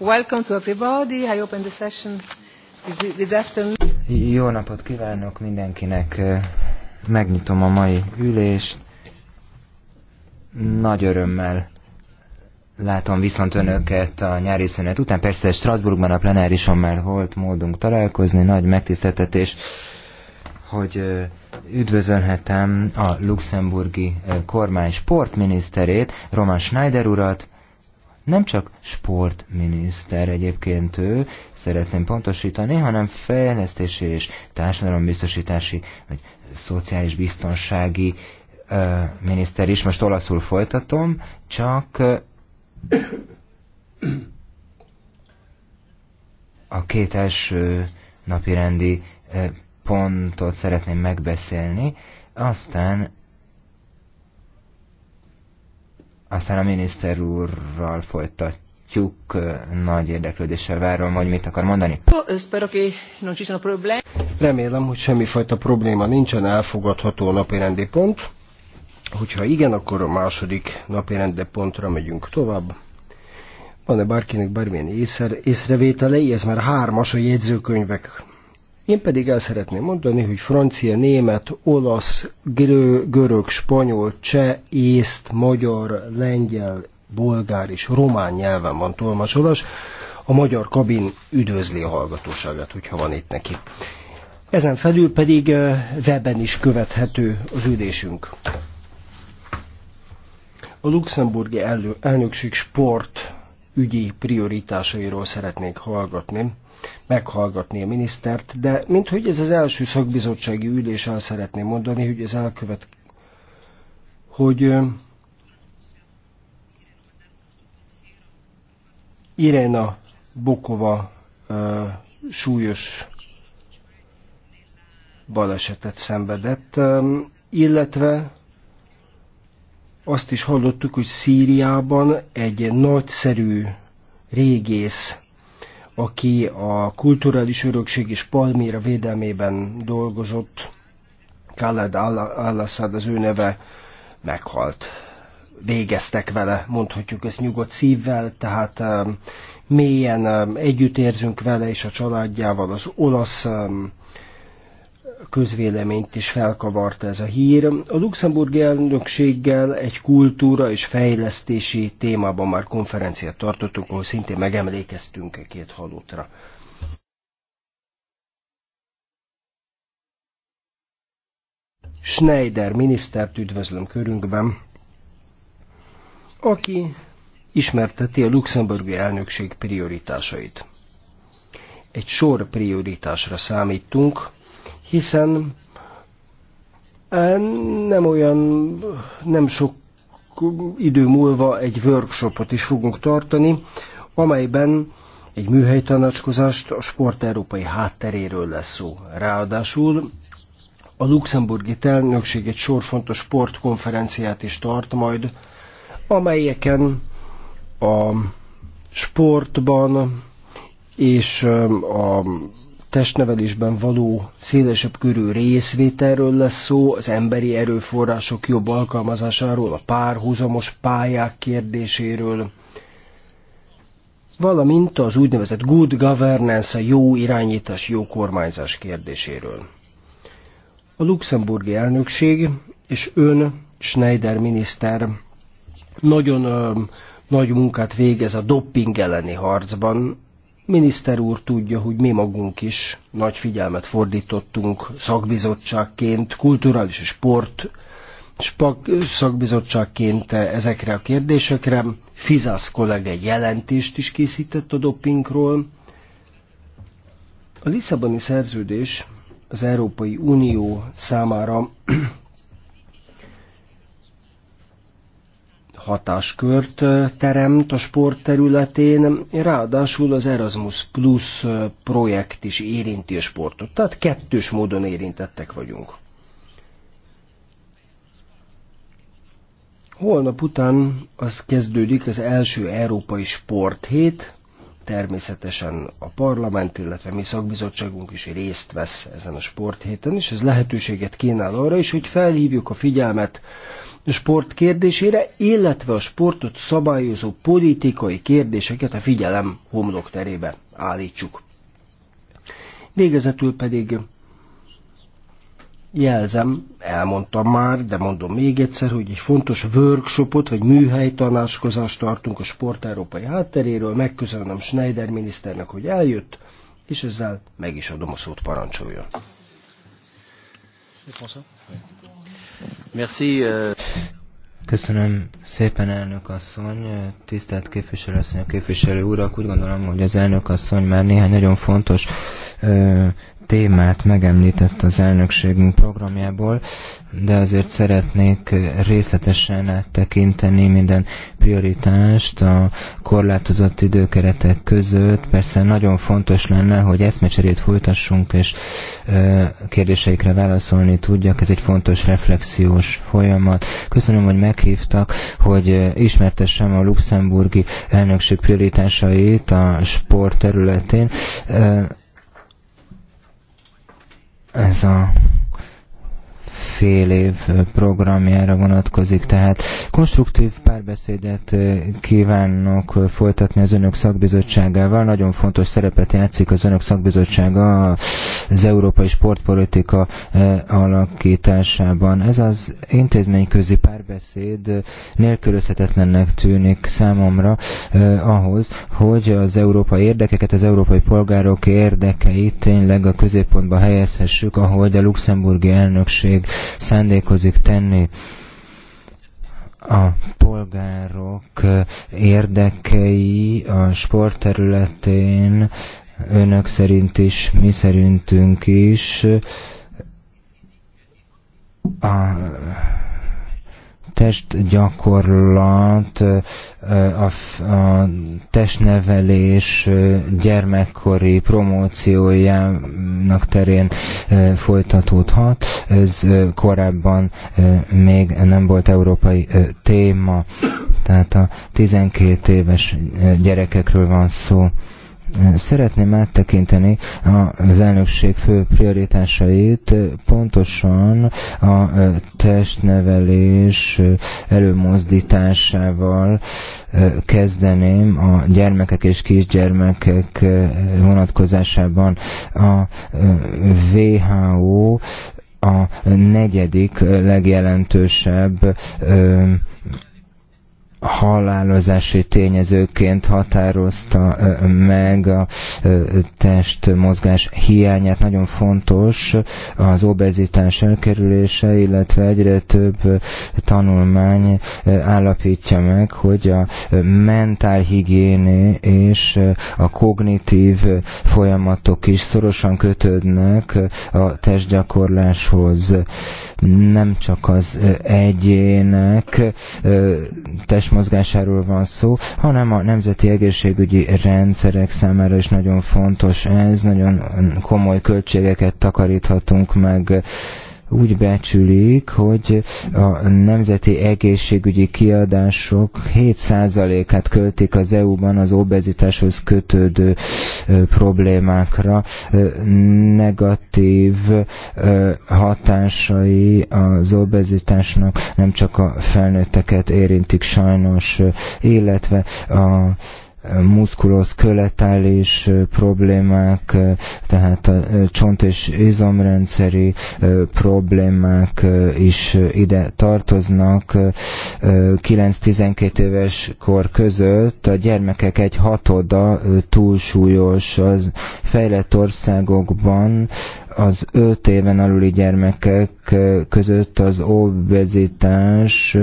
Welcome to everybody. I open the session this afternoon. Jó napot kívánok mindenkinek. Megnyitom a mai ülést. Nagy örömmel látom viszont önöket a nyári szünet után. Persze Strasbourgban a plenárison már volt módunk találkozni, nagy megtiszteltetés, hogy üdvözölhetem a luxemburgi kormány sportminiszterét, Roman Schneider urat, nem csak sportminiszter egyébként ő, szeretném pontosítani, hanem fejlesztési és társadalombiztosítási, vagy szociális biztonsági ö, miniszter is. Most olaszul folytatom, csak ö, a két első napirendi pontot szeretném megbeszélni, aztán Aztán a miniszter úrral folytatjuk, nagy érdeklődéssel várom, hogy mit akar mondani. Remélem, hogy semmifajta probléma nincsen, elfogadható a napirendi pont. Hogyha igen, akkor a második napirendi pontra megyünk tovább. Van-e bárkinek bármilyen észre, észrevételei? Ez már hármas a jegyzőkönyvek én pedig el szeretném mondani, hogy francia, német, olasz, grő, görög, spanyol, cseh, észt, magyar, lengyel, bolgár és román nyelven van tolmácsolás. A magyar kabin üdvözli a hallgatóságát, hogyha van itt neki. Ezen felül pedig eh, webben is követhető az üdésünk. A luxemburgi elnökség sport ügyi prioritásairól szeretnék hallgatni meghallgatni a minisztert, de minthogy ez az első szakbizottsági ülés, el szeretném mondani, hogy ez elkövet, hogy Irena Bokova súlyos balesetet szenvedett, illetve azt is hallottuk, hogy Szíriában egy nagyszerű régész aki a kulturális örökség és Palmira védelmében dolgozott, Khaled al-Assad az ő neve, meghalt. Végeztek vele, mondhatjuk ezt nyugodt szívvel, tehát um, mélyen um, együttérzünk vele és a családjával, az olasz um, közvéleményt is felkavarta ez a hír. A luxemburgi elnökséggel egy kultúra és fejlesztési témában már konferenciát tartottunk, ahol szintén megemlékeztünk a e két halottra. Schneider minisztert üdvözlöm körünkben, aki ismerteti a luxemburgi elnökség prioritásait. Egy sor prioritásra számítunk, hiszen eh, nem olyan, nem sok idő múlva egy workshopot is fogunk tartani, amelyben egy műhelytanácskozást a sport európai hátteréről lesz szó. Ráadásul a luxemburgi elnökség egy sor fontos sportkonferenciát is tart majd, amelyeken a sportban és eh, a testnevelésben való szélesebb körű részvételről lesz szó, az emberi erőforrások jobb alkalmazásáról, a párhuzamos pályák kérdéséről, valamint az úgynevezett good governance, a jó irányítás, jó kormányzás kérdéséről. A luxemburgi elnökség és ön, Schneider miniszter, nagyon ö, nagy munkát végez a dopping elleni harcban, miniszter úr tudja, hogy mi magunk is nagy figyelmet fordítottunk szakbizottságként, kulturális és sport szakbizottságként ezekre a kérdésekre. Fizász kollega jelentést is készített a dopingról. A Lisszaboni szerződés az Európai Unió számára hatáskört teremt a sport területén, ráadásul az Erasmus Plus projekt is érinti a sportot, tehát kettős módon érintettek vagyunk. Holnap után az kezdődik az első Európai Sporthét, természetesen a parlament, illetve mi szakbizottságunk is részt vesz ezen a sporthéten, és ez lehetőséget kínál arra is, hogy felhívjuk a figyelmet sport kérdésére, illetve a sportot szabályozó politikai kérdéseket a figyelem homlok terébe állítsuk. Végezetül pedig jelzem, elmondtam már, de mondom még egyszer, hogy egy fontos workshopot vagy műhelytanácskozást tartunk a sport európai hátteréről. Megköszönöm Schneider miniszternek, hogy eljött, és ezzel meg is adom a szót parancsoljon. Köszönöm. Euh. Köszönöm szépen, elnök asszony. Tisztelt képviselő asszony, a képviselő urak. Úgy gondolom, hogy az elnök asszony már néhány nagyon fontos ö, témát megemlített az elnökségünk programjából, de azért szeretnék részletesen áttekinteni minden prioritást a korlátozott időkeretek között. Persze nagyon fontos lenne, hogy eszmecserét folytassunk, és kérdéseikre válaszolni tudjak. Ez egy fontos reflexiós folyamat. Köszönöm, hogy meghívtak, hogy ismertessem a luxemburgi elnökség prioritásait a sport területén ez a fél év programjára vonatkozik. Tehát konstruktív párbeszédet kívánok folytatni az önök szakbizottságával. Nagyon fontos szerepet játszik az önök szakbizottsága az európai sportpolitika alakításában. Ez az intézményközi párbeszéd nélkülözhetetlennek tűnik számomra ahhoz, hogy az európai érdekeket, az európai polgárok érdekeit tényleg a középpontba helyezhessük, ahogy a luxemburgi elnökség szándékozik tenni a polgárok érdekei a sportterületén önök szerint is, mi szerintünk is a testgyakorlat, a, a testnevelés gyermekkori promóciójának terén folytatódhat. Ez korábban még nem volt európai téma, tehát a 12 éves gyerekekről van szó. Szeretném áttekinteni az elnökség fő prioritásait, pontosan a testnevelés előmozdításával kezdeném a gyermekek és kisgyermekek vonatkozásában. A WHO a negyedik legjelentősebb halálozási tényezőként határozta meg a testmozgás hiányát. Nagyon fontos az obezitás elkerülése, illetve egyre több tanulmány állapítja meg, hogy a mentálhigiéné és a kognitív folyamatok is szorosan kötődnek a testgyakorláshoz. Nem csak az egyének test mozgásáról van szó, hanem a nemzeti egészségügyi rendszerek számára is nagyon fontos ez, nagyon komoly költségeket takaríthatunk meg úgy becsülik, hogy a nemzeti egészségügyi kiadások 7%-át költik az EU-ban az obezitáshoz kötődő problémákra. Negatív hatásai az obezitásnak nem csak a felnőtteket érintik sajnos, illetve a muszkuloszköletális problémák, tehát a csont- és izomrendszeri problémák is ide tartoznak. 9-12 éves kor között a gyermekek egy hatoda túlsúlyos az fejlett országokban az 5 éven aluli gyermekek között az obezitás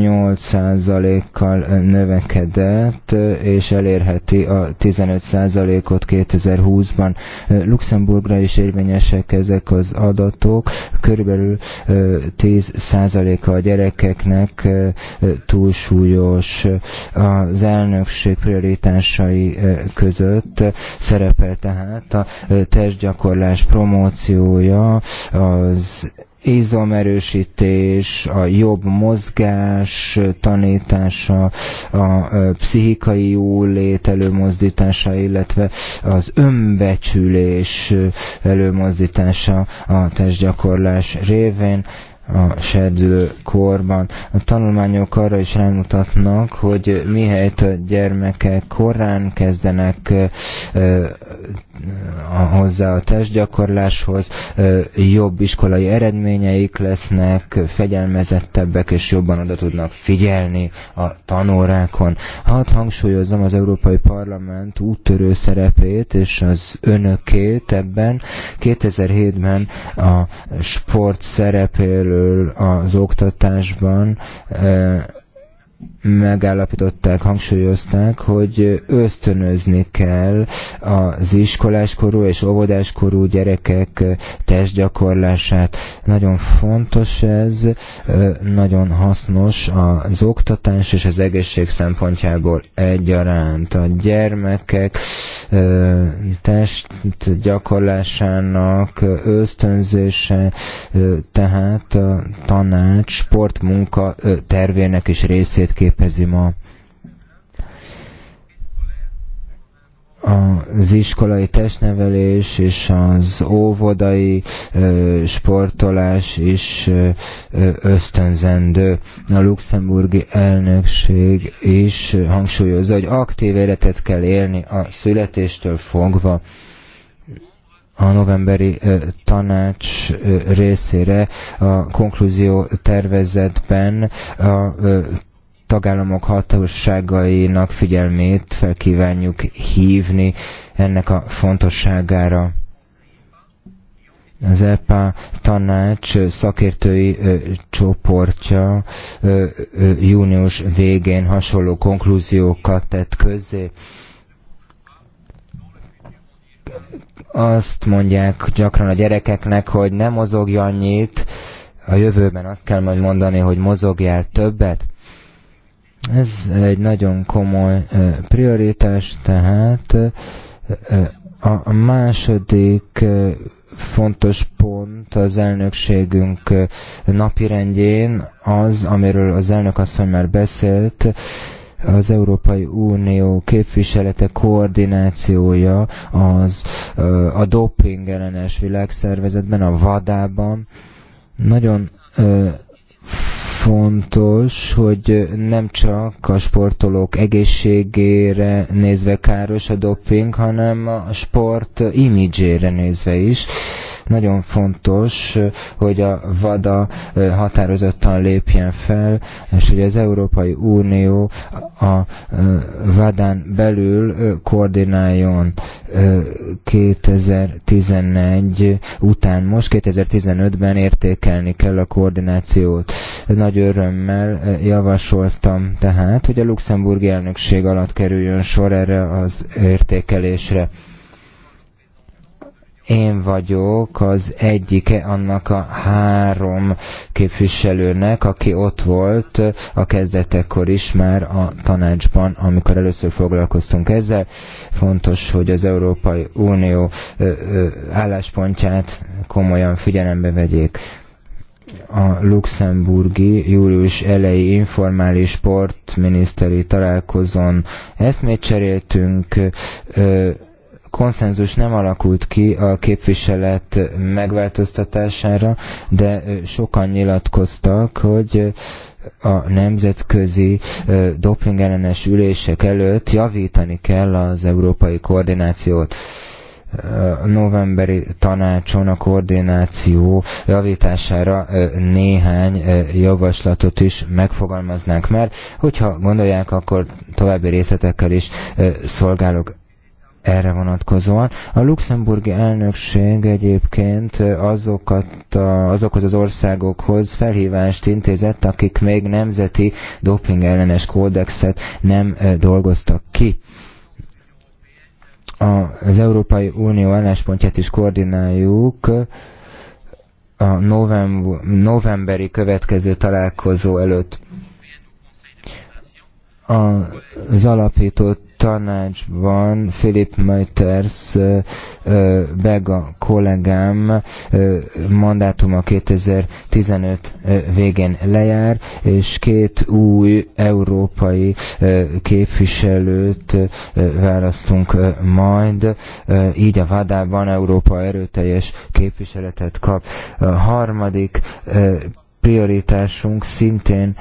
8%-kal növekedett, és elérheti a 15%-ot 2020-ban. Luxemburgra is érvényesek ezek az adatok, körülbelül 10%-a a gyerekeknek túlsúlyos. Az elnökség prioritásai között szerepel tehát a testgyakorlás gyakorlás promóciója, az izomerősítés, a jobb mozgás tanítása, a pszichikai jólét előmozdítása, illetve az önbecsülés előmozdítása a testgyakorlás révén a serdülő korban. A tanulmányok arra is rámutatnak, hogy mihelyt a gyermekek korán kezdenek hozzá a testgyakorláshoz, jobb iskolai eredményeik lesznek, fegyelmezettebbek és jobban oda tudnak figyelni a tanórákon. Hadd hangsúlyozom az Európai Parlament úttörő szerepét és az önökét ebben. 2007-ben a sport szerepéről erről az oktatásban eh, megállapították, hangsúlyozták, hogy ösztönözni kell az iskoláskorú és óvodáskorú gyerekek testgyakorlását. Nagyon fontos ez, nagyon hasznos az oktatás és az egészség szempontjából egyaránt. A gyermekek testgyakorlásának ösztönzése, tehát a tanács sportmunka tervének is részét részét képezi ma. az iskolai testnevelés és az óvodai sportolás is ösztönzendő. A luxemburgi elnökség is hangsúlyozza, hogy aktív életet kell élni a születéstől fogva a novemberi tanács részére a konklúzió tervezetben a tagállamok hatóságainak figyelmét felkívánjuk hívni ennek a fontosságára. Az EPA tanács szakértői ö, csoportja ö, ö, június végén hasonló konklúziókat tett közzé. Azt mondják gyakran a gyerekeknek, hogy nem mozogj annyit, a jövőben azt kell majd mondani, hogy mozogjál többet ez egy nagyon komoly prioritás, tehát a második fontos pont az elnökségünk napirendjén az, amiről az elnök asszony már beszélt, az Európai Unió képviselete koordinációja az a doping ellenes világszervezetben, a vadában. Nagyon fontos, hogy nem csak a sportolók egészségére nézve káros a doping, hanem a sport imidzsére nézve is nagyon fontos, hogy a VADA határozottan lépjen fel, és hogy az Európai Unió a VADán belül koordináljon 2011 után. Most 2015-ben értékelni kell a koordinációt. Nagy örömmel javasoltam tehát, hogy a luxemburgi elnökség alatt kerüljön sor erre az értékelésre. Én vagyok az egyike annak a három képviselőnek, aki ott volt a kezdetekkor is már a tanácsban, amikor először foglalkoztunk ezzel. Fontos, hogy az Európai Unió álláspontját komolyan figyelembe vegyék a luxemburgi július elejé informális sportminiszteri találkozón eszmét cseréltünk, konszenzus nem alakult ki a képviselet megváltoztatására, de sokan nyilatkoztak, hogy a nemzetközi dopingellenes ülések előtt javítani kell az európai koordinációt novemberi tanácson a koordináció javítására néhány javaslatot is megfogalmaznánk, mert hogyha gondolják, akkor további részletekkel is szolgálok erre vonatkozóan. A luxemburgi elnökség egyébként azokat a, azokhoz az országokhoz felhívást intézett, akik még nemzeti doping ellenes kódexet nem dolgoztak ki az Európai Unió álláspontját is koordináljuk a novemberi következő találkozó előtt. Az alapított tanácsban Philip Meuters Bega kollégám mandátuma 2015 végén lejár, és két új európai képviselőt választunk majd, így a vádában Európa erőteljes képviseletet kap. A harmadik prioritásunk szintén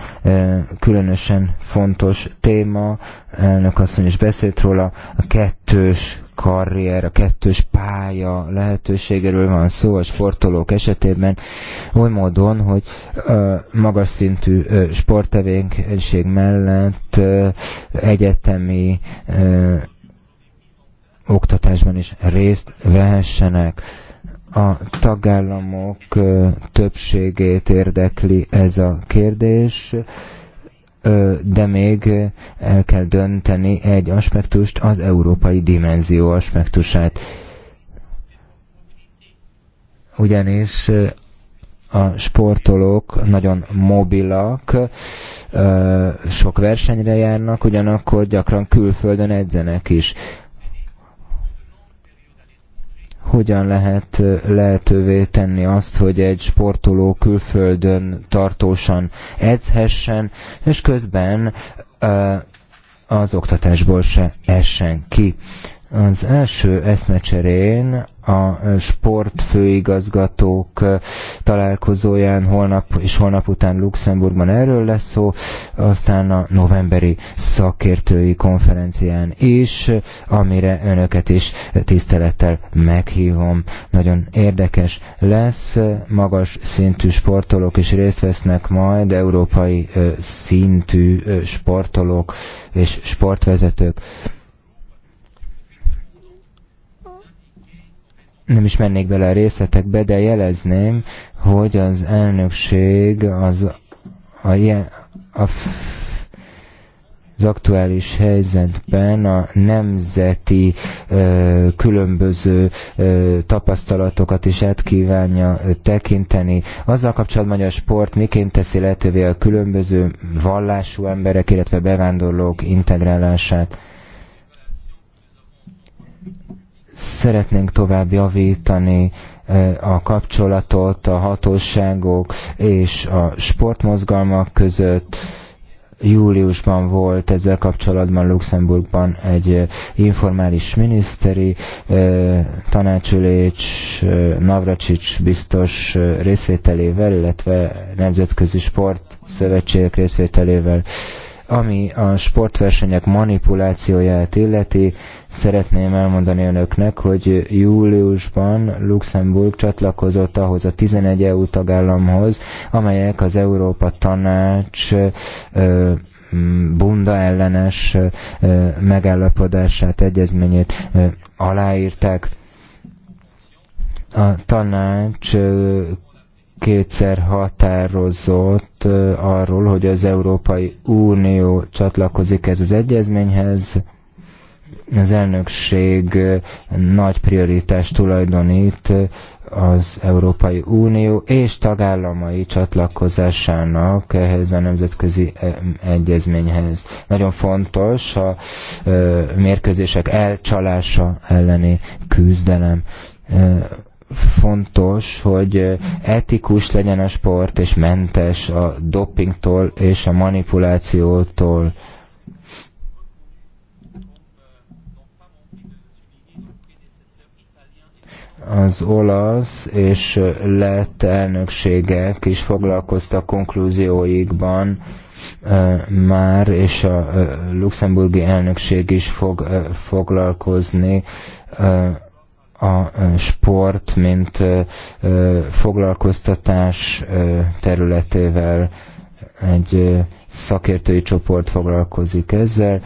különösen fontos téma, elnök asszony is beszélt róla, a kettős karrier, a kettős pálya lehetőségéről van szó a sportolók esetében, oly módon, hogy magas szintű sporttevékenység mellett egyetemi oktatásban is részt vehessenek a tagállamok többségét érdekli ez a kérdés, de még el kell dönteni egy aspektust, az európai dimenzió aspektusát. Ugyanis a sportolók nagyon mobilak, sok versenyre járnak, ugyanakkor gyakran külföldön edzenek is hogyan lehet lehetővé tenni azt, hogy egy sportoló külföldön tartósan edzhessen, és közben az oktatásból se essen ki. Az első eszmecserén a e, sportfőigazgatók e, találkozóján holnap és holnap után Luxemburgban erről lesz szó, aztán a novemberi szakértői konferencián is, amire önöket is tisztelettel meghívom. Nagyon érdekes lesz, magas szintű sportolók is részt vesznek majd, európai e, szintű sportolók és sportvezetők. nem is mennék bele a részletekbe, de jelezném, hogy az elnökség az a, a, a az aktuális helyzetben a nemzeti ö, különböző ö, tapasztalatokat is át kívánja ö, tekinteni. Azzal kapcsolatban, hogy a sport miként teszi lehetővé a különböző vallású emberek, illetve bevándorlók integrálását. Szeretnénk tovább javítani e, a kapcsolatot a hatóságok és a sportmozgalmak között. Júliusban volt ezzel kapcsolatban Luxemburgban egy e, informális miniszteri e, tanácsülés Navracsics biztos részvételével, illetve nemzetközi sportszövetségek részvételével ami a sportversenyek manipulációját illeti, szeretném elmondani önöknek, hogy júliusban Luxemburg csatlakozott ahhoz a 11 EU tagállamhoz, amelyek az Európa Tanács ö, bunda ellenes megállapodását, egyezményét aláírták. A tanács kétszer határozott arról, hogy az Európai Unió csatlakozik ez az egyezményhez. Az elnökség nagy prioritást tulajdonít az Európai Unió és tagállamai csatlakozásának ehhez a nemzetközi egyezményhez. Nagyon fontos a mérkőzések elcsalása elleni küzdelem fontos, hogy eh, etikus legyen a sport, és mentes a dopingtól és a manipulációtól. az olasz és lett elnökségek is foglalkoztak konklúzióikban eh, már, és a eh, luxemburgi elnökség is fog foglalkozni a sport, mint foglalkoztatás területével egy szakértői csoport foglalkozik ezzel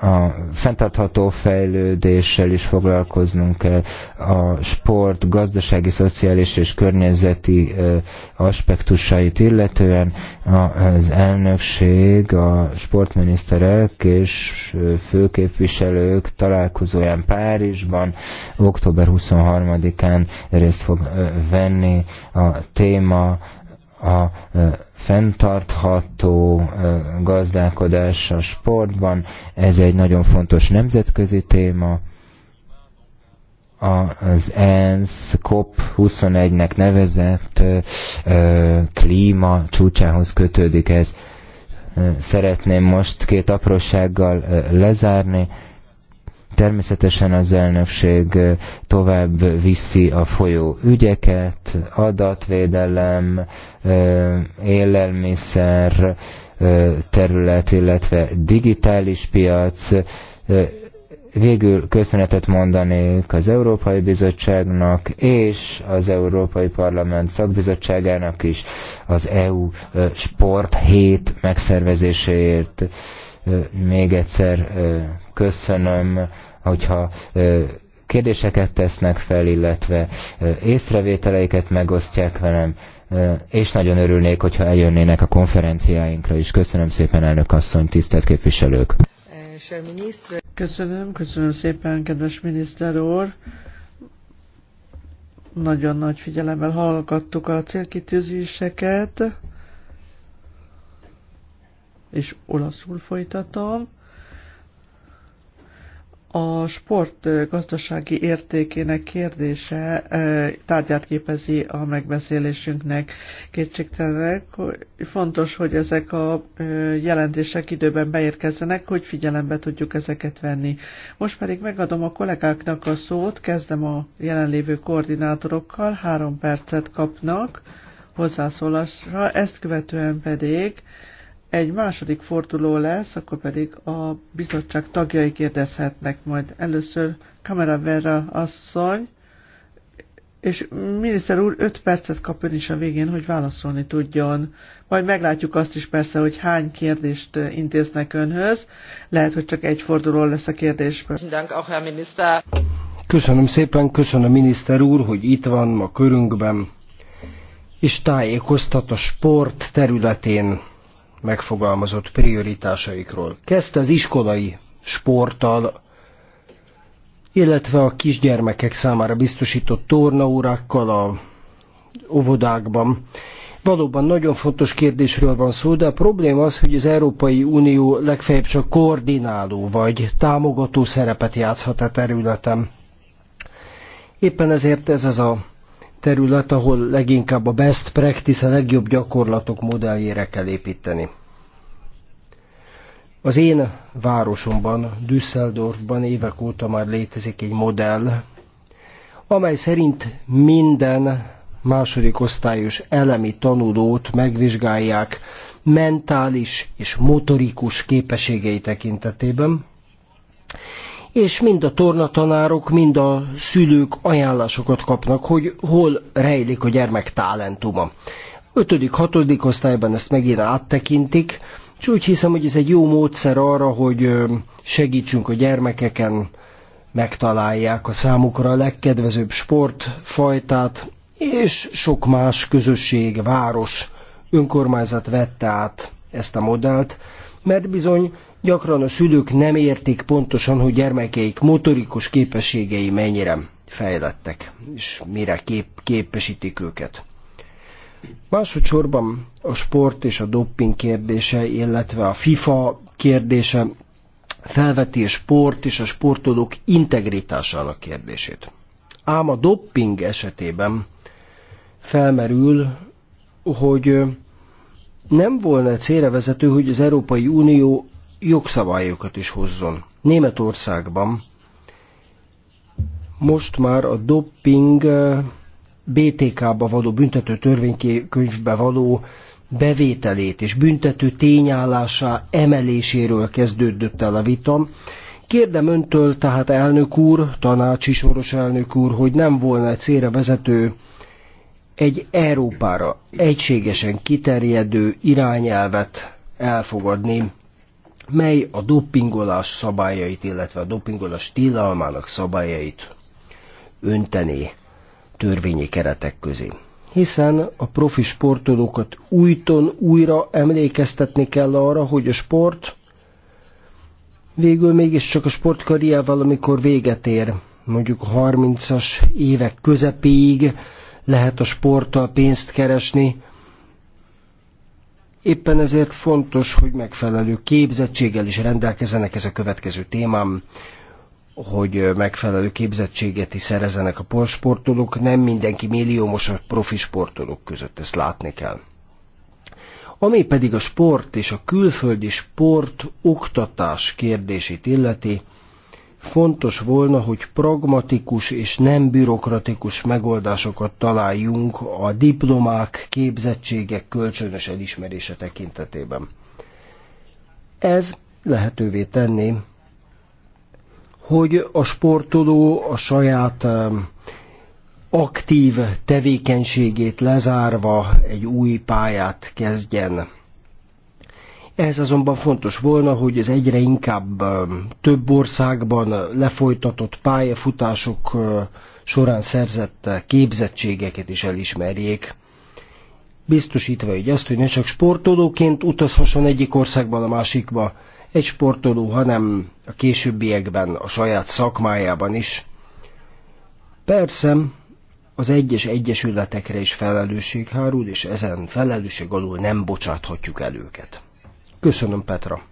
a fenntartható fejlődéssel is foglalkoznunk kell, a sport gazdasági, szociális és környezeti aspektusait illetően az elnökség, a sportminiszterek és főképviselők találkozóján Párizsban október 23-án részt fog venni a téma a e, fenntartható e, gazdálkodás a sportban, ez egy nagyon fontos nemzetközi téma. Az ENSZ COP21-nek nevezett e, klíma csúcsához kötődik ez. Szeretném most két aprósággal lezárni Természetesen az elnökség tovább viszi a folyó ügyeket, adatvédelem, élelmiszer, terület, illetve digitális piac. Végül köszönetet mondanék az Európai Bizottságnak és az Európai Parlament szakbizottságának is az EU Sport Hét megszervezéséért. Még egyszer köszönöm hogyha kérdéseket tesznek fel, illetve észrevételeiket megosztják velem, és nagyon örülnék, hogyha eljönnének a konferenciáinkra is. Köszönöm szépen, elnök asszony, tisztelt képviselők! Köszönöm, köszönöm szépen, kedves miniszter úr! Nagyon nagy figyelemmel hallgattuk a célkitűzéseket, és olaszul folytatom. A sport gazdasági értékének kérdése tárgyát képezi a megbeszélésünknek. Kétségtelenek, fontos, hogy ezek a jelentések időben beérkezzenek, hogy figyelembe tudjuk ezeket venni. Most pedig megadom a kollégáknak a szót, kezdem a jelenlévő koordinátorokkal, három percet kapnak hozzászólásra, ezt követően pedig egy második forduló lesz, akkor pedig a bizottság tagjai kérdezhetnek majd. Először Kamera Vera asszony, és miniszter úr 5 percet kap ön is a végén, hogy válaszolni tudjon. Majd meglátjuk azt is persze, hogy hány kérdést intéznek önhöz. Lehet, hogy csak egy forduló lesz a kérdésből. Köszönöm szépen, köszönöm miniszter úr, hogy itt van ma körünkben, és tájékoztat a sport területén megfogalmazott prioritásaikról. Kezdte az iskolai sporttal, illetve a kisgyermekek számára biztosított tornaórákkal a óvodákban. Valóban nagyon fontos kérdésről van szó, de a probléma az, hogy az Európai Unió legfeljebb csak koordináló vagy támogató szerepet játszhat a e területen. Éppen ezért ez az a terület, ahol leginkább a best practice, a legjobb gyakorlatok modelljére kell építeni. Az én városomban, Düsseldorfban évek óta már létezik egy modell, amely szerint minden második osztályos elemi tanulót megvizsgálják mentális és motorikus képességei tekintetében, és mind a tornatanárok, mind a szülők ajánlásokat kapnak, hogy hol rejlik a gyermek talentuma. 5.-6. osztályban ezt megint áttekintik, és úgy hiszem, hogy ez egy jó módszer arra, hogy segítsünk a gyermekeken, megtalálják a számukra a legkedvezőbb sportfajtát, és sok más közösség, város, önkormányzat vette át ezt a modellt, mert bizony Gyakran a szülők nem értik pontosan, hogy gyermekeik motorikus képességei mennyire fejlettek, és mire kép, képesítik őket. Másodszorban a sport és a dopping kérdése, illetve a FIFA kérdése felveti a sport és a sportolók integritásának kérdését. Ám a dopping esetében felmerül, hogy nem volna célra vezető, hogy az Európai Unió jogszabályokat is hozzon. Németországban most már a doping BTK-ba való büntető törvénykönyvbe való bevételét és büntető tényállásá emeléséről kezdődött el a vita. Kérdem öntől, tehát elnök úr, tanácsi soros elnök úr, hogy nem volna egy célra vezető egy Európára egységesen kiterjedő irányelvet elfogadni mely a dopingolás szabályait, illetve a dopingolás tilalmának szabályait öntené törvényi keretek közé. Hiszen a profi sportolókat újton újra emlékeztetni kell arra, hogy a sport végül mégiscsak a sportkarrier valamikor véget ér, mondjuk a 30-as évek közepéig lehet a sporttal pénzt keresni, Éppen ezért fontos, hogy megfelelő képzettséggel is rendelkezzenek ez a következő témám, hogy megfelelő képzettséget is szerezenek a sportolók, nem mindenki milliómos a profi sportolók között, ezt látni kell. Ami pedig a sport és a külföldi sport oktatás kérdését illeti, fontos volna, hogy pragmatikus és nem bürokratikus megoldásokat találjunk a diplomák, képzettségek kölcsönös elismerése tekintetében. Ez lehetővé tenni, hogy a sportoló a saját aktív tevékenységét lezárva egy új pályát kezdjen ez azonban fontos volna, hogy az egyre inkább több országban lefolytatott pályafutások során szerzett képzettségeket is elismerjék, biztosítva így azt, hogy ne csak sportolóként utazhasson egyik országban a másikba egy sportoló, hanem a későbbiekben a saját szakmájában is. Persze az egyes egyesületekre is felelősség hárul, és ezen felelősség alól nem bocsáthatjuk el őket. Köszönöm, Petra.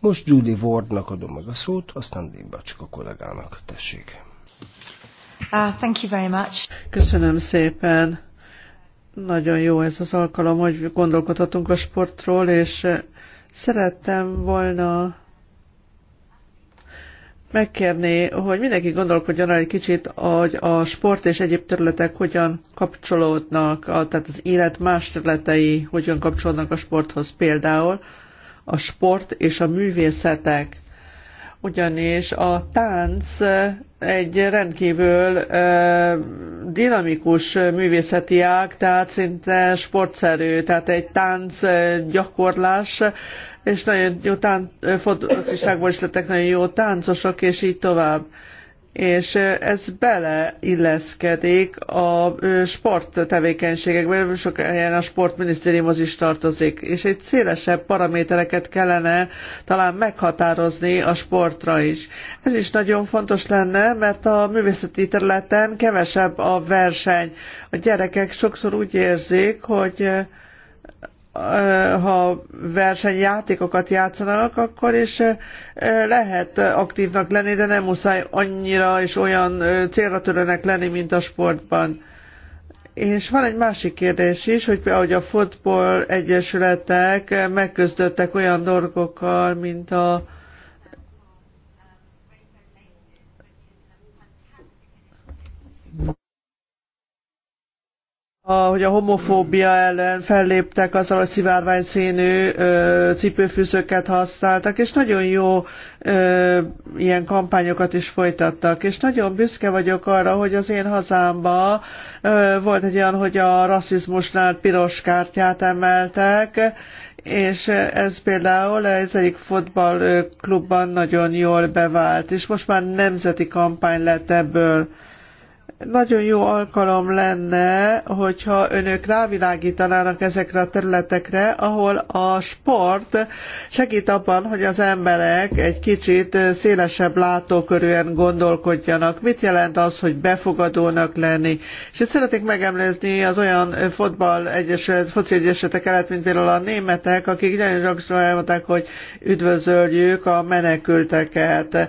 Most Judy Wardnak adom meg a szót, aztán Dimbacska kollégának. Tessék. Uh, thank you very much. Köszönöm szépen. Nagyon jó ez az alkalom, hogy gondolkodhatunk a sportról, és eh, szerettem volna megkérni, hogy mindenki gondolkodjon egy kicsit, hogy a sport és egyéb területek hogyan kapcsolódnak, a, tehát az élet más területei hogyan kapcsolódnak a sporthoz. Például a sport és a művészetek ugyanis a tánc egy rendkívül dinamikus művészeti ág, tehát szinte sportszerű, tehát egy tánc gyakorlás és nagyon jó tán, fociságból is lettek nagyon jó táncosok, és így tovább. És ez beleilleszkedik a sport sok helyen a sportminisztériumhoz is tartozik, és egy szélesebb paramétereket kellene talán meghatározni a sportra is. Ez is nagyon fontos lenne, mert a művészeti területen kevesebb a verseny. A gyerekek sokszor úgy érzik, hogy ha versenyjátékokat játszanak, akkor is lehet aktívnak lenni, de nem muszáj annyira és olyan célra törőnek lenni, mint a sportban. És van egy másik kérdés is, hogy például a futball egyesületek megközdöttek olyan dolgokkal, mint a hogy a homofóbia ellen felléptek azzal, hogy szivárvány színű cipőfűzőket használtak, és nagyon jó ö, ilyen kampányokat is folytattak. És nagyon büszke vagyok arra, hogy az én hazámban ö, volt egy olyan, hogy a rasszizmusnál piros kártyát emeltek, és ez például ez egyik futballklubban nagyon jól bevált, és most már nemzeti kampány lett ebből nagyon jó alkalom lenne, hogyha önök rávilágítanának ezekre a területekre, ahol a sport segít abban, hogy az emberek egy kicsit szélesebb látókörűen gondolkodjanak. Mit jelent az, hogy befogadónak lenni? És itt szeretnék megemlézni az olyan fotball egyesület, foci egyesületek előtt, mint például a németek, akik nagyon sokszor elmondták, hogy üdvözöljük a menekülteket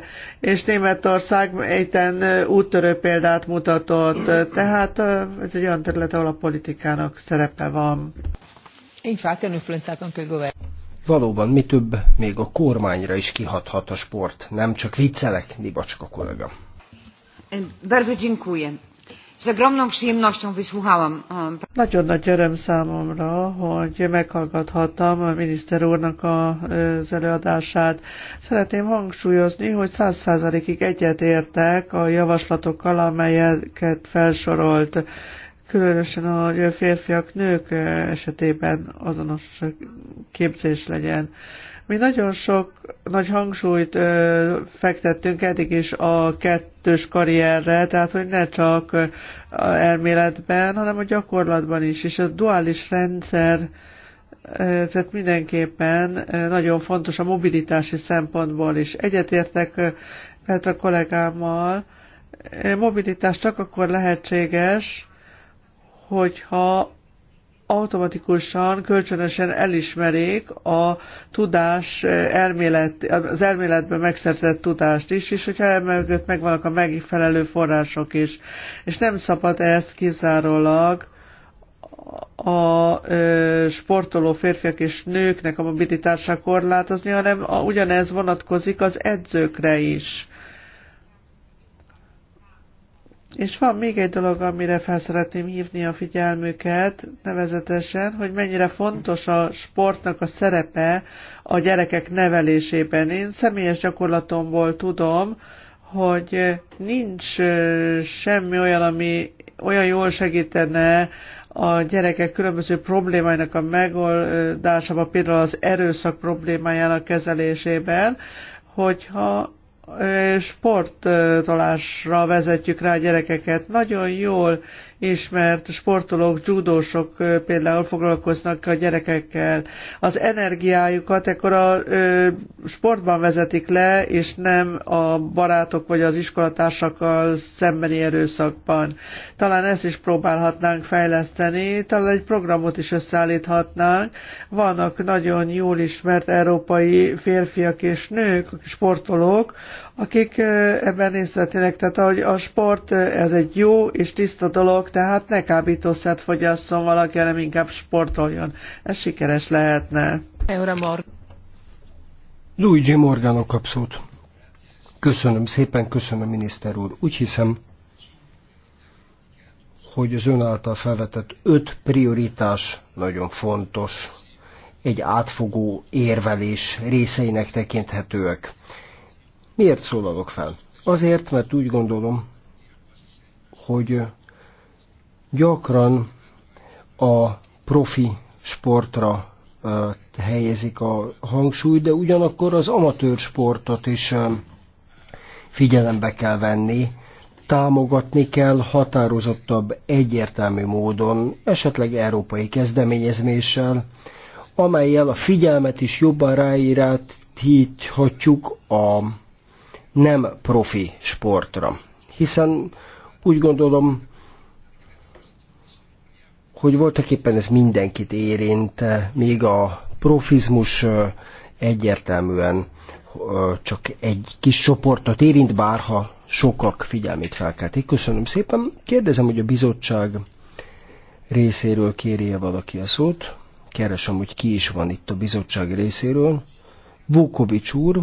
és Németország egyten úttörő példát mutatott. Tehát ez egy olyan terület, ahol a politikának szerepe van. Infatti Valóban, mi több, még a kormányra is kihathat a sport. Nem csak viccelek, Nibacska kollega. Bardzo dziękuję. E, Nagyon nagy öröm számomra, hogy meghallgathattam a miniszter úrnak e, az előadását. Szeretném hangsúlyozni, hogy száz százalékig egyetértek a javaslatokkal, amelyeket felsorolt különösen a férfiak, nők esetében azonos képzés legyen. Mi nagyon sok nagy hangsúlyt ö, fektettünk eddig is a kettős karrierre, tehát hogy ne csak elméletben, hanem a gyakorlatban is, és a duális rendszer tehát mindenképpen nagyon fontos a mobilitási szempontból is. Egyetértek Petra kollégámmal, mobilitás csak akkor lehetséges, hogyha automatikusan, kölcsönösen elismerik a tudás eh, elmélet, az elméletben megszerzett tudást is, és hogyha emögött megvannak a megfelelő források is. És nem szabad ezt kizárólag a ö, sportoló férfiak és nőknek a mobilitását korlátozni, hanem a, ugyanez vonatkozik az edzőkre is. És van még egy dolog, amire fel szeretném hívni a figyelmüket, nevezetesen, hogy mennyire fontos a sportnak a szerepe a gyerekek nevelésében. Én személyes gyakorlatomból tudom, hogy nincs semmi olyan, ami olyan jól segítene a gyerekek különböző problémáinak a megoldásában, például az erőszak problémájának kezelésében, hogyha sportolásra vezetjük rá a gyerekeket. Nagyon jól ismert sportolók, judósok például foglalkoznak a gyerekekkel. Az energiájukat ekkor a sportban vezetik le, és nem a barátok vagy az iskolatársakkal szembeni erőszakban. Talán ezt is próbálhatnánk fejleszteni, talán egy programot is összeállíthatnánk. Vannak nagyon jól ismert európai férfiak és nők, sportolók, akik ebben részt vettének. Tehát ahogy a sport, ez egy jó és tiszta dolog, tehát ne kábítószert fogyasszon valaki, hanem inkább sportoljon. Ez sikeres lehetne. Luigi Morgano kap szót. Köszönöm szépen, köszönöm miniszter úr. Úgy hiszem, hogy az ön által felvetett öt prioritás nagyon fontos, egy átfogó érvelés részeinek tekinthetőek. Miért szólalok fel? Azért, mert úgy gondolom, hogy gyakran a profi sportra helyezik a hangsúlyt, de ugyanakkor az amatőr sportot is figyelembe kell venni, támogatni kell határozottabb, egyértelmű módon, esetleg európai kezdeményezméssel, amelyel a figyelmet is jobban ráirátíthatjuk a nem profi sportra. Hiszen úgy gondolom, hogy voltak éppen ez mindenkit érint, még a profizmus egyértelműen csak egy kis csoportot érint, bárha sokak figyelmét felkelték. Köszönöm szépen. Kérdezem, hogy a bizottság részéről kérje valaki a szót. Keresem, hogy ki is van itt a bizottság részéről. Vukovics úr,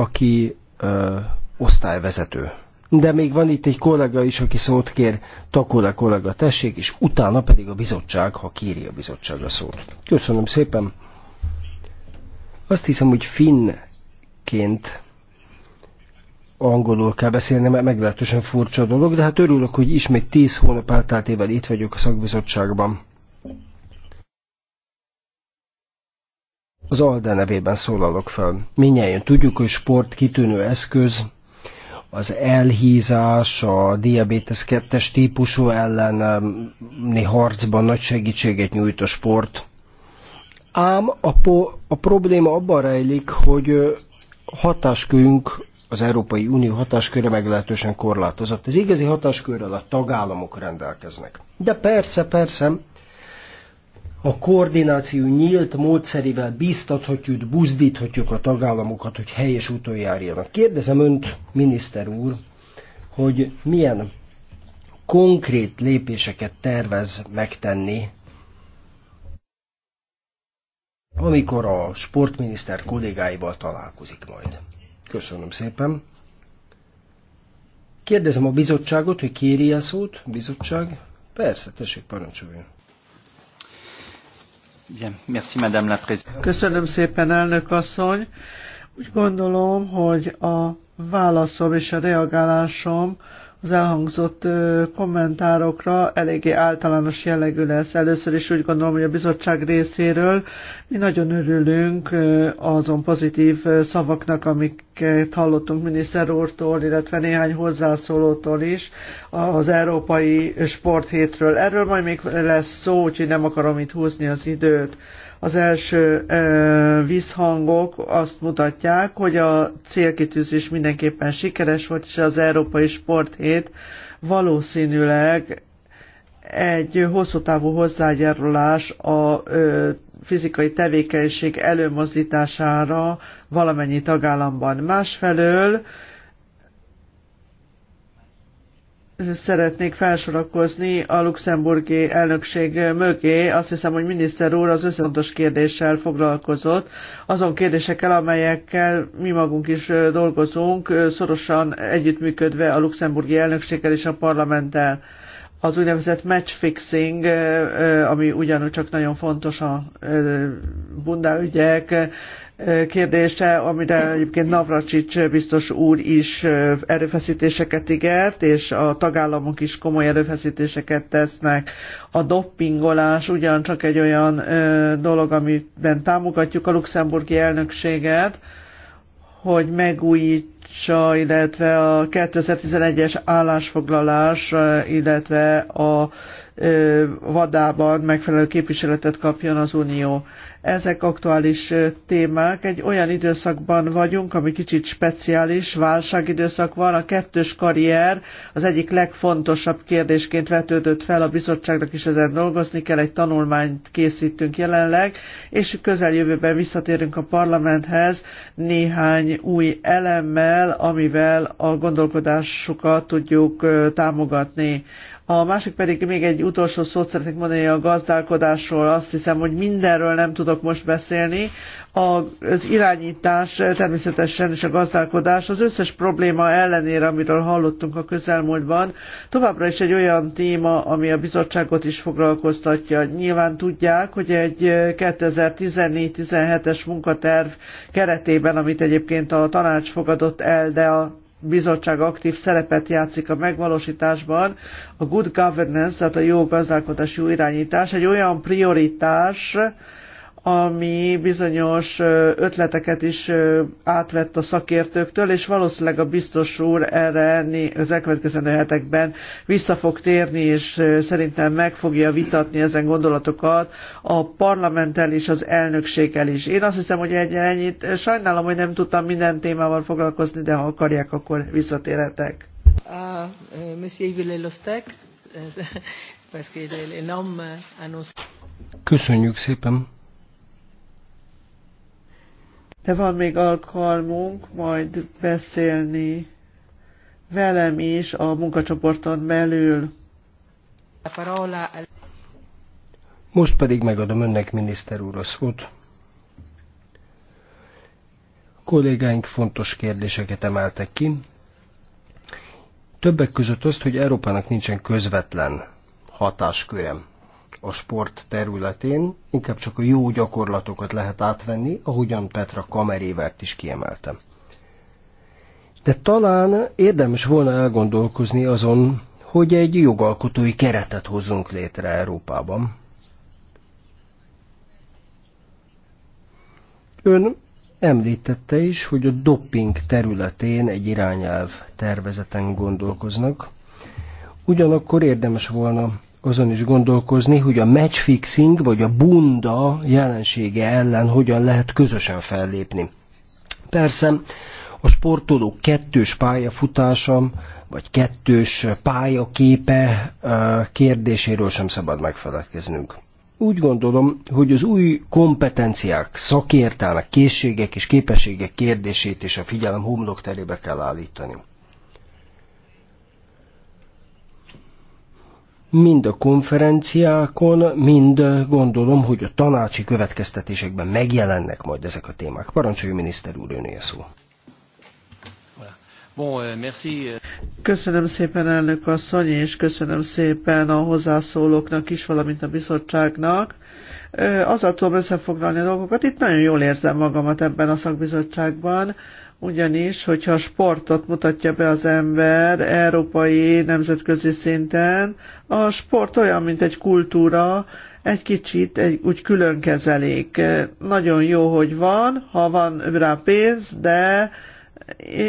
aki ö, osztályvezető. De még van itt egy kollega is, aki szót kér, Takula kollega, tessék, és utána pedig a bizottság, ha kéri a bizottságra szót. Köszönöm szépen. Azt hiszem, hogy finnként angolul kell beszélni, mert meglehetősen furcsa dolog, de hát örülök, hogy ismét 10 hónap elteltével itt vagyok a szakbizottságban. az ALDE nevében szólalok fel. Minnyáján tudjuk, hogy sport kitűnő eszköz, az elhízás, a diabetes 2-es típusú elleni harcban nagy segítséget nyújt a sport. Ám a, po- a probléma abban rejlik, hogy hatáskörünk, az Európai Unió hatásköre meglehetősen korlátozott. Az igazi hatáskörrel a tagállamok rendelkeznek. De persze, persze, a koordináció nyílt módszerével bíztathatjuk, buzdíthatjuk a tagállamokat, hogy helyes úton járjanak. Kérdezem önt, miniszter úr, hogy milyen konkrét lépéseket tervez megtenni, amikor a sportminiszter kollégáival találkozik majd. Köszönöm szépen. Kérdezem a bizottságot, hogy kéri a szót. Bizottság? Persze, tessék, parancsoljon. Köszönöm szépen, elnök asszony. Úgy gondolom, hogy a válaszom és a reagálásom az elhangzott kommentárokra eléggé általános jellegű lesz. Először is úgy gondolom, hogy a bizottság részéről mi nagyon örülünk azon pozitív szavaknak, amiket hallottunk miniszter úrtól, illetve néhány hozzászólótól is az Európai Sporthétről. Erről majd még lesz szó, úgyhogy nem akarom itt húzni az időt. Az első vízhangok azt mutatják, hogy a célkitűzés mindenképpen sikeres volt, és az Európai Sporthét valószínűleg egy hosszú távú hozzájárulás a fizikai tevékenység előmozdítására valamennyi tagállamban. Másfelől szeretnék felsorakozni a luxemburgi elnökség mögé. Azt hiszem, hogy miniszter úr az összefontos kérdéssel foglalkozott, azon kérdésekkel, amelyekkel mi magunk is dolgozunk, szorosan együttműködve a luxemburgi elnökséggel és a parlamenttel. Az úgynevezett matchfixing, ami ugyanúgy csak nagyon fontos a bundá ügyek, kérdése, amire egyébként Navracsics biztos úr is erőfeszítéseket ígért, és a tagállamok is komoly erőfeszítéseket tesznek. A doppingolás ugyancsak egy olyan dolog, amiben támogatjuk a luxemburgi elnökséget, hogy megújítsa, illetve a 2011-es állásfoglalás, illetve a vadában megfelelő képviseletet kapjon az Unió. Ezek aktuális témák. Egy olyan időszakban vagyunk, ami kicsit speciális, válságidőszak van. A kettős karrier az egyik legfontosabb kérdésként vetődött fel a bizottságnak is ezen dolgozni kell. Egy tanulmányt készítünk jelenleg, és közeljövőben visszatérünk a parlamenthez néhány új elemmel, amivel a gondolkodásukat tudjuk támogatni. A másik pedig még egy utolsó szót szeretnék mondani a gazdálkodásról. Azt hiszem, hogy mindenről nem tudok most beszélni. Az irányítás természetesen és a gazdálkodás az összes probléma ellenére, amiről hallottunk a közelmúltban, továbbra is egy olyan téma, ami a bizottságot is foglalkoztatja. Nyilván tudják, hogy egy 2014-17-es munkaterv keretében, amit egyébként a tanács fogadott el, de a bizottság aktív szerepet játszik a megvalósításban. A good governance, tehát a jó jó irányítás egy olyan prioritás, ami bizonyos ötleteket is átvett a szakértőktől, és valószínűleg a biztos úr erre az elkövetkező hetekben vissza fog térni, és szerintem meg fogja vitatni ezen gondolatokat a parlamenttel és az elnökséggel is. Én azt hiszem, hogy egy ennyit sajnálom, hogy nem tudtam minden témával foglalkozni, de ha akarják, akkor visszatérhetek. Ah, eh, monsieur euh, Köszönjük szépen! de van még alkalmunk majd beszélni velem is a munkacsoporton belül. Most pedig megadom önnek, miniszter úr, a szót. Kollégáink fontos kérdéseket emeltek ki. Többek között azt, hogy Európának nincsen közvetlen hatáskörem a sport területén, inkább csak a jó gyakorlatokat lehet átvenni, ahogyan Petra Kamerévert is kiemeltem. De talán érdemes volna elgondolkozni azon, hogy egy jogalkotói keretet hozzunk létre Európában. Ön említette is, hogy a dopping területén egy irányelv tervezeten gondolkoznak, ugyanakkor érdemes volna azon is gondolkozni, hogy a matchfixing vagy a bunda jelensége ellen hogyan lehet közösen fellépni. Persze a sportoló kettős pályafutása vagy kettős pályaképe kérdéséről sem szabad megfelelkeznünk. Úgy gondolom, hogy az új kompetenciák, szakértelmek, készségek és képességek kérdését is a figyelem homlok terébe kell állítani. mind a konferenciákon, mind gondolom, hogy a tanácsi következtetésekben megjelennek majd ezek a témák. Parancsoljon miniszter úr, önél szó. Euh, euh. Köszönöm szépen, elnök asszony, és köszönöm szépen a hozzászólóknak is, valamint a bizottságnak. Azzal tudom összefoglalni a dolgokat. Itt nagyon jól érzem magamat ebben a szakbizottságban ugyanis, hogyha sportot mutatja be az ember európai, nemzetközi szinten, a sport olyan, mint egy kultúra, egy kicsit egy, úgy külön kezelik. Nagyon jó, hogy van, ha van rá pénz, de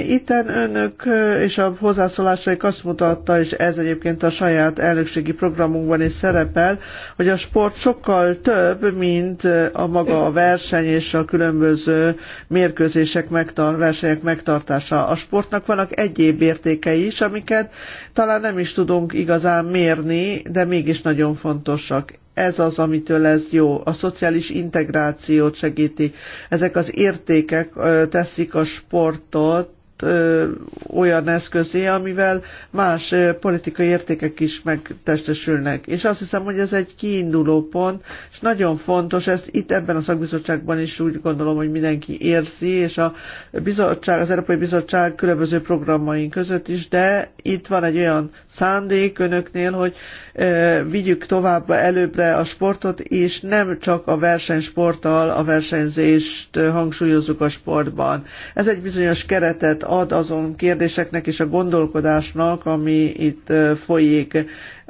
Itten önök és a hozzászólásaik azt mutatta, és ez egyébként a saját elnökségi programunkban is szerepel, hogy a sport sokkal több, mint a maga a verseny és a különböző mérkőzések, megtar- versenyek megtartása. A sportnak vannak egyéb értékei is, amiket talán nem is tudunk igazán mérni, de mégis nagyon fontosak ez az, amitől ez jó. A szociális integrációt segíti. Ezek az értékek teszik a sportot ö, olyan eszközé, amivel más ö, politikai értékek is megtestesülnek. És azt hiszem, hogy ez egy kiinduló pont, és nagyon fontos, ezt itt ebben a szakbizottságban is úgy gondolom, hogy mindenki érzi, és a bizottság, az Európai Bizottság különböző programmaink között is, de itt van egy olyan szándék önöknél, hogy ö, vigyük tovább előbbre a sportot, és nem csak a versenysporttal a versenyzést hangsúlyozzuk a sportban. Ez egy bizonyos keretet ad azon kérdéseknek és a gondolkodásnak, ami itt folyik.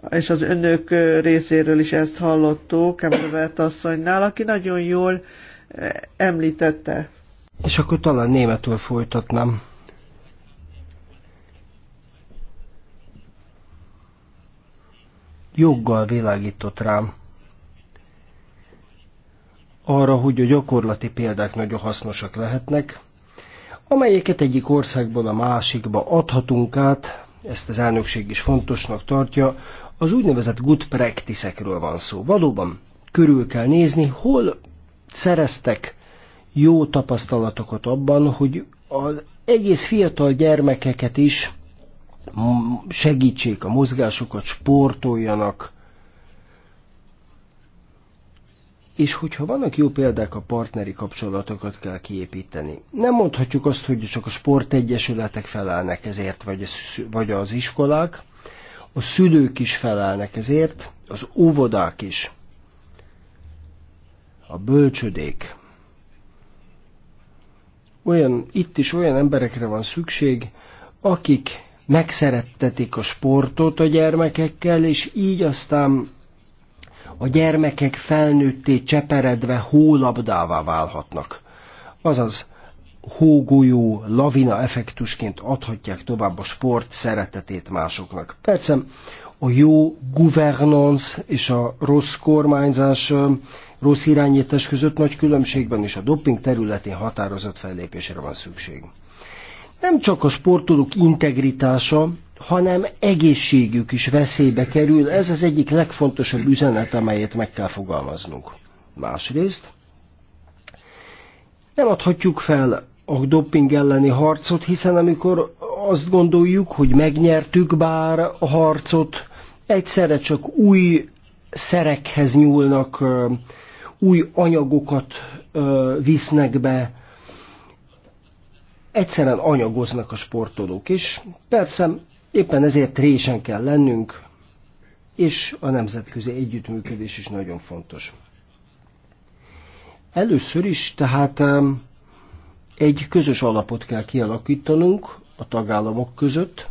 És az önök részéről is ezt hallottuk Emlővet asszonynál, aki nagyon jól említette. És akkor talán németül folytatnám. Joggal világított rám arra, hogy a gyakorlati példák nagyon hasznosak lehetnek, amelyeket egyik országból a másikba adhatunk át, ezt az elnökség is fontosnak tartja, az úgynevezett good practice-ekről van szó. Valóban körül kell nézni, hol szereztek jó tapasztalatokat abban, hogy az egész fiatal gyermekeket is segítsék a mozgásokat, sportoljanak, és hogyha vannak jó példák, a partneri kapcsolatokat kell kiépíteni. Nem mondhatjuk azt, hogy csak a sportegyesületek felelnek ezért, vagy, vagy az iskolák, a szülők is felelnek ezért, az óvodák is, a bölcsödék. Olyan, itt is olyan emberekre van szükség, akik megszerettetik a sportot a gyermekekkel, és így aztán a gyermekek felnőtté cseperedve hólabdává válhatnak. Azaz, hógolyó, lavina effektusként adhatják tovább a sport szeretetét másoknak. Persze a jó governance és a rossz kormányzás, rossz irányítás között nagy különbségben is a doping területén határozott fellépésre van szükség. Nem csak a sportolók integritása, hanem egészségük is veszélybe kerül. Ez az egyik legfontosabb üzenet, amelyet meg kell fogalmaznunk. Másrészt, nem adhatjuk fel a doping elleni harcot, hiszen amikor azt gondoljuk, hogy megnyertük bár a harcot, egyszerre csak új szerekhez nyúlnak, új anyagokat visznek be, egyszerűen anyagoznak a sportolók, és persze Éppen ezért résen kell lennünk, és a nemzetközi együttműködés is nagyon fontos. Először is tehát egy közös alapot kell kialakítanunk a tagállamok között,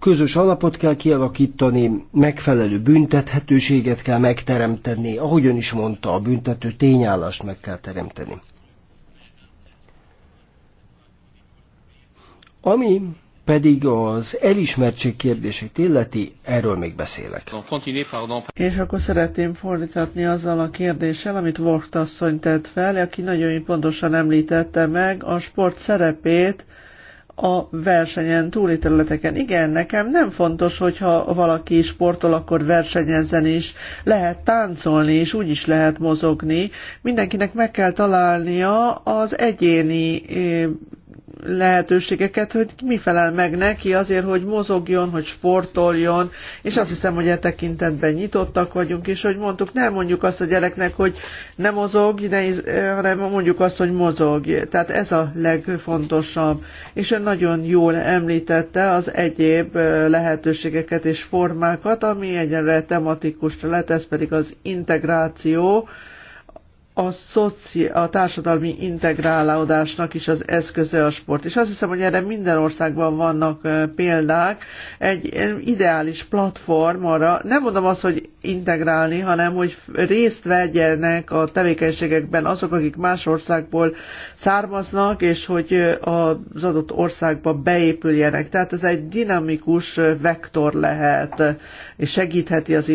közös alapot kell kialakítani, megfelelő büntethetőséget kell megteremteni, ahogy is mondta, a büntető tényállást meg kell teremteni. Ami pedig az elismertség kérdését illeti, erről még beszélek. És akkor szeretném fordítatni azzal a kérdéssel, amit Vogt asszony tett fel, aki nagyon pontosan említette meg a sport szerepét, a versenyen túli területeken. Igen, nekem nem fontos, hogyha valaki sportol, akkor versenyezzen is. Lehet táncolni, és úgy is lehet mozogni. Mindenkinek meg kell találnia az egyéni lehetőségeket, hogy mi felel meg neki azért, hogy mozogjon, hogy sportoljon, és azt hiszem, hogy e tekintetben nyitottak vagyunk, és hogy mondtuk, nem mondjuk azt a gyereknek, hogy nem mozog, ne, hanem mondjuk azt, hogy mozog. Tehát ez a legfontosabb. És ön nagyon jól említette az egyéb lehetőségeket és formákat, ami egyenre tematikus lett, ez pedig az integráció, a, szoci, a társadalmi integrálódásnak is az eszköze a sport. És azt hiszem, hogy erre minden országban vannak példák. Egy ideális platform arra, nem mondom azt, hogy integrálni, hanem hogy részt vegyenek a tevékenységekben azok, akik más országból származnak, és hogy az adott országba beépüljenek. Tehát ez egy dinamikus vektor lehet, és segítheti az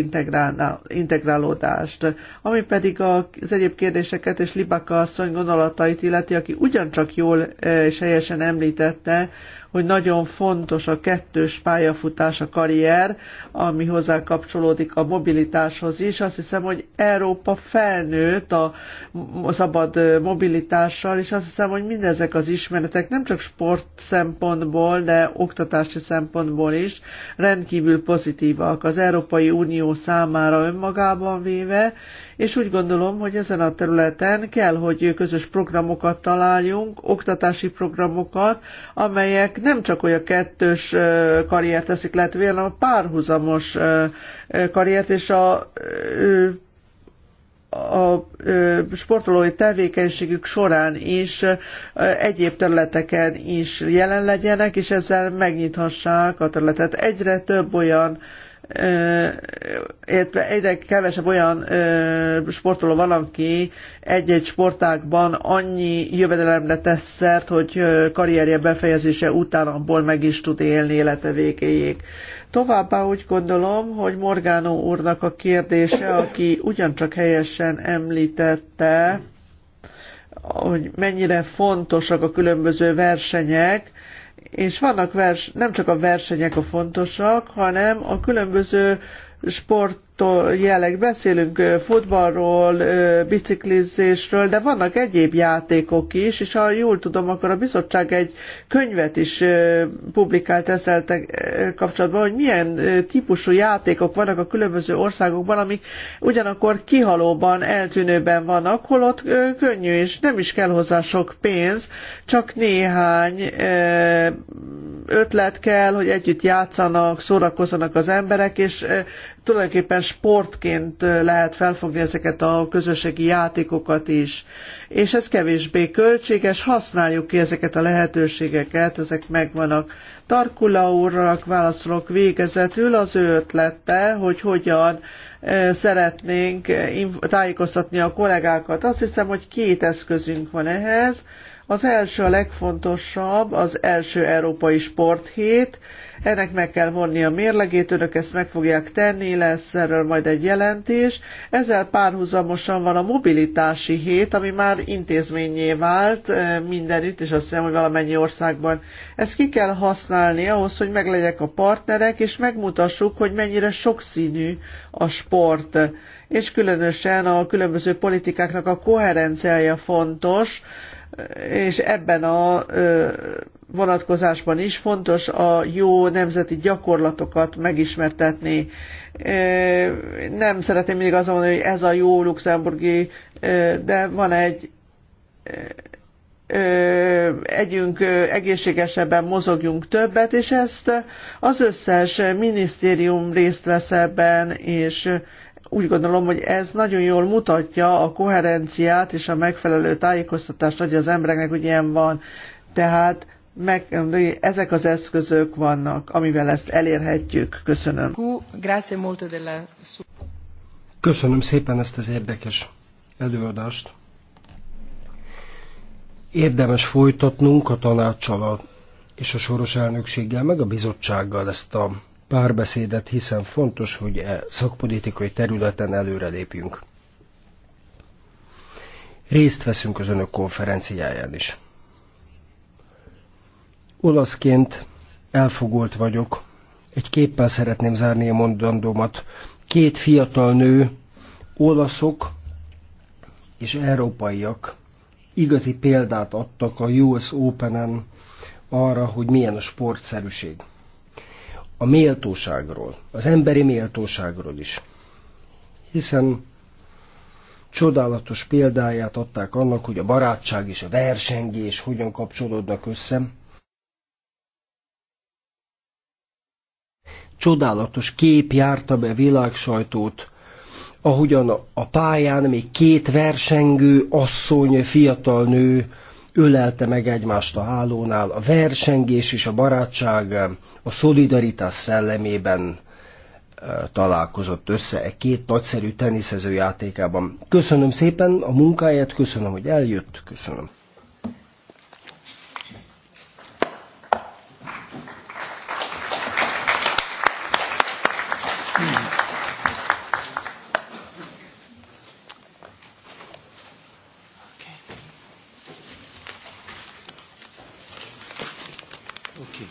integrálódást. Ami pedig az egyébként kérdéseket és Libaka asszony gondolatait illeti, aki ugyancsak jól eh, és helyesen említette, hogy nagyon fontos a kettős pályafutás, a karrier, ami hozzá kapcsolódik a mobilitáshoz is. Azt hiszem, hogy Európa felnőtt a szabad eh, mobilitással, és azt hiszem, hogy mindezek az ismeretek nem csak sport szempontból, de oktatási szempontból is rendkívül pozitívak az Európai Unió számára önmagában véve, és úgy gondolom, hogy ezen a területen kell, hogy közös programokat találjunk, oktatási programokat, amelyek nem csak olyan kettős karriert teszik lehetővé, hanem a párhuzamos karriert és a a sportolói tevékenységük során is, egyéb területeken is jelen legyenek, és ezzel megnyithassák a területet. Egyre több olyan egyre kevesebb olyan sportoló van, aki egy-egy sportákban annyi jövedelemre tesz szert, hogy karrierje befejezése után abból meg is tud élni élete végéig. Továbbá úgy gondolom, hogy Morgánó úrnak a kérdése, aki ugyancsak helyesen említette, hogy mennyire fontosak a különböző versenyek, és vannak vers, nem csak a versenyek a fontosak, hanem a különböző sport jelleg beszélünk futballról, biciklizésről, de vannak egyéb játékok is, és ha jól tudom, akkor a bizottság egy könyvet is publikált ezzel kapcsolatban, hogy milyen típusú játékok vannak a különböző országokban, amik ugyanakkor kihalóban, eltűnőben vannak, holott könnyű, és nem is kell hozzá sok pénz, csak néhány ötlet kell, hogy együtt játszanak, szórakozzanak az emberek, és tulajdonképpen ilyen sportként lehet felfogni ezeket a közösségi játékokat is. És ez kevésbé költséges, használjuk ki ezeket a lehetőségeket, ezek megvannak. Tarkula úrnak válaszolok végezetül az ő ötlette, hogy hogyan szeretnénk tájékoztatni a kollégákat. Azt hiszem, hogy két eszközünk van ehhez. Az első, a legfontosabb, az első Európai Sporthét. Ennek meg kell vonni a mérlegét, önök ezt meg fogják tenni, lesz erről majd egy jelentés. Ezzel párhuzamosan van a mobilitási hét, ami már intézményé vált eh, mindenütt, és azt hiszem, hogy valamennyi országban. Ezt ki kell használni ahhoz, hogy meglegyek a partnerek, és megmutassuk, hogy mennyire sokszínű a sport és különösen a különböző politikáknak a koherenciája fontos, és ebben a vonatkozásban is fontos a jó nemzeti gyakorlatokat megismertetni. Nem szeretném mindig azon mondani, hogy ez a jó luxemburgi, de van egy együnk egészségesebben, mozogjunk többet, és ezt az összes minisztérium részt vesz ebben, és úgy gondolom, hogy ez nagyon jól mutatja a koherenciát és a megfelelő tájékoztatást, hogy az embereknek, ugye ilyen van. Tehát meg, ezek az eszközök vannak, amivel ezt elérhetjük. Köszönöm. Köszönöm szépen ezt az érdekes előadást. Érdemes folytatnunk a tanácssal és a soros elnökséggel, meg a bizottsággal ezt a párbeszédet, hiszen fontos, hogy e szakpolitikai területen előrelépjünk. Részt veszünk az önök konferenciáján is. Olaszként elfogult vagyok. Egy képpel szeretném zárni a mondandómat. Két fiatal nő, olaszok és európaiak igazi példát adtak a US Open-en arra, hogy milyen a sportszerűség a méltóságról, az emberi méltóságról is. Hiszen csodálatos példáját adták annak, hogy a barátság és a versengés hogyan kapcsolódnak össze. Csodálatos kép járta be világsajtót, ahogyan a pályán még két versengő asszony, fiatal nő ölelte meg egymást a hálónál. A versengés és a barátság a szolidaritás szellemében találkozott össze e két nagyszerű teniszező játékában. Köszönöm szépen a munkáját, köszönöm, hogy eljött, köszönöm. Okay,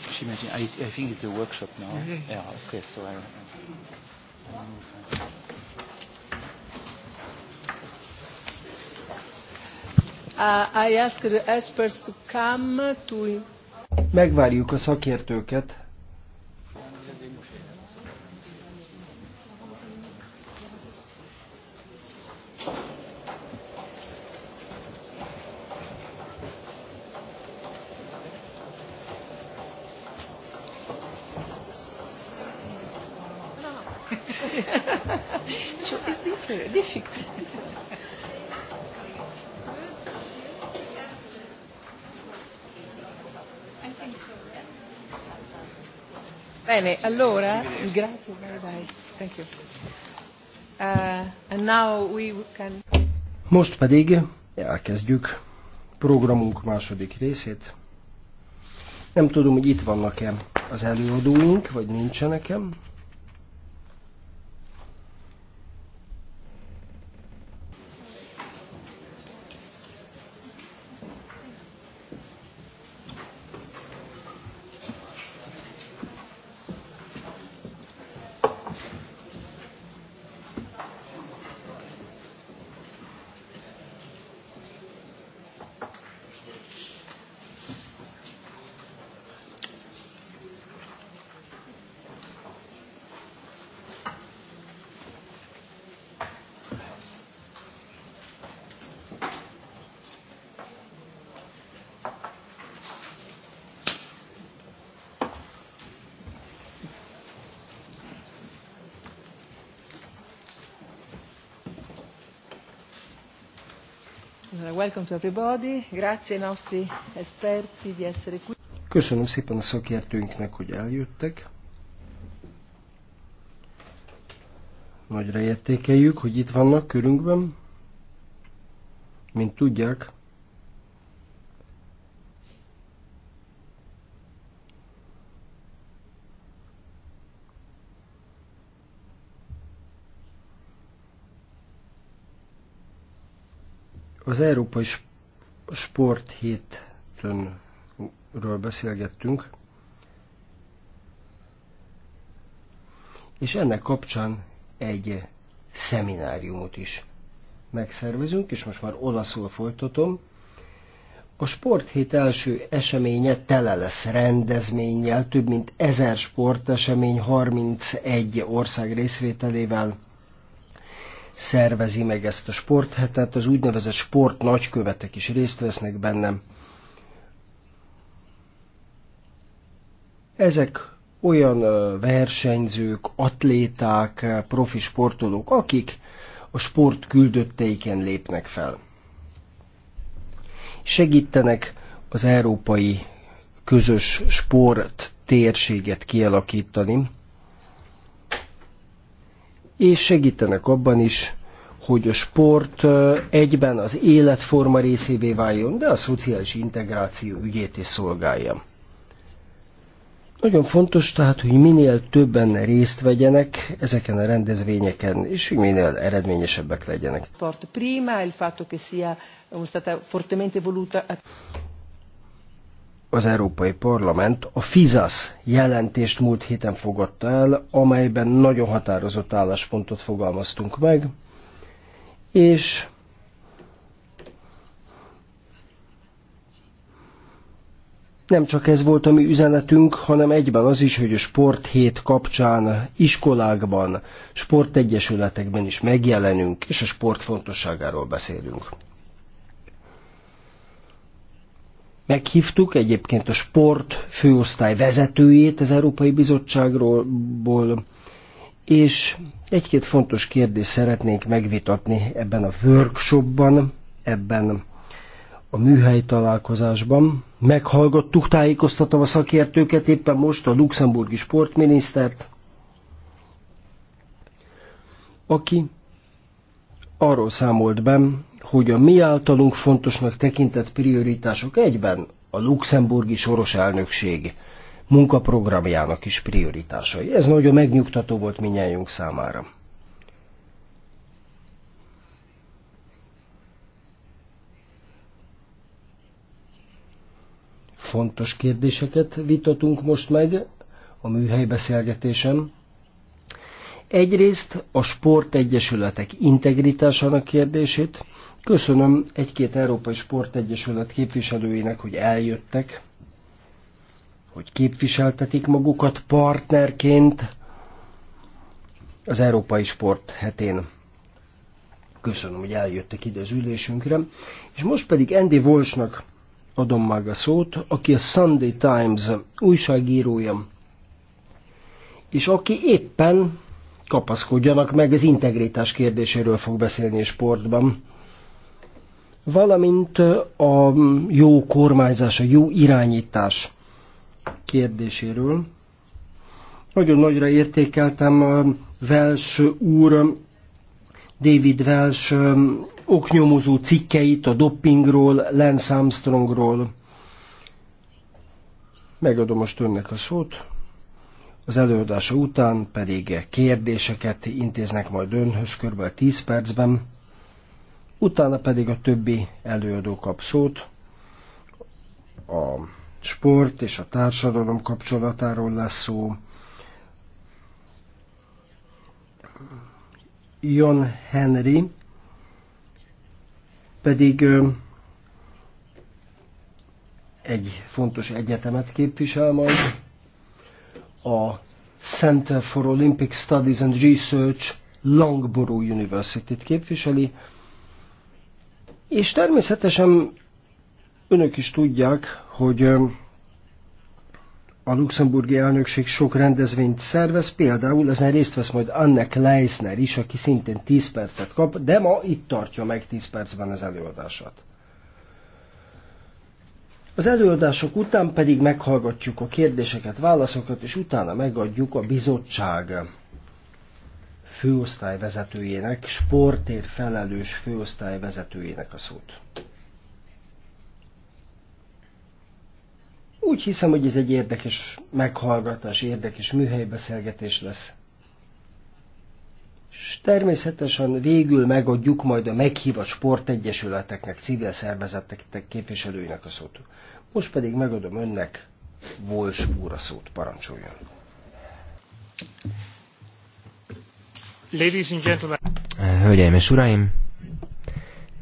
I, I think it's a workshop now. Okay. Yeah, okay, so I Uh, I ask the experts to come to... Megvárjuk a szakértőket, difficult. Bene, allora, grazie, bye bye. Thank you. Uh, and now we can... Most pedig elkezdjük programunk második részét. Nem tudom, hogy itt vannak-e az előadóink, vagy nincsenek-e. Köszönöm szépen a szakértőinknek, hogy eljöttek. Nagyra értékeljük, hogy itt vannak körünkben. Mint tudják, Az Európai Sport hétről beszélgettünk, és ennek kapcsán egy szemináriumot is megszervezünk, és most már olaszul folytatom. A sporthét első eseménye tele lesz rendezménnyel, több mint ezer sportesemény 31 ország részvételével szervezi meg ezt a sporthetet, az úgynevezett sport nagykövetek is részt vesznek bennem. Ezek olyan versenyzők, atléták, profi sportolók, akik a sport küldötteiken lépnek fel. Segítenek az európai közös sport térséget kialakítani, és segítenek abban is, hogy a sport egyben az életforma részévé váljon, de a szociális integráció ügyét is szolgálja. Nagyon fontos tehát, hogy minél többen részt vegyenek ezeken a rendezvényeken, és hogy minél eredményesebbek legyenek az Európai Parlament a FIZASZ jelentést múlt héten fogadta el, amelyben nagyon határozott álláspontot fogalmaztunk meg, és Nem csak ez volt a mi üzenetünk, hanem egyben az is, hogy a sporthét kapcsán iskolákban, sportegyesületekben is megjelenünk, és a sport fontosságáról beszélünk. Meghívtuk egyébként a sport főosztály vezetőjét az Európai Bizottságról, és egy-két fontos kérdést szeretnénk megvitatni ebben a workshopban, ebben a műhely találkozásban. Meghallgattuk, tájékoztatom a szakértőket, éppen most a luxemburgi sportminisztert, aki arról számolt be, hogy a mi általunk fontosnak tekintett prioritások egyben a luxemburgi soros elnökség munkaprogramjának is prioritásai. Ez nagyon megnyugtató volt minnyájunk számára. Fontos kérdéseket vitatunk most meg a műhely Egyrészt a sportegyesületek integritásának kérdését, Köszönöm egy-két Európai Sportegyesület képviselőinek, hogy eljöttek, hogy képviseltetik magukat partnerként az Európai Sport hetén. Köszönöm, hogy eljöttek ide az ülésünkre. És most pedig Andy Walshnak adom meg a szót, aki a Sunday Times újságírója, és aki éppen kapaszkodjanak meg, az integritás kérdéséről fog beszélni a sportban valamint a jó kormányzás, a jó irányítás kérdéséről. Nagyon nagyra értékeltem Welsh úr, David Welsh oknyomozó cikkeit a doppingról, Lance Armstrongról. Megadom most önnek a szót. Az előadása után pedig kérdéseket intéznek majd önhöz körülbelül 10 percben utána pedig a többi előadó kap szót. A sport és a társadalom kapcsolatáról lesz szó. John Henry pedig egy fontos egyetemet képvisel majd, a Center for Olympic Studies and Research Longborough University-t képviseli, és természetesen önök is tudják, hogy a luxemburgi elnökség sok rendezvényt szervez, például ezen részt vesz majd Anne Leisner is, aki szintén 10 percet kap, de ma itt tartja meg 10 percben az előadását. Az előadások után pedig meghallgatjuk a kérdéseket, válaszokat, és utána megadjuk a bizottság főosztályvezetőjének, sportért felelős főosztályvezetőjének a szót. Úgy hiszem, hogy ez egy érdekes meghallgatás, érdekes műhelybeszélgetés lesz. És természetesen végül megadjuk majd a meghívott sportegyesületeknek, civil szervezeteknek, képviselőinek a szót. Most pedig megadom önnek Vols úr a szót, parancsoljon. Hölgyeim és uraim,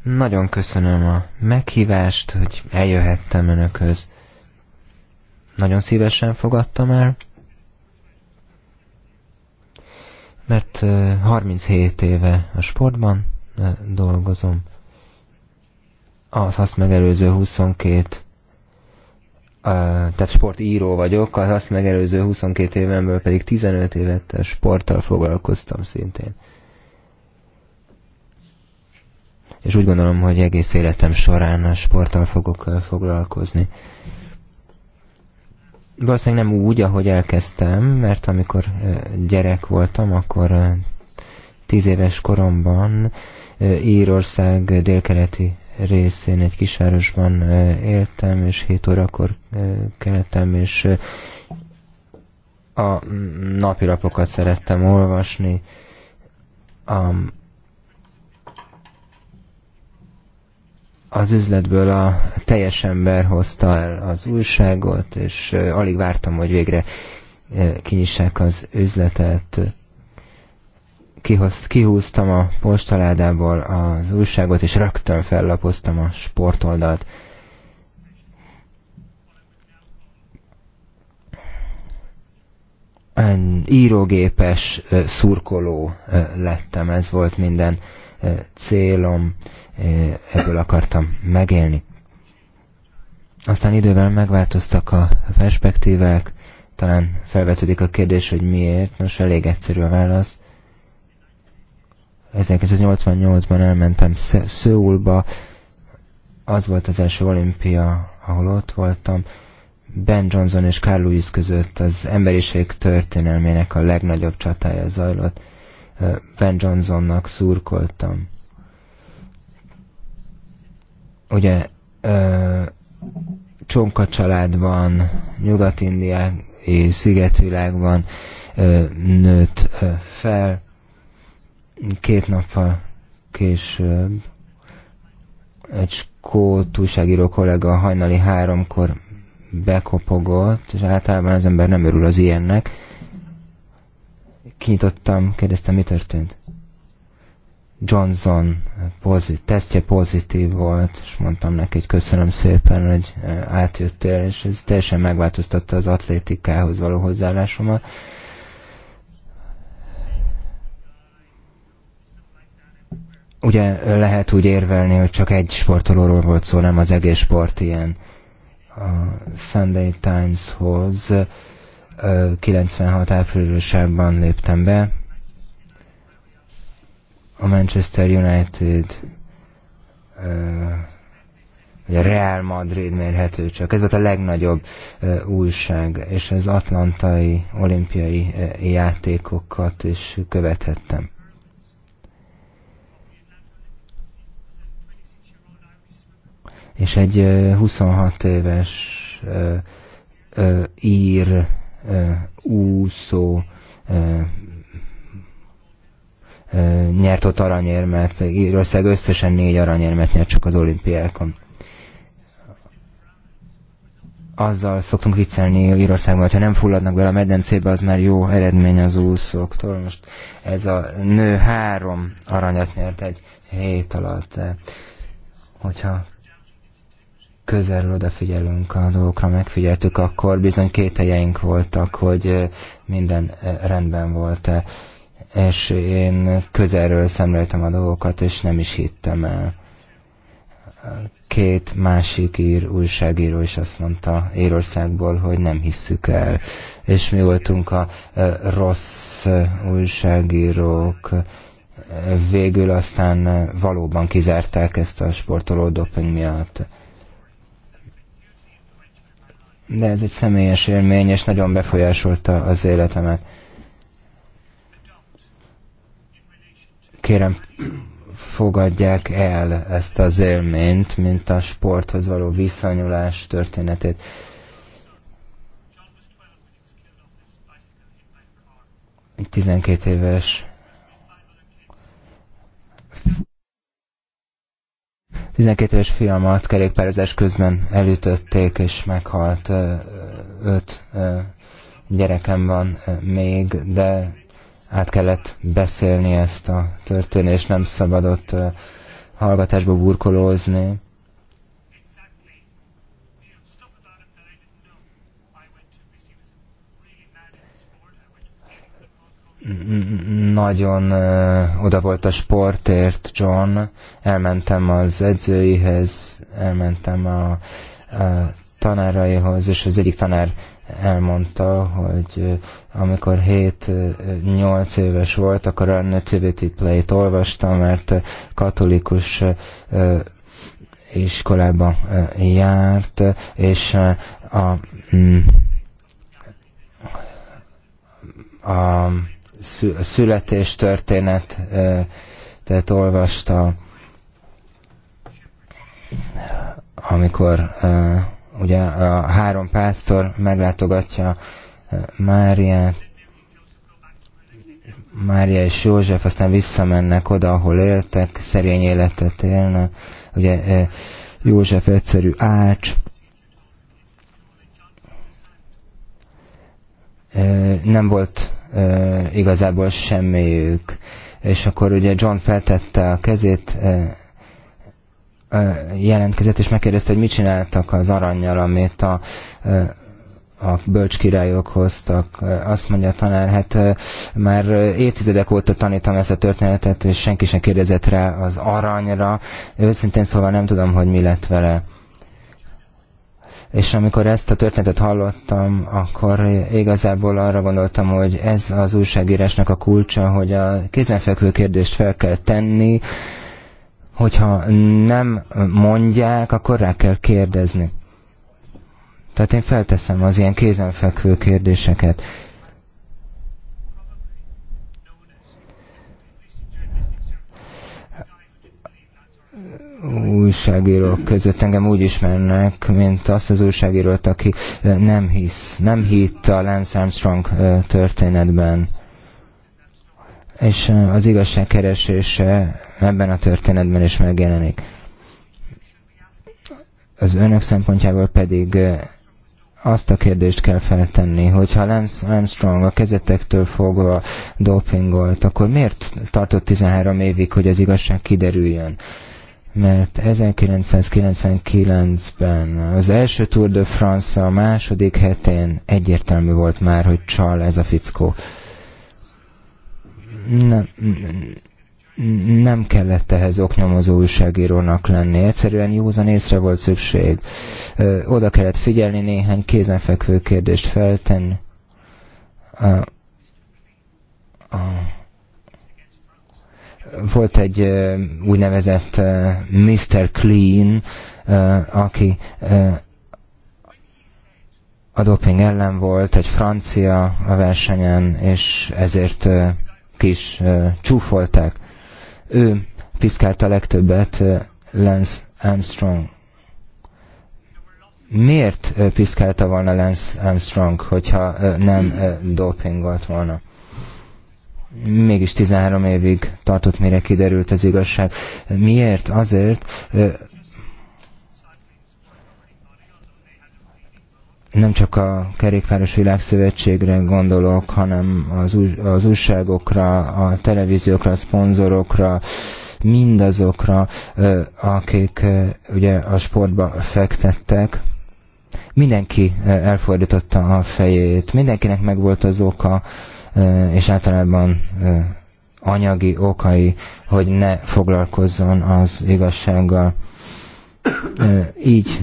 nagyon köszönöm a meghívást, hogy eljöhettem önökhöz. Nagyon szívesen fogadtam el, mert 37 éve a sportban dolgozom, az azt megelőző 22 tehát sportíró vagyok, az azt megelőző 22 évemből pedig 15 évet sporttal foglalkoztam szintén. És úgy gondolom, hogy egész életem során a sporttal fogok foglalkozni. Valószínűleg nem úgy, ahogy elkezdtem, mert amikor gyerek voltam, akkor 10 éves koromban Írország délkeleti részén egy kisvárosban éltem, és 7 órakor keltem, és a napilapokat szerettem olvasni. A, az üzletből a teljes ember hozta el az újságot, és alig vártam, hogy végre kinyissák az üzletet kihoz, kihúztam a postaládából az újságot, és rögtön fellapoztam a sportoldalt. Írógépes szurkoló lettem, ez volt minden célom, ebből akartam megélni. Aztán idővel megváltoztak a perspektívák, talán felvetődik a kérdés, hogy miért. Nos, elég egyszerű a válasz 1988-ban elmentem Szöulba, az volt az első olimpia, ahol ott voltam. Ben Johnson és Carl Lewis között az emberiség történelmének a legnagyobb csatája zajlott. Ben Johnsonnak szurkoltam. Ugye Csonka családban, Nyugat-Indiai szigetvilágban nőtt fel, Két nappal később egy skót újságíró kollega hajnali háromkor bekopogott, és általában az ember nem örül az ilyennek. Kinyitottam, kérdeztem, mi történt. Johnson pozit, tesztje pozitív volt, és mondtam neki, hogy köszönöm szépen, hogy eh, átjöttél, és ez teljesen megváltoztatta az atlétikához való hozzáállásomat. ugye lehet úgy érvelni, hogy csak egy sportolóról volt szó, nem az egész sport ilyen a Sunday Times-hoz 96 áprilisában léptem be. A Manchester United a Real Madrid mérhető csak. Ez volt a legnagyobb újság, és az atlantai olimpiai játékokat is követhettem. és egy 26 éves ír úszó nyert ott aranyérmet, Írország összesen négy aranyérmet nyert csak az olimpiákon. Azzal szoktunk viccelni Írországban, hogyha nem fulladnak bele a medencébe, az már jó eredmény az úszóktól. Most ez a nő három aranyat nyert egy hét alatt. Hogyha közelről odafigyelünk a dolgokra, megfigyeltük, akkor bizony két helyeink voltak, hogy minden rendben volt-e. És én közelről szemléltem a dolgokat, és nem is hittem el. Két másik ír, újságíró is azt mondta Érországból, hogy nem hisszük el. És mi voltunk a rossz újságírók, végül aztán valóban kizárták ezt a sportoló doping miatt de ez egy személyes élmény, és nagyon befolyásolta az életemet. Kérem, fogadják el ezt az élményt, mint a sporthoz való viszonyulás történetét. Egy 12 éves 12 éves fiamat kerékpározás közben elütötték, és meghalt. Öt gyerekem van még, de át kellett beszélni ezt a történést, nem szabadott hallgatásba burkolózni. nagyon oda volt a sportért John, elmentem az edzőihez, elmentem a, a tanáraihoz, és az egyik tanár elmondta, hogy amikor 7-8 éves volt, akkor a Nativity Play-t olvastam, mert katolikus iskolába járt, és a, mm, a, a tehát olvasta, amikor ugye a három pásztor meglátogatja Máriát, Mária és József aztán visszamennek oda, ahol éltek, szerény életet élnek. Ugye József egyszerű ács, nem volt igazából semmiük. És akkor ugye John feltette a kezét, jelentkezett, és megkérdezte, hogy mit csináltak az aranyjal, amit a, a bölcs királyok hoztak. Azt mondja a tanár, hát már évtizedek óta tanítom ezt a történetet, és senki sem kérdezett rá az aranyra. Őszintén szóval nem tudom, hogy mi lett vele és amikor ezt a történetet hallottam, akkor igazából arra gondoltam, hogy ez az újságírásnak a kulcsa, hogy a kézenfekvő kérdést fel kell tenni, hogyha nem mondják, akkor rá kell kérdezni. Tehát én felteszem az ilyen kézenfekvő kérdéseket. újságírók között engem úgy ismernek, mint azt az újságírót, aki nem hisz, nem hitt a Lance Armstrong történetben. És az igazság keresése ebben a történetben is megjelenik. Az önök szempontjából pedig azt a kérdést kell feltenni, hogy ha Lance Armstrong a kezetektől fogva dopingolt, akkor miért tartott 13 évig, hogy az igazság kiderüljön? mert 1999-ben az első Tour de France a második hetén egyértelmű volt már, hogy csal ez a fickó. Nem, nem kellett ehhez oknyomozó újságírónak lenni, egyszerűen józan észre volt szükség. Ö, oda kellett figyelni néhány kézenfekvő kérdést feltenni. A, a, volt egy úgynevezett Mr. Clean, aki a doping ellen volt egy francia a versenyen, és ezért kis csúfolták. Ő piszkálta legtöbbet Lance Armstrong. Miért piszkálta volna Lance Armstrong, hogyha nem dopingolt volna? mégis 13 évig tartott, mire kiderült az igazság. Miért? Azért, nem csak a Kerékpáros Világszövetségre gondolok, hanem az, új, az újságokra, a televíziókra, a szponzorokra, mindazokra, akik ugye a sportba fektettek. Mindenki elfordította a fejét, mindenkinek megvolt az oka, és általában anyagi okai, hogy ne foglalkozzon az igazsággal. Így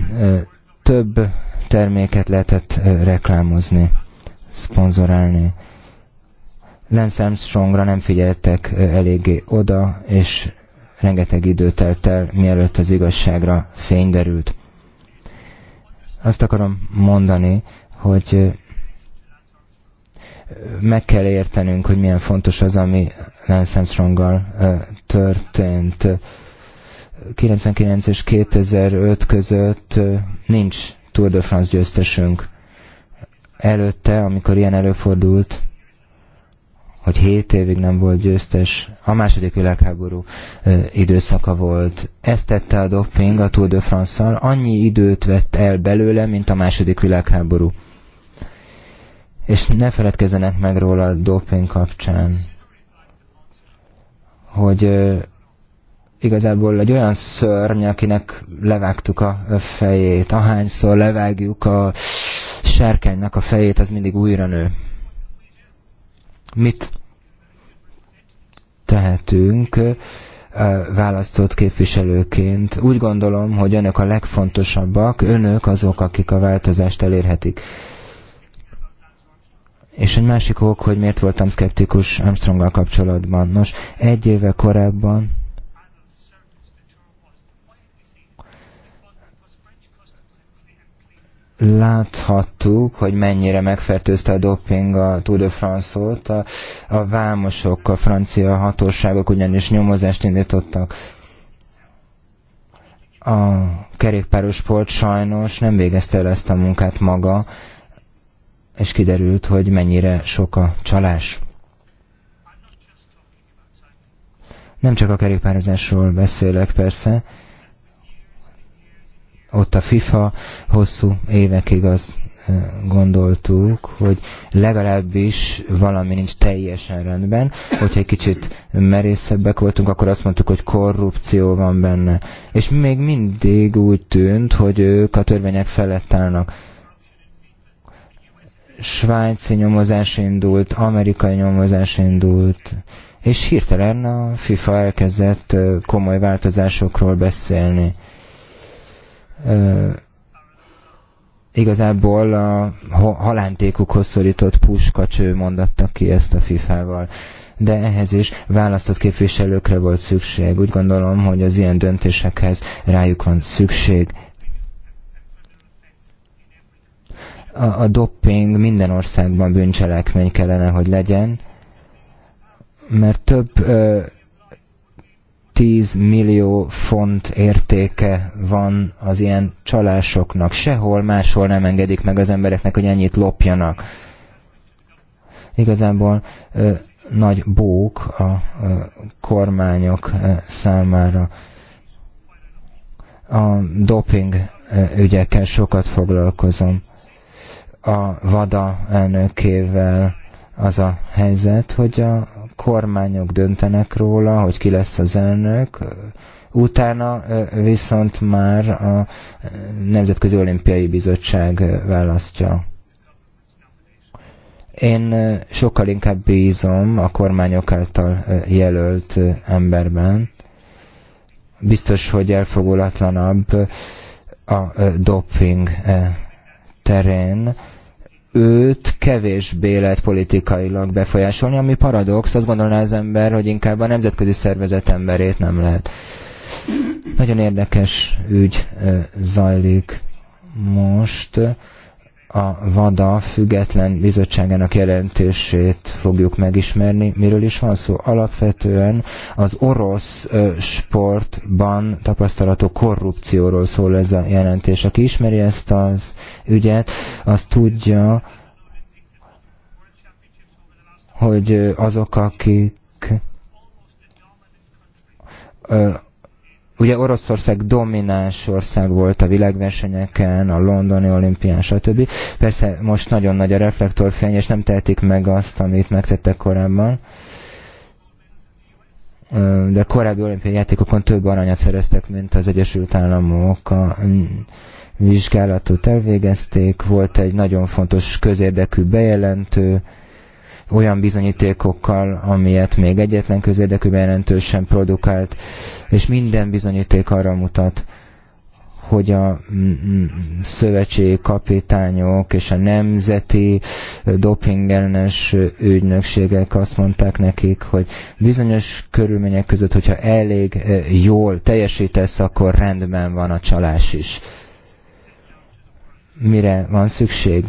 több terméket lehetett reklámozni, szponzorálni. Lance Armstrongra nem figyeltek eléggé oda, és rengeteg idő telt el, mielőtt az igazságra fény derült. Azt akarom mondani, hogy meg kell értenünk, hogy milyen fontos az, ami Lance Armstronggal történt. 99 és 2005 között nincs Tour de France győztesünk. Előtte, amikor ilyen előfordult, hogy 7 évig nem volt győztes, a második világháború időszaka volt. Ezt tette a doping a Tour de France-szal, annyi időt vett el belőle, mint a második világháború és ne feledkezzenek meg róla a doping kapcsán, hogy igazából egy olyan szörny, akinek levágtuk a fejét. Ahányszor levágjuk a sárkánynak a fejét, az mindig újra nő. Mit tehetünk választott képviselőként? Úgy gondolom, hogy önök a legfontosabbak, önök azok, akik a változást elérhetik. És egy másik ok, hogy miért voltam szkeptikus Armstronggal kapcsolatban. Nos, egy éve korábban láthattuk, hogy mennyire megfertőzte a doping a Tour de France-ot. A, a vámosok, a francia hatóságok ugyanis nyomozást indítottak. A kerékpáros sport sajnos nem végezte el ezt a munkát maga, és kiderült, hogy mennyire sok a csalás. Nem csak a kerékpározásról beszélek persze, ott a FIFA hosszú évekig az gondoltuk, hogy legalábbis valami nincs teljesen rendben. Hogyha egy kicsit merészebbek voltunk, akkor azt mondtuk, hogy korrupció van benne. És még mindig úgy tűnt, hogy ők a törvények felett állnak svájci nyomozás indult, amerikai nyomozás indult, és hirtelen a FIFA elkezdett komoly változásokról beszélni. igazából a halántékukhoz szorított puskacső mondatta ki ezt a FIFA-val. De ehhez is választott képviselőkre volt szükség. Úgy gondolom, hogy az ilyen döntésekhez rájuk van szükség. a, a doping minden országban bűncselekmény kellene, hogy legyen, mert több ö, 10 millió font értéke van az ilyen csalásoknak. Sehol máshol nem engedik meg az embereknek, hogy ennyit lopjanak. Igazából ö, nagy bók a ö, kormányok ö, számára. A doping ö, ügyekkel sokat foglalkozom a VADA elnökével az a helyzet, hogy a kormányok döntenek róla, hogy ki lesz az elnök, utána viszont már a Nemzetközi Olimpiai Bizottság választja. Én sokkal inkább bízom a kormányok által jelölt emberben. Biztos, hogy elfogulatlanabb a doping terén őt kevésbé lehet politikailag befolyásolni, ami paradox, azt gondolná az ember, hogy inkább a nemzetközi szervezet emberét nem lehet. Nagyon érdekes ügy eh, zajlik most a VADA független bizottságának jelentését fogjuk megismerni. Miről is van szó? Alapvetően az orosz sportban tapasztalatú korrupcióról szól ez a jelentés. Aki ismeri ezt az ügyet, az tudja, hogy azok, akik Ugye Oroszország domináns ország volt a világversenyeken, a londoni olimpián, stb. Persze most nagyon nagy a reflektorfény, és nem tehetik meg azt, amit megtettek korábban de korábbi olimpiai játékokon több aranyat szereztek, mint az Egyesült Államok. A vizsgálatot elvégezték, volt egy nagyon fontos közérdekű bejelentő, olyan bizonyítékokkal, amilyet még egyetlen közérdekű bejelentő sem produkált, és minden bizonyíték arra mutat, hogy a mm, mm, szövetségi kapitányok és a nemzeti dopingellenes ügynökségek azt mondták nekik, hogy bizonyos körülmények között, hogyha elég eh, jól teljesítesz, akkor rendben van a csalás is. Mire van szükség?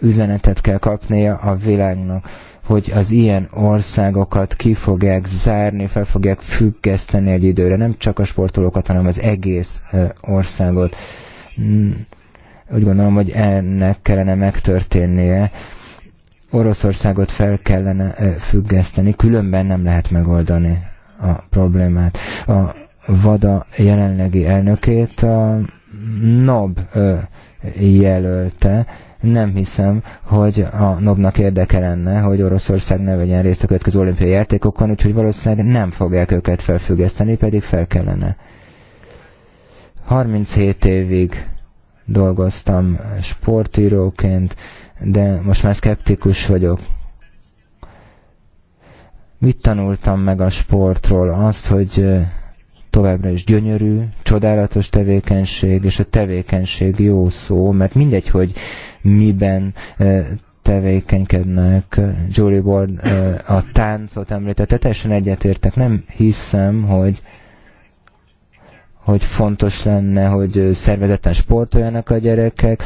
üzenetet kell kapnia a világnak, hogy az ilyen országokat ki fogják zárni, fel fogják függeszteni egy időre, nem csak a sportolókat, hanem az egész országot. Mm, úgy gondolom, hogy ennek kellene megtörténnie. Oroszországot fel kellene függeszteni, különben nem lehet megoldani a problémát. A VADA jelenlegi elnökét a NOB jelölte. Nem hiszem, hogy a NOB-nak érdeke lenne, hogy Oroszország ne vegyen részt a következő olimpiai játékokon, úgyhogy valószínűleg nem fogják őket felfüggeszteni, pedig fel kellene. 37 évig dolgoztam sportíróként, de most már szkeptikus vagyok. Mit tanultam meg a sportról? Azt, hogy továbbra is gyönyörű, csodálatos tevékenység, és a tevékenység jó szó, mert mindegy, hogy miben tevékenykednek. Julie Ward a táncot említette, teljesen egyetértek. Nem hiszem, hogy hogy fontos lenne, hogy szervezetten sportoljanak a gyerekek,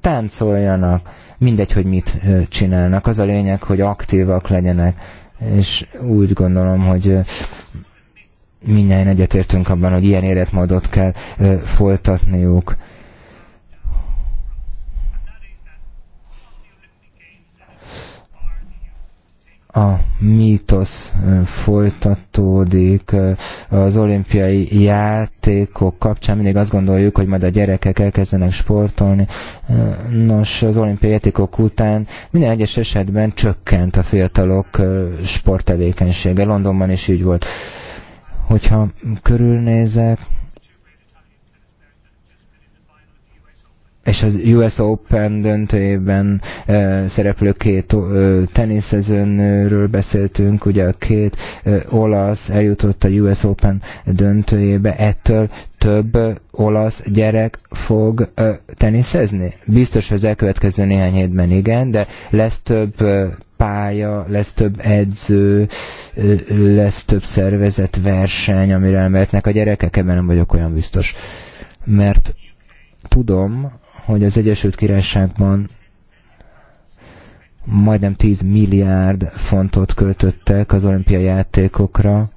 táncoljanak, mindegy, hogy mit csinálnak. Az a lényeg, hogy aktívak legyenek, és úgy gondolom, hogy mindjárt egyetértünk abban, hogy ilyen életmódot kell folytatniuk. a mítosz folytatódik az olimpiai játékok kapcsán. Mindig azt gondoljuk, hogy majd a gyerekek elkezdenek sportolni. Nos, az olimpiai játékok után minden egyes esetben csökkent a fiatalok sporttevékenysége. Londonban is így volt. Hogyha körülnézek, és az US Open döntőjében e, szereplő két e, teniszezőnről beszéltünk, ugye a két e, olasz eljutott a US Open döntőjébe, ettől több olasz gyerek fog e, teniszezni? Biztos, hogy az elkövetkező néhány hétben igen, de lesz több e, pálya, lesz több edző, lesz több szervezet verseny, amire elmehetnek a gyerekek, ebben nem vagyok olyan biztos. Mert tudom, hogy az Egyesült Királyságban majdnem 10 milliárd fontot költöttek az olimpiai játékokra,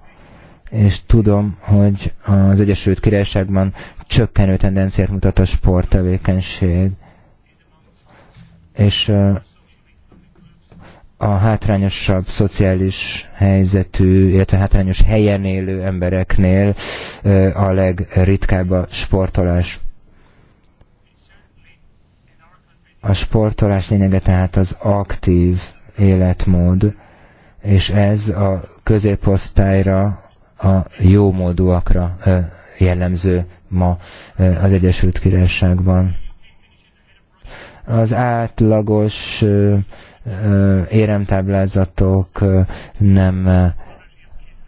és tudom, hogy az Egyesült Királyságban csökkenő tendenciát mutat a sporttevékenység. És a hátrányosabb szociális helyzetű, illetve hátrányos helyen élő embereknél a legritkább a sportolás. A sportolás lényege tehát az aktív életmód, és ez a középosztályra, a jó módúakra jellemző ma az Egyesült Királyságban. Az átlagos éremtáblázatok nem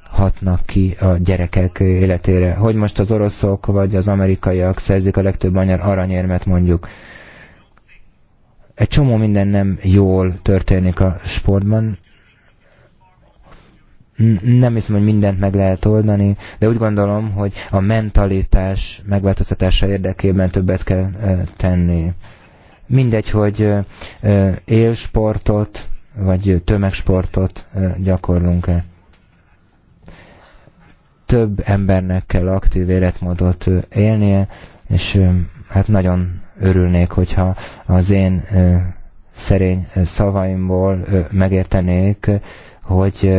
hatnak ki a gyerekek életére. Hogy most az oroszok vagy az amerikaiak szerzik a legtöbb anyar aranyérmet mondjuk. Egy csomó minden nem jól történik a sportban. Nem hiszem, hogy mindent meg lehet oldani, de úgy gondolom, hogy a mentalitás megváltoztatása érdekében többet kell tenni. Mindegy, hogy élsportot vagy tömegsportot gyakorlunk-e. Több embernek kell aktív életmódot élnie, és hát nagyon örülnék, hogyha az én szerény szavaimból megértenék, hogy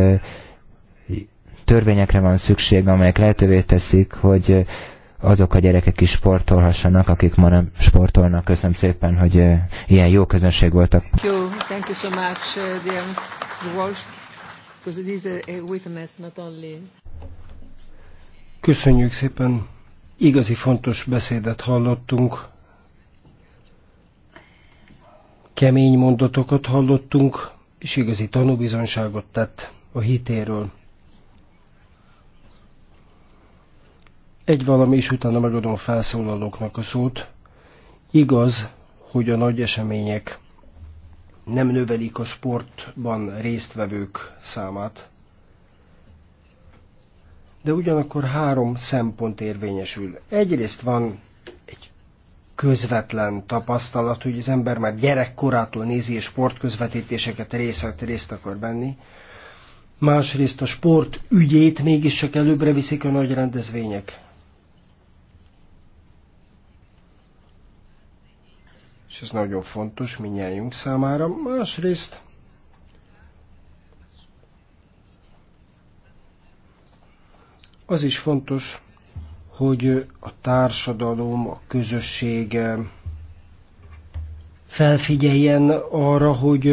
törvényekre van szükség, amelyek lehetővé teszik, hogy azok a gyerekek is sportolhassanak, akik ma nem sportolnak. Köszönöm szépen, hogy ilyen jó közönség voltak. Thank you, thank you so much, uh, Walsh, because it is a witness, not only... Köszönjük szépen. Igazi fontos beszédet hallottunk. Kemény mondatokat hallottunk, és igazi tanúbizonságot tett a hitéről. Egy valami, és utána megadom a felszólalóknak a szót. Igaz, hogy a nagy események nem növelik a sportban résztvevők számát, de ugyanakkor három szempont érvényesül. Egyrészt van egy közvetlen tapasztalat, hogy az ember már gyerekkorától nézi és sportközvetítéseket részt, részt akar benni. Másrészt a sport ügyét mégis csak előbbre viszik a nagy rendezvények. és ez nagyon fontos minnyájunk számára. Másrészt az is fontos, hogy a társadalom, a közösség felfigyeljen arra, hogy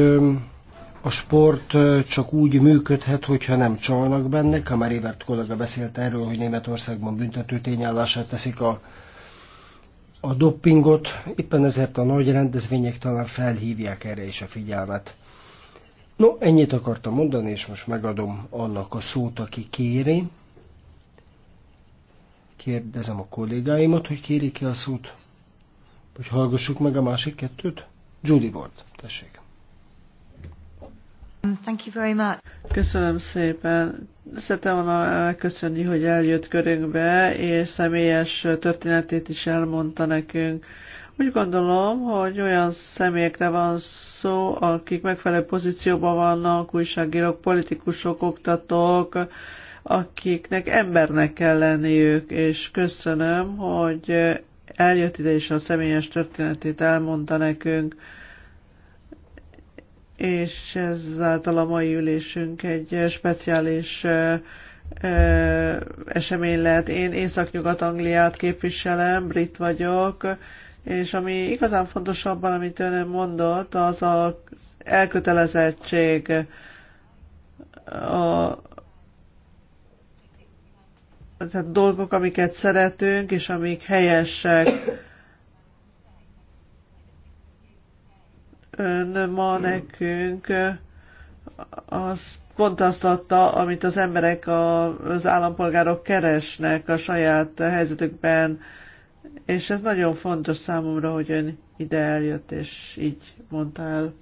a sport csak úgy működhet, hogyha nem csalnak benne. Kamer Évert kollega beszélt erről, hogy Németországban büntető tényállását teszik a a doppingot, éppen ezért a nagy rendezvények talán felhívják erre is a figyelmet. No, ennyit akartam mondani, és most megadom annak a szót, aki kéri. Kérdezem a kollégáimat, hogy kéri ki a szót. Hogy hallgassuk meg a másik kettőt? Julie volt, tessék. Thank you very much. Köszönöm szépen. Szeretem volna köszönni, hogy eljött körünkbe, és személyes történetét is elmondta nekünk. Úgy gondolom, hogy olyan személyekre van szó, akik megfelelő pozícióban vannak, újságírók, politikusok, oktatók, akiknek embernek kell lenniük, és köszönöm, hogy eljött ide és a személyes történetét elmondta nekünk és ezáltal a mai ülésünk egy speciális esemény lehet. Én Észak-Nyugat-Angliát képviselem, brit vagyok, és ami igazán fontosabban, amit ön mondott, az az elkötelezettség, a tehát dolgok, amiket szeretünk, és amik helyesek ön ma hmm. nekünk eh, az pont azt adta, amit az emberek, a, az állampolgárok keresnek a saját helyzetükben, és ez nagyon fontos számomra, hogy ön ide eljött, és így mondta el.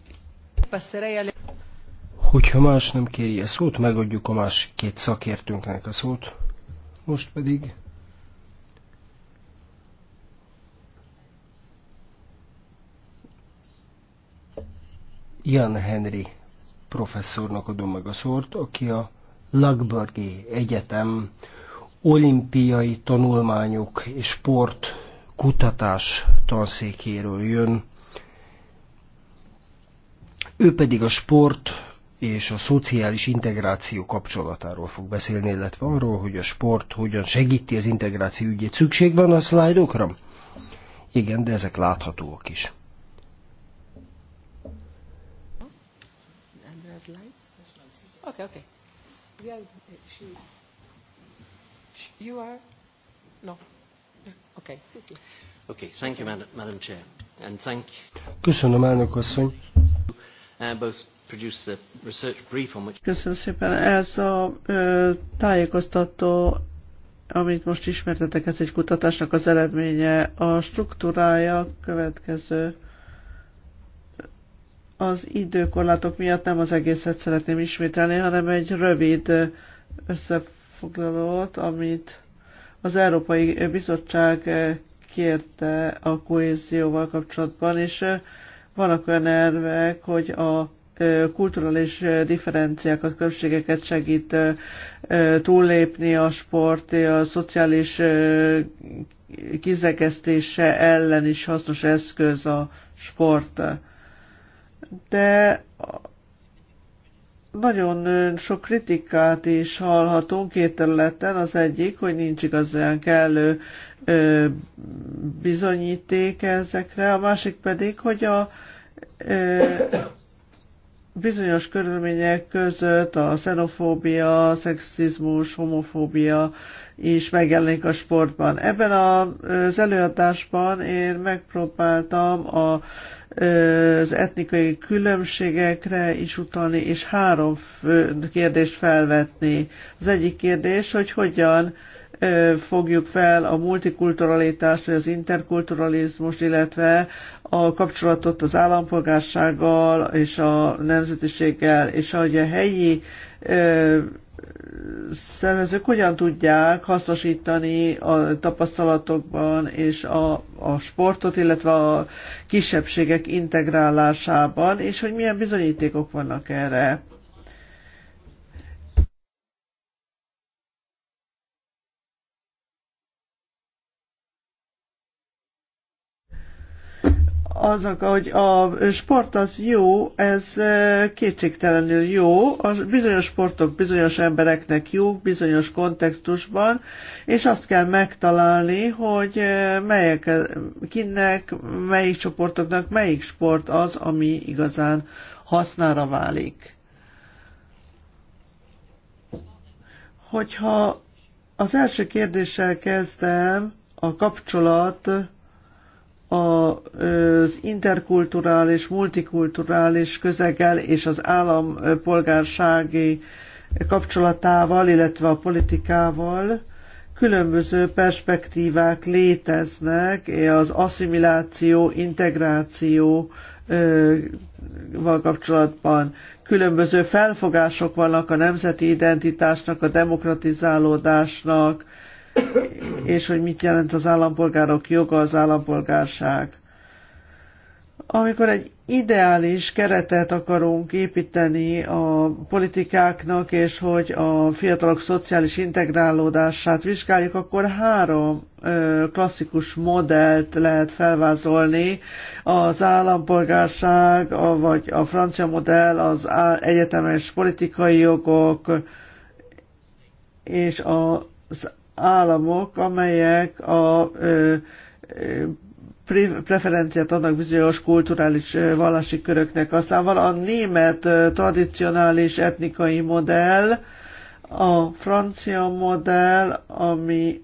Hogyha más nem kéri a szót, megadjuk a másik két szakértőnknek a szót. Most pedig Ian Henry professzornak adom meg a szót, aki a Lagbergi Egyetem olimpiai tanulmányok és sport kutatás tanszékéről jön. Ő pedig a sport és a szociális integráció kapcsolatáról fog beszélni, illetve arról, hogy a sport hogyan segíti az integráció ügyét. Szükség van a szlájdokra? Igen, de ezek láthatóak is. Okay, okay. We are, she's, you are? No. Okay. Okay, thank you, Madam, Madam Chair. And thank Köszönöm, elnök asszony. Uh, Köszönöm szépen. Ez a ö, tájékoztató, amit most ismertetek, ez egy kutatásnak az eredménye. A struktúrája következő. Az időkorlátok miatt nem az egészet szeretném ismételni, hanem egy rövid összefoglalót, amit az Európai Bizottság kérte a kohézióval kapcsolatban, és vannak olyan elvek, hogy a kulturális differenciákat, különbségeket segít túllépni a sport, a szociális kizrekesztése ellen is hasznos eszköz a sport de nagyon sok kritikát is hallhatunk két területen. Az egyik, hogy nincs igazán kellő ö, bizonyíték ezekre, a másik pedig, hogy a ö, bizonyos körülmények között a xenofóbia, a szexizmus, homofóbia is megjelenik a sportban. Ebben az előadásban én megpróbáltam a az etnikai különbségekre is utalni, és három kérdést felvetni. Az egyik kérdés, hogy hogyan fogjuk fel a multikulturalitást, vagy az interkulturalizmust, illetve a kapcsolatot az állampolgársággal és a nemzetiséggel, és a helyi szervezők hogyan tudják hasznosítani a tapasztalatokban és a, a sportot, illetve a kisebbségek integrálásában, és hogy milyen bizonyítékok vannak erre. azok, hogy a sport az jó, ez kétségtelenül jó, a bizonyos sportok bizonyos embereknek jó, bizonyos kontextusban, és azt kell megtalálni, hogy melyek, kinek, melyik csoportoknak melyik sport az, ami igazán hasznára válik. Hogyha az első kérdéssel kezdem, a kapcsolat az interkulturális, multikulturális közeggel és az állampolgársági kapcsolatával, illetve a politikával különböző perspektívák léteznek az asszimiláció, integráció val kapcsolatban. Különböző felfogások vannak a nemzeti identitásnak, a demokratizálódásnak, és hogy mit jelent az állampolgárok joga, az állampolgárság. Amikor egy ideális keretet akarunk építeni a politikáknak, és hogy a fiatalok szociális integrálódását vizsgáljuk, akkor három klasszikus modellt lehet felvázolni. Az állampolgárság, vagy a francia modell, az egyetemes politikai jogok, és az államok, amelyek a ö, preferenciát adnak bizonyos kulturális vallási köröknek. Aztán van a német tradicionális etnikai modell, a francia modell, ami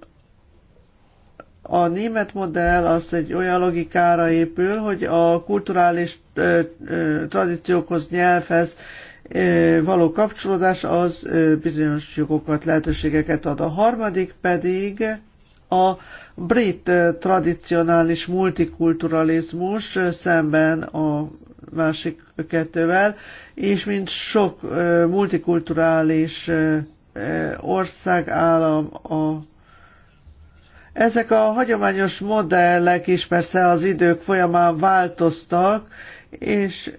a német modell az egy olyan logikára épül, hogy a kulturális ö, ö, tradíciókhoz, nyelvhez való kapcsolódás az bizonyos jogokat, lehetőségeket ad. A harmadik pedig a brit tradicionális multikulturalizmus szemben a másik kettővel, és mint sok multikulturális ország, állam a ezek a hagyományos modellek is persze az idők folyamán változtak, és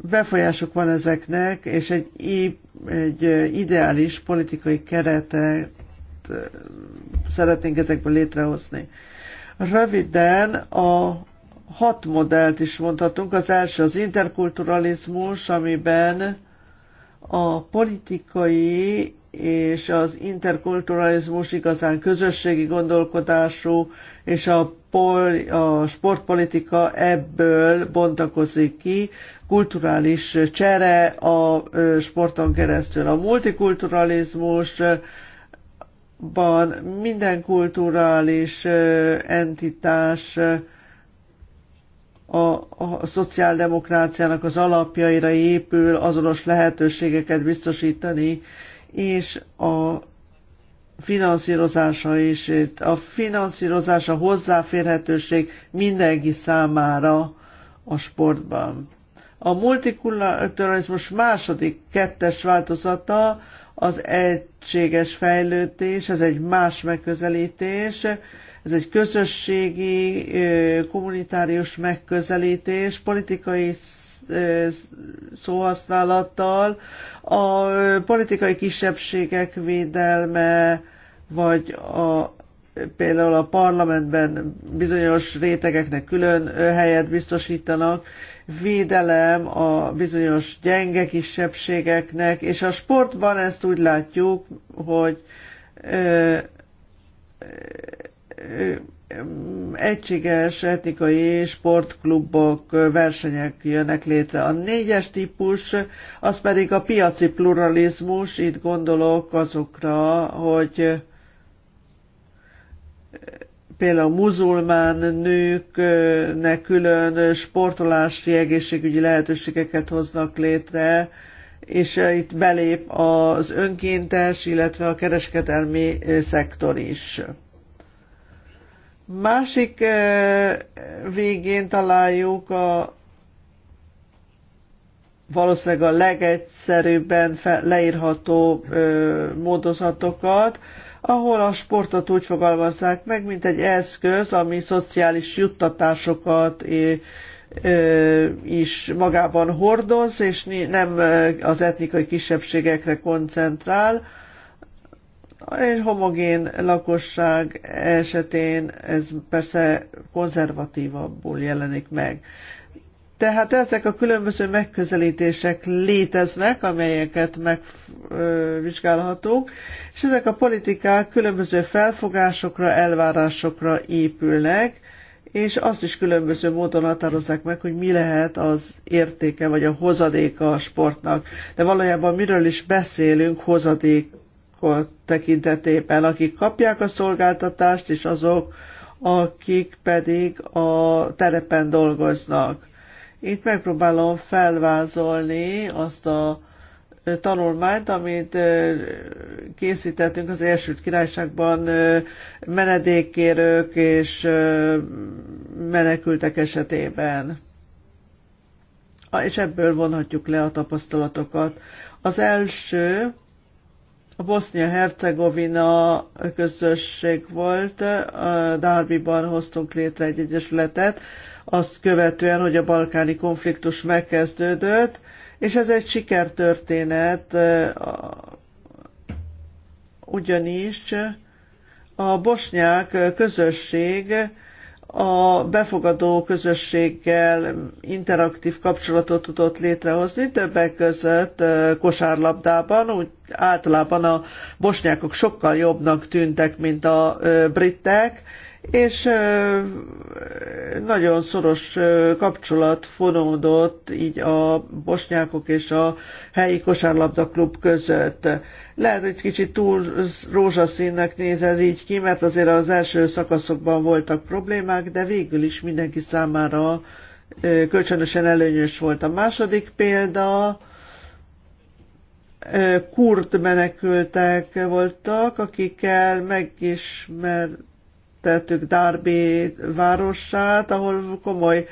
befolyásuk van ezeknek, és egy, egy ideális politikai keretet szeretnénk ezekből létrehozni. Röviden a hat modellt is mondhatunk. Az első az interkulturalizmus, amiben a politikai és az interkulturalizmus igazán közösségi gondolkodású, és a a sportpolitika ebből bontakozik ki, kulturális csere a sporton keresztül. A multikulturalizmusban minden kulturális entitás a, a szociáldemokráciának az alapjaira épül azonos lehetőségeket biztosítani, és a finanszírozása is. A finanszírozása hozzáférhetőség mindenki számára a sportban. A multikulturalizmus második, kettes változata az egységes fejlődés, ez egy más megközelítés, ez egy közösségi, kommunitárius megközelítés, politikai szóhasználattal, a politikai kisebbségek védelme, vagy a, például a parlamentben bizonyos rétegeknek külön helyet biztosítanak, védelem a bizonyos gyenge kisebbségeknek, és a sportban ezt úgy látjuk, hogy ö, ö, egységes etnikai sportklubok, versenyek jönnek létre. A négyes típus, az pedig a piaci pluralizmus, itt gondolok azokra, hogy például muzulmán nőknek külön sportolási egészségügyi lehetőségeket hoznak létre, és itt belép az önkéntes, illetve a kereskedelmi szektor is. Másik eh, végén találjuk a valószínűleg a legegyszerűbben leírható eh, módozatokat, ahol a sportot úgy fogalmazzák meg, mint egy eszköz, ami szociális juttatásokat eh, is magában hordoz, és nem az etnikai kisebbségekre koncentrál, egy homogén lakosság esetén ez persze konzervatívabbul jelenik meg. Tehát ezek a különböző megközelítések léteznek, amelyeket megvizsgálhatunk, és ezek a politikák különböző felfogásokra, elvárásokra épülnek, és azt is különböző módon határozzák meg, hogy mi lehet az értéke vagy a hozadéka a sportnak. De valójában miről is beszélünk hozadék tekintetében, akik kapják a szolgáltatást, és azok, akik pedig a terepen dolgoznak. Itt megpróbálom felvázolni azt a tanulmányt, amit készítettünk az első Királyságban menedékkérők és menekültek esetében. És ebből vonhatjuk le a tapasztalatokat. Az első a Bosznia-Hercegovina közösség volt, Dárbiban hoztunk létre egy egyesületet, azt követően, hogy a balkáni konfliktus megkezdődött, és ez egy sikertörténet, ugyanis a bosnyák közösség a befogadó közösséggel interaktív kapcsolatot tudott létrehozni, többek között kosárlabdában, úgy általában a bosnyákok sokkal jobbnak tűntek, mint a britek, és nagyon szoros kapcsolat fonódott így a bosnyákok és a helyi kosárlabda klub között. Lehet, hogy kicsit túl rózsaszínnek néz ez így ki, mert azért az első szakaszokban voltak problémák, de végül is mindenki számára kölcsönösen előnyös volt. A második példa, kurd menekültek voltak, akikkel megismert tettük Darby városát, ahol komoly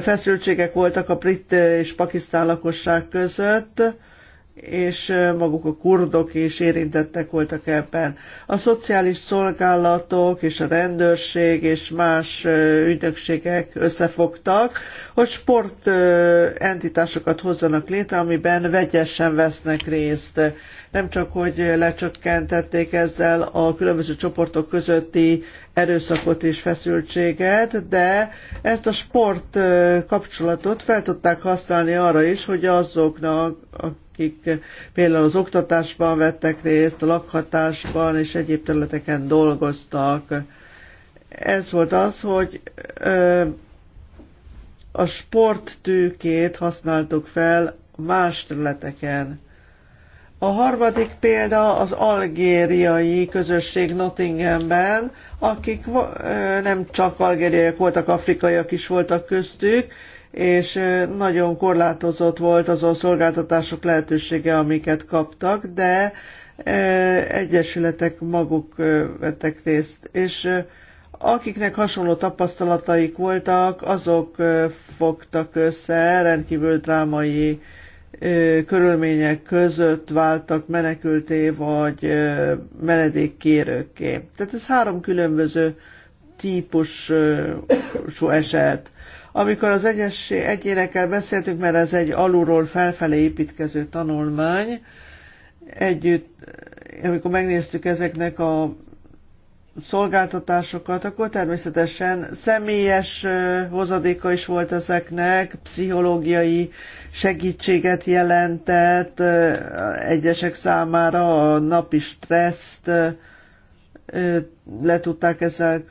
feszültségek voltak a brit és pakisztán lakosság között, és maguk a kurdok is érintettek voltak ebben. A szociális szolgálatok és a rendőrség és más ügynökségek összefogtak, hogy sport entitásokat hozzanak létre, amiben vegyesen vesznek részt. Nem csak, hogy lecsökkentették ezzel a különböző csoportok közötti erőszakot és feszültséget, de ezt a sport kapcsolatot fel tudták használni arra is, hogy azoknak, akik például az oktatásban vettek részt, a lakhatásban és egyéb területeken dolgoztak. Ez volt az, hogy a sport tűkét használtuk fel más területeken. A harmadik példa az algériai közösség Nottinghamben, akik nem csak algériaiak voltak, afrikaiak is voltak köztük, és nagyon korlátozott volt az a szolgáltatások lehetősége, amiket kaptak, de egyesületek maguk vettek részt, és akiknek hasonló tapasztalataik voltak, azok fogtak össze rendkívül drámai körülmények között váltak menekülté vagy menedékkérőké. Tehát ez három különböző típusú eset. Amikor az egyes, egyénekkel beszéltünk, mert ez egy alulról felfelé építkező tanulmány, együtt, amikor megnéztük ezeknek a szolgáltatásokat, akkor természetesen személyes hozadéka is volt ezeknek, pszichológiai segítséget jelentett egyesek számára, a napi stresszt le tudták ezzel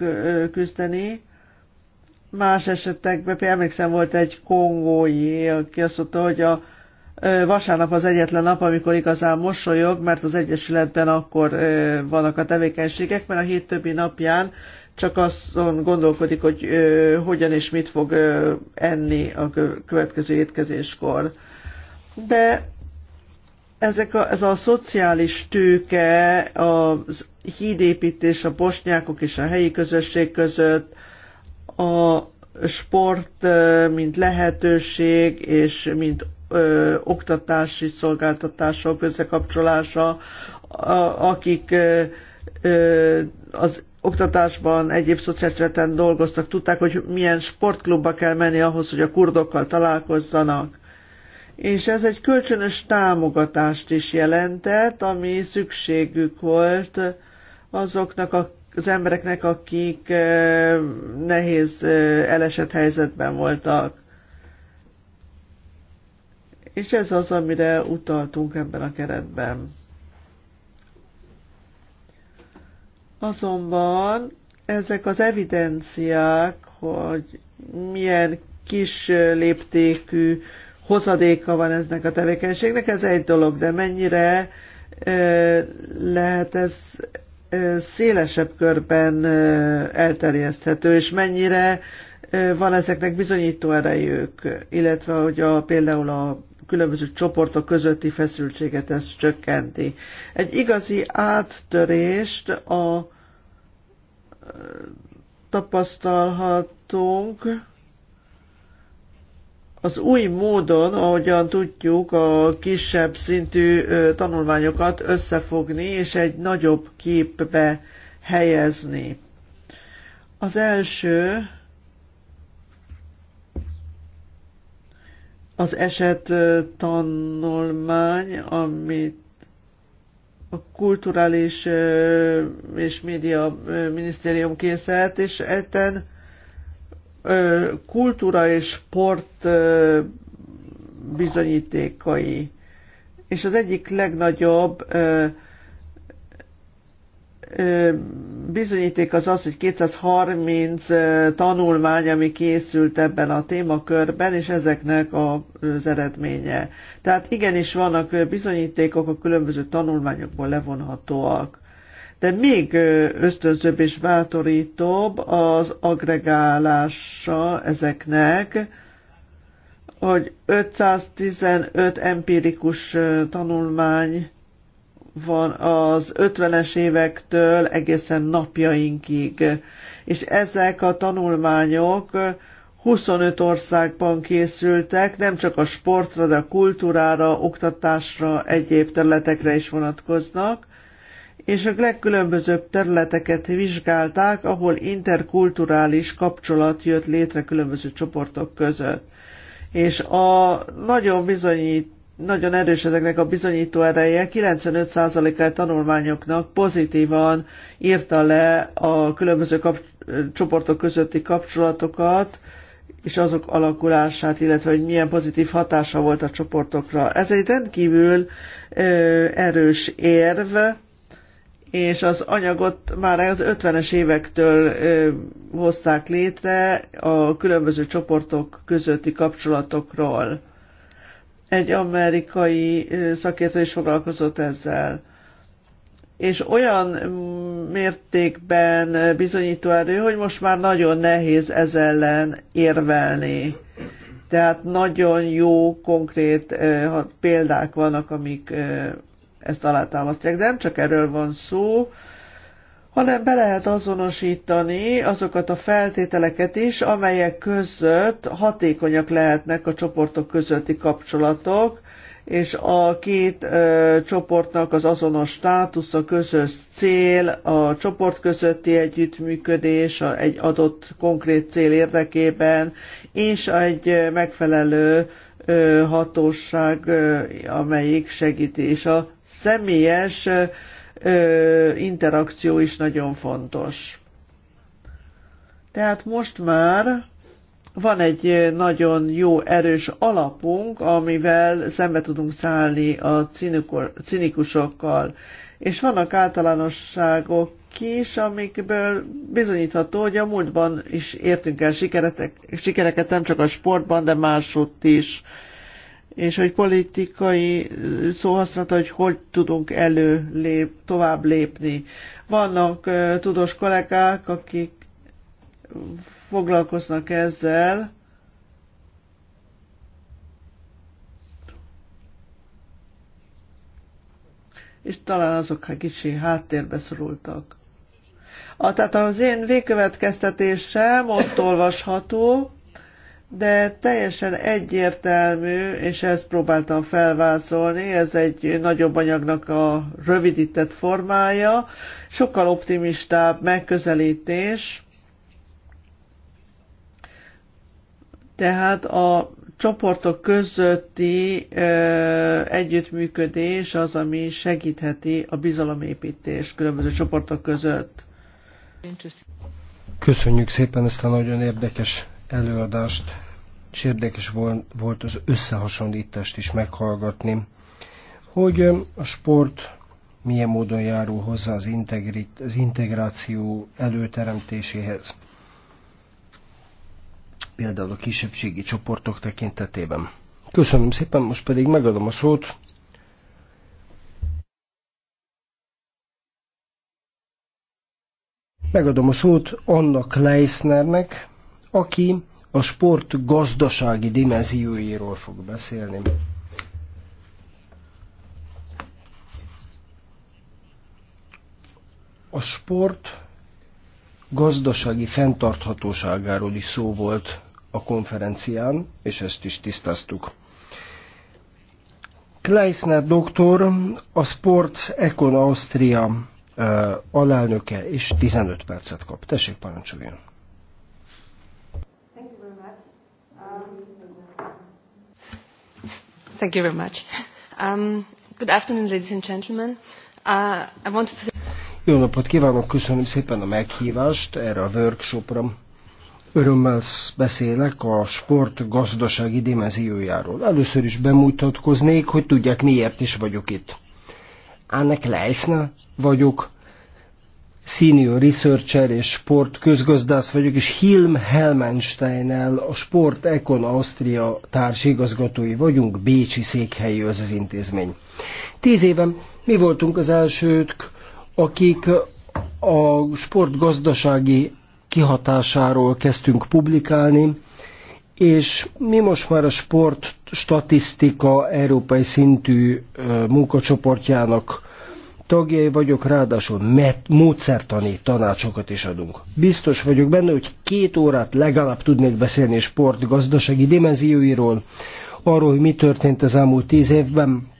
küzdeni. Más esetekben, például emlékszem, volt egy kongói, aki azt mondta, hogy a vasárnap az egyetlen nap, amikor igazán mosolyog, mert az Egyesületben akkor vannak a tevékenységek, mert a hét többi napján csak azon gondolkodik, hogy ö, hogyan és mit fog ö, enni a következő étkezéskor. De ezek a, ez a szociális tőke, a hídépítés a bosnyákok és a helyi közösség között, a sport, mint lehetőség, és mint ö, oktatási szolgáltatások összekapcsolása, a, akik ö, az oktatásban, egyéb szociálterületen dolgoztak, tudták, hogy milyen sportklubba kell menni ahhoz, hogy a kurdokkal találkozzanak. És ez egy kölcsönös támogatást is jelentett, ami szükségük volt azoknak az embereknek, akik eh, nehéz, eh, elesett helyzetben voltak. És ez az, amire utaltunk ebben a keretben. Azonban ezek az evidenciák, hogy milyen kis léptékű hozadéka van eznek a tevékenységnek, ez egy dolog, de mennyire lehet ez szélesebb körben elterjeszthető, és mennyire van ezeknek bizonyító erejük, illetve hogy a, például a különböző csoportok közötti feszültséget ez csökkenti. Egy igazi áttörést a tapasztalhatunk az új módon, ahogyan tudjuk a kisebb szintű tanulmányokat összefogni és egy nagyobb képbe helyezni. Az első az eset tanulmány, amit a kulturális és média minisztérium készelt, és etten kultúra és sport bizonyítékai. És az egyik legnagyobb bizonyíték az az, hogy 230 tanulmány, ami készült ebben a témakörben, és ezeknek az eredménye. Tehát igenis vannak bizonyítékok a különböző tanulmányokból levonhatóak. De még ösztönzőbb és bátorítóbb az agregálása ezeknek, hogy 515 empirikus tanulmány van az 50-es évektől egészen napjainkig. És ezek a tanulmányok 25 országban készültek, nem csak a sportra, de a kultúrára, oktatásra, egyéb területekre is vonatkoznak, és a legkülönbözőbb területeket vizsgálták, ahol interkulturális kapcsolat jött létre különböző csoportok között. És a nagyon bizonyít nagyon erős ezeknek a bizonyító ereje, 95 a tanulmányoknak pozitívan írta le a különböző kap- csoportok közötti kapcsolatokat, és azok alakulását, illetve hogy milyen pozitív hatása volt a csoportokra. Ez egy rendkívül ö, erős érv, és az anyagot már az 50-es évektől ö, hozták létre a különböző csoportok közötti kapcsolatokról egy amerikai szakértő is foglalkozott ezzel. És olyan mm, mértékben bizonyító erő, hogy most már nagyon nehéz ez ellen érvelni. Tehát nagyon jó, konkrét példák vannak, amik ezt alátámasztják. De nem csak erről van szó, hanem be lehet azonosítani azokat a feltételeket is, amelyek között hatékonyak lehetnek a csoportok közötti kapcsolatok, és a két ö, csoportnak az azonos a közös cél, a csoport közötti együttműködés a, egy adott konkrét cél érdekében, és egy megfelelő ö, hatóság, ö, amelyik segít, és a személyes ö, ö, interakció is nagyon fontos. Tehát most már van egy nagyon jó erős alapunk, amivel szembe tudunk szállni a cinikusokkal. És vannak általánosságok is, amikből bizonyítható, hogy a múltban is értünk el sikeretek, sikereket, nem csak a sportban, de másutt is és hogy politikai szóhasználata, hogy hogy tudunk elő lép, tovább lépni. Vannak uh, tudós kollégák, akik foglalkoznak ezzel, és talán azok, ha kicsi háttérbe szorultak. A, tehát az én végkövetkeztetésem ott olvasható, de teljesen egyértelmű, és ezt próbáltam felvázolni, ez egy nagyobb anyagnak a rövidített formája, sokkal optimistább megközelítés, tehát a csoportok közötti ö, együttműködés az, ami segítheti a bizalomépítést különböző csoportok között. Köszönjük szépen ezt a nagyon érdekes előadást, és érdekes volt az összehasonlítást is meghallgatni, hogy a sport milyen módon járul hozzá az, integrit, az integráció előteremtéséhez, például a kisebbségi csoportok tekintetében. Köszönöm szépen, most pedig megadom a szót Megadom a szót Anna Kleisnernek, aki a sport gazdasági dimenziójáról fog beszélni. A sport gazdasági fenntarthatóságáról is szó volt a konferencián, és ezt is tisztáztuk. Kleisner doktor, a Sports Econ Austria alelnöke, és 15 percet kap. Tessék, parancsoljon! Thank you very much. Um, good afternoon, ladies and gentlemen. Uh, I wanted to... Jó napot kívánok, köszönöm szépen a meghívást erre a workshopra. Örömmel beszélek a sport gazdasági dimenziójáról. Először is bemutatkoznék, hogy tudják miért is vagyok itt. Ennek Leisner vagyok, senior researcher és sport közgazdász vagyok, és Hilm Helmenstein-el a Sport Econ Ausztria társigazgatói vagyunk, Bécsi székhelyű az az intézmény. Tíz éven mi voltunk az elsők, akik a sport gazdasági kihatásáról kezdtünk publikálni, és mi most már a sport statisztika európai szintű munkacsoportjának tagjai vagyok, ráadásul met, módszertani tanácsokat is adunk. Biztos vagyok benne, hogy két órát legalább tudnék beszélni sport gazdasági dimenzióiról, arról, hogy mi történt az elmúlt tíz évben.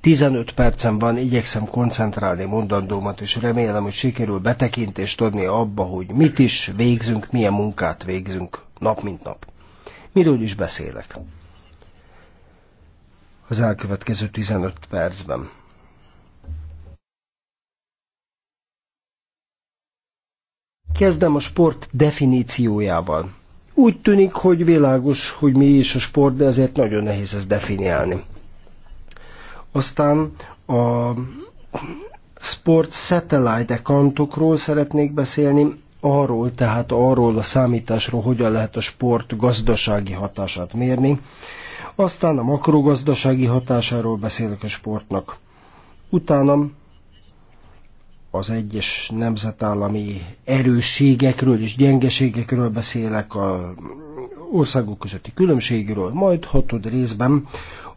15 percem van, igyekszem koncentrálni mondandómat, és remélem, hogy sikerül betekintést adni abba, hogy mit is végzünk, milyen munkát végzünk nap mint nap. Miről is beszélek az elkövetkező 15 percben. Kezdem a sport definíciójával. Úgy tűnik, hogy világos, hogy mi is a sport, de ezért nagyon nehéz ezt definiálni. Aztán a sport satellite accountokról szeretnék beszélni, arról, tehát arról a számításról, hogyan lehet a sport gazdasági hatását mérni. Aztán a makrogazdasági hatásáról beszélek a sportnak. Utána az egyes nemzetállami erősségekről és gyengeségekről beszélek, a országok közötti különbségről, majd hatod részben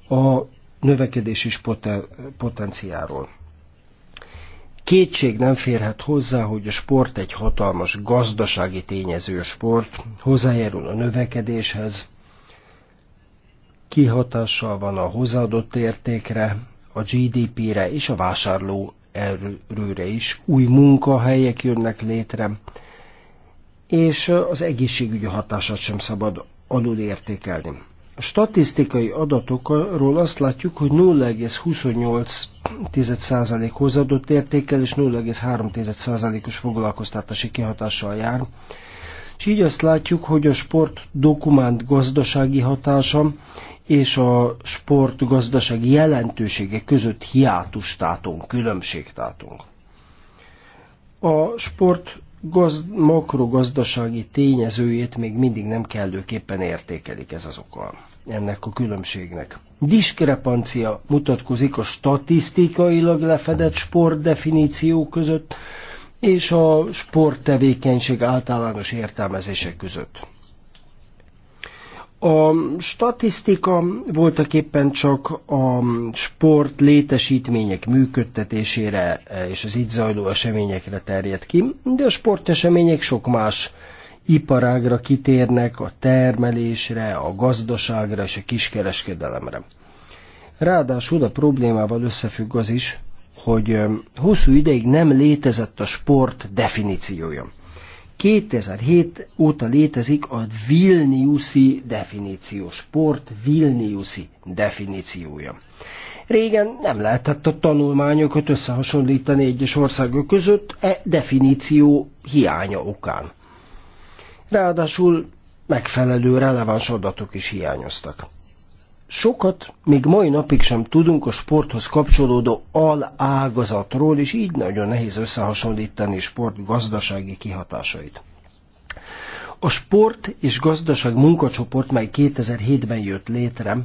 a növekedés és potenciáról. Kétség nem férhet hozzá, hogy a sport egy hatalmas gazdasági tényező sport, hozzájárul a növekedéshez, kihatással van a hozzáadott értékre, a GDP-re és a vásárló munkaerőre is, új munkahelyek jönnek létre, és az egészségügyi hatását sem szabad alulértékelni. A statisztikai adatokról azt látjuk, hogy 0,28% hozadott értékkel és 0,3%-os foglalkoztatási kihatással jár. És így azt látjuk, hogy a sport dokument gazdasági hatása és a sportgazdaság jelentősége között hiátust tátunk, különbség tátunk. A sport gazd, makrogazdasági tényezőjét még mindig nem kellőképpen értékelik ez az oka ennek a különbségnek. Diskrepancia mutatkozik a statisztikailag lefedett sportdefiníció között és a sporttevékenység általános értelmezések között. A statisztika voltak éppen csak a sport létesítmények működtetésére és az itt zajló eseményekre terjed ki, de a sportesemények sok más iparágra kitérnek, a termelésre, a gazdaságra és a kiskereskedelemre. Ráadásul a problémával összefügg az is, hogy hosszú ideig nem létezett a sport definíciója. 2007 óta létezik a Vilniuszi definíció, sport Vilniuszi definíciója. Régen nem lehetett a tanulmányokat összehasonlítani egyes országok között e definíció hiánya okán. Ráadásul megfelelő releváns adatok is hiányoztak sokat még mai napig sem tudunk a sporthoz kapcsolódó alágazatról, és így nagyon nehéz összehasonlítani sport gazdasági kihatásait. A sport és gazdaság munkacsoport, mely 2007-ben jött létre,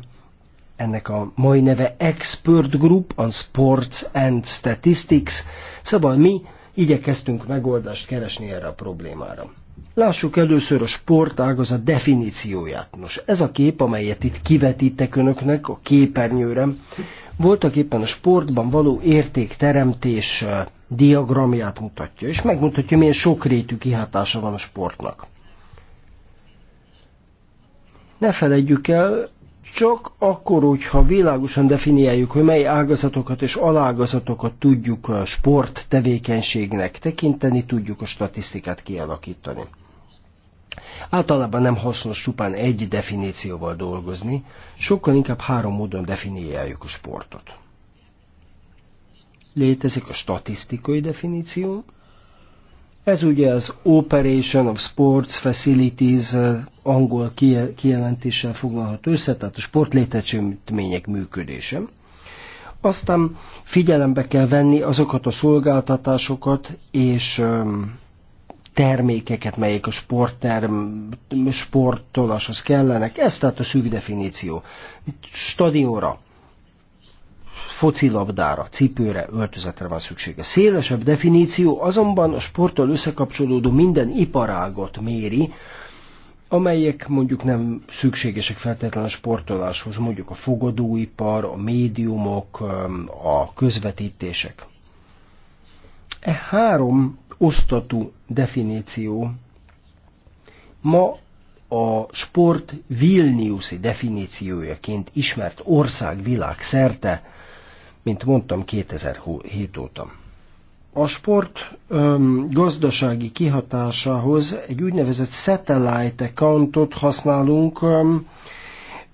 ennek a mai neve Expert Group on Sports and Statistics, szóval mi igyekeztünk megoldást keresni erre a problémára. Lássuk először a sportágazat definícióját. Nos, ez a kép, amelyet itt kivetítek önöknek a képernyőre, voltak éppen a sportban való értékteremtés eh, diagramját mutatja, és megmutatja, milyen sokrétű kihatása van a sportnak. Ne felejtjük el, csak akkor, hogyha világosan definiáljuk, hogy mely ágazatokat és alágazatokat tudjuk a sport tevékenységnek tekinteni, tudjuk a statisztikát kialakítani. Általában nem hasznos csupán egy definícióval dolgozni, sokkal inkább három módon definiáljuk a sportot. Létezik a statisztikai definíció, ez ugye az Operation of Sports Facilities eh, angol kijelentéssel foglalhat össze, tehát a sportlétesítmények működése. Aztán figyelembe kell venni azokat a szolgáltatásokat és ehm, termékeket, melyek a sportterm, sporttolashoz kellenek. Ez tehát a szűk definíció. Stadionra focilabdára, cipőre, öltözetre van szüksége. Szélesebb definíció azonban a sporttal összekapcsolódó minden iparágot méri, amelyek mondjuk nem szükségesek feltétlenül a sportoláshoz, mondjuk a fogadóipar, a médiumok, a közvetítések. E három osztatú definíció ma a sport Vilniuszi definíciójaként ismert országvilág szerte mint mondtam, 2007 óta. A sport öm, gazdasági kihatásához egy úgynevezett satellite accountot használunk, öm,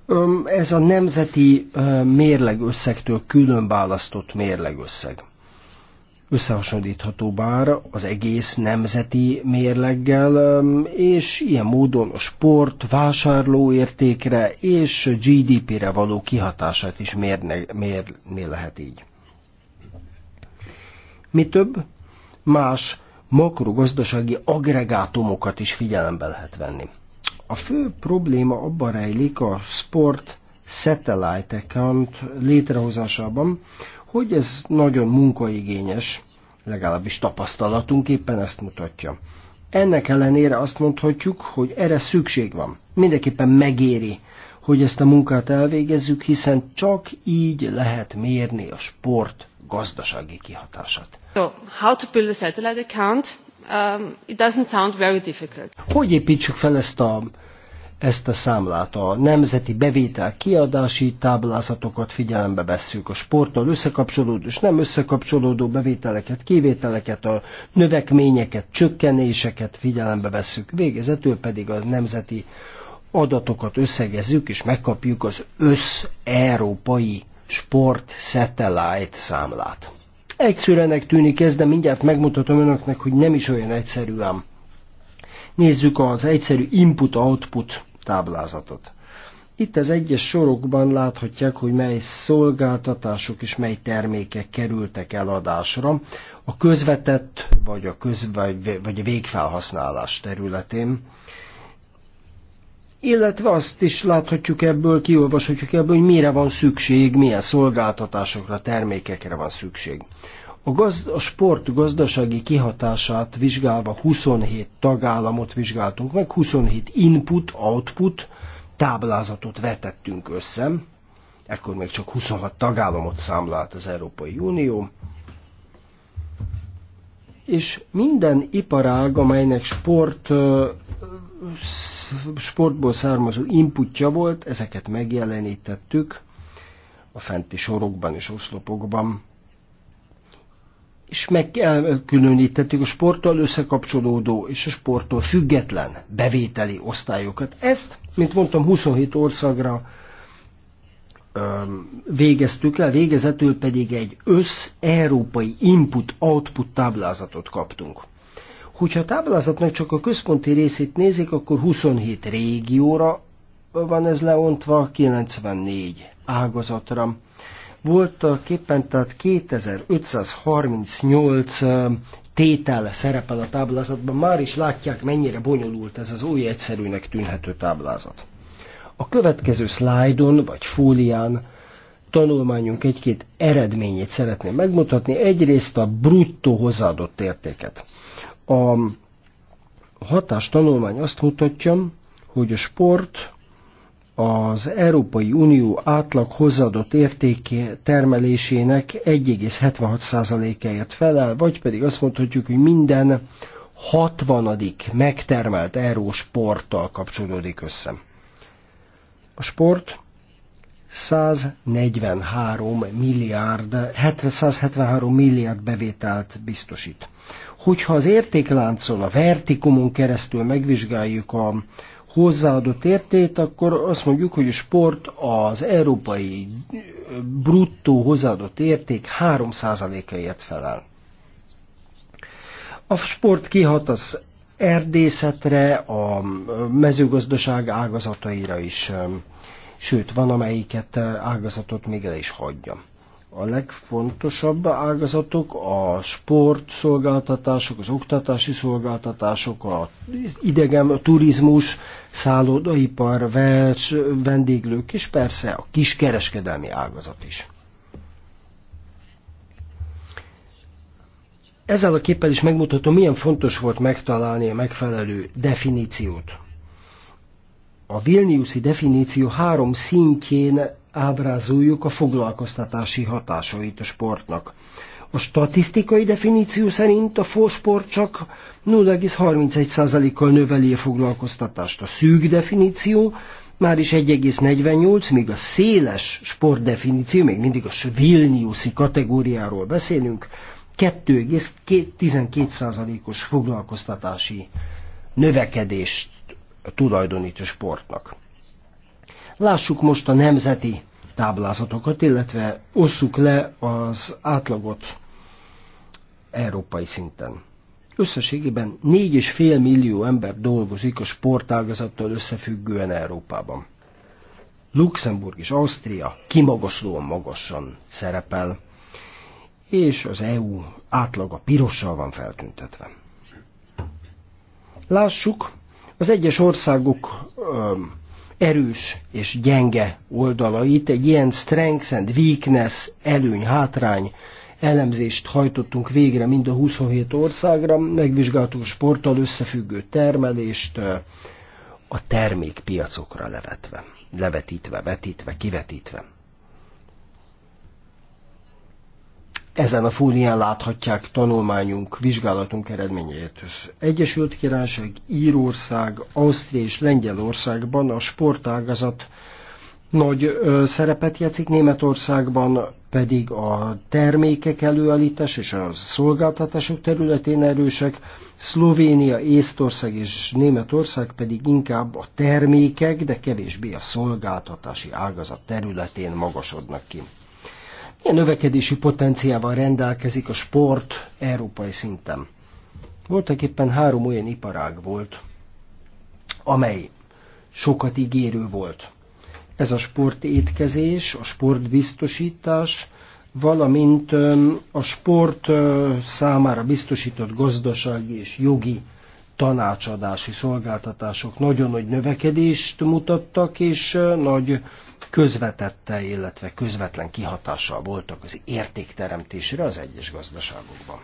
öm, ez a nemzeti öm, mérlegösszegtől külön választott mérlegösszeg összehasonlítható bár az egész nemzeti mérleggel, um, és ilyen módon a sport vásárlóértékre és GDP-re való kihatását is mérne, mérni lehet így. Mi több, más makrogazdasági agregátumokat is figyelembe lehet venni. A fő probléma abban rejlik a sport satellite account létrehozásában, hogy ez nagyon munkaigényes, legalábbis tapasztalatunk éppen ezt mutatja. Ennek ellenére azt mondhatjuk, hogy erre szükség van. Mindenképpen megéri, hogy ezt a munkát elvégezzük, hiszen csak így lehet mérni a sport gazdasági kihatását. So, how to build a satellite account? Um, it doesn't sound very difficult. Hogy építsük fel ezt a ezt a számlát. A nemzeti bevétel kiadási táblázatokat figyelembe vesszük, a sporttal összekapcsolódó és nem összekapcsolódó bevételeket, kivételeket, a növekményeket, csökkenéseket figyelembe vesszük, végezetül pedig a nemzeti adatokat összegezzük, és megkapjuk az össz-európai sport satellite számlát. Egyszerűenek tűnik ez, de mindjárt megmutatom önöknek, hogy nem is olyan egyszerű ám. Nézzük az egyszerű input-output táblázatot. Itt az egyes sorokban láthatják, hogy mely szolgáltatások és mely termékek kerültek eladásra a közvetett vagy a, közve, vagy a végfelhasználás területén. Illetve azt is láthatjuk ebből, kiolvashatjuk ebből, hogy mire van szükség, milyen szolgáltatásokra, termékekre van szükség. A, gaz, a sport gazdasági kihatását vizsgálva 27 tagállamot vizsgáltunk meg, 27 input, output táblázatot vetettünk össze, ekkor még csak 26 tagállamot számlált az Európai Unió, és minden iparág, amelynek sport, sportból származó inputja volt, ezeket megjelenítettük a fenti sorokban és oszlopokban, és meg elkülönítettük a sporttal összekapcsolódó és a sporttól független bevételi osztályokat. Ezt, mint mondtam, 27 országra végeztük el, végezetül pedig egy össz-európai input-output táblázatot kaptunk. Hogyha a táblázatnak csak a központi részét nézik, akkor 27 régióra van ez leontva, 94 ágazatra voltak éppen tehát 2538 tétel szerepel a táblázatban, már is látják, mennyire bonyolult ez az új egyszerűnek tűnhető táblázat. A következő szlájdon, vagy fólián tanulmányunk egy-két eredményét szeretném megmutatni. Egyrészt a bruttó hozzáadott értéket. A hatás tanulmány azt mutatja, hogy a sport az Európai Unió átlag hozzáadott értéke termelésének 1,76%-áért felel, vagy pedig azt mondhatjuk, hogy minden 60. megtermelt euró sporttal kapcsolódik össze. A sport 143 milliárd, 173 milliárd bevételt biztosít. Hogyha az értékláncon, a vertikumon keresztül megvizsgáljuk a, hozzáadott értét, akkor azt mondjuk, hogy a sport az európai bruttó hozzáadott érték 3%-áért felel. A sport kihat az erdészetre, a mezőgazdaság ágazataira is, sőt, van amelyiket ágazatot még el is hagyja a legfontosabb ágazatok a sport szolgáltatások, az oktatási szolgáltatások, a idegen, a turizmus, szállodaipar, vers, vendéglők, és persze a kiskereskedelmi ágazat is. Ezzel a képpel is megmutatom, milyen fontos volt megtalálni a megfelelő definíciót. A Vilniuszi definíció három szintjén ábrázoljuk a foglalkoztatási hatásait a sportnak. A statisztikai definíció szerint a fósport csak 0,31%-kal növeli a foglalkoztatást. A szűk definíció már is 1,48, míg a széles sportdefiníció, még mindig a Vilniuszi kategóriáról beszélünk, 2,12%-os foglalkoztatási növekedést tulajdonít a sportnak. Lássuk most a nemzeti táblázatokat, illetve osszuk le az átlagot európai szinten. Összességében 4,5 millió ember dolgozik a sportágazattal összefüggően Európában. Luxemburg és Ausztria kimagaslóan magasan szerepel, és az EU átlaga pirossal van feltüntetve. Lássuk az egyes országok erős és gyenge oldalait, egy ilyen strength and weakness előny-hátrány elemzést hajtottunk végre mind a 27 országra, megvizsgáltuk a sporttal összefüggő termelést, a termékpiacokra levetve, levetítve, vetítve, kivetítve. ezen a fólián láthatják tanulmányunk, vizsgálatunk eredményeit. Az Egyesült Királyság, Írország, Ausztria és Lengyelországban a sportágazat nagy ö, szerepet játszik, Németországban pedig a termékek előállítás és a szolgáltatások területén erősek, Szlovénia, Észtország és Németország pedig inkább a termékek, de kevésbé a szolgáltatási ágazat területén magasodnak ki. Milyen növekedési potenciával rendelkezik a sport európai szinten? Voltak éppen három olyan iparág volt, amely sokat ígérő volt. Ez a sportétkezés, a sportbiztosítás, valamint a sport számára biztosított gazdasági és jogi tanácsadási szolgáltatások nagyon nagy növekedést mutattak, és nagy közvetette, illetve közvetlen kihatással voltak az értékteremtésre az egyes gazdaságokban.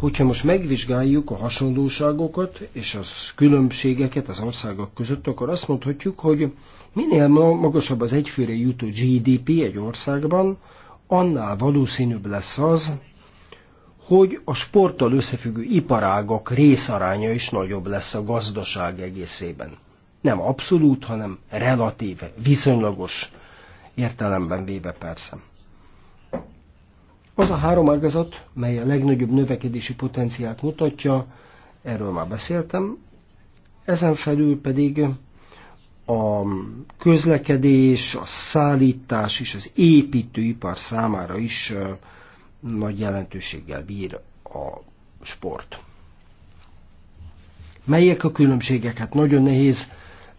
Hogyha most megvizsgáljuk a hasonlóságokat és az különbségeket az országok között, akkor azt mondhatjuk, hogy minél magasabb az egyfőre jutó GDP egy országban, annál valószínűbb lesz az, hogy a sporttal összefüggő iparágak részaránya is nagyobb lesz a gazdaság egészében. Nem abszolút, hanem relatíve, viszonylagos értelemben véve persze. Az a három ágazat, mely a legnagyobb növekedési potenciált mutatja, erről már beszéltem, ezen felül pedig a közlekedés, a szállítás és az építőipar számára is nagy jelentőséggel bír a sport. Melyek a különbségek? Hát nagyon nehéz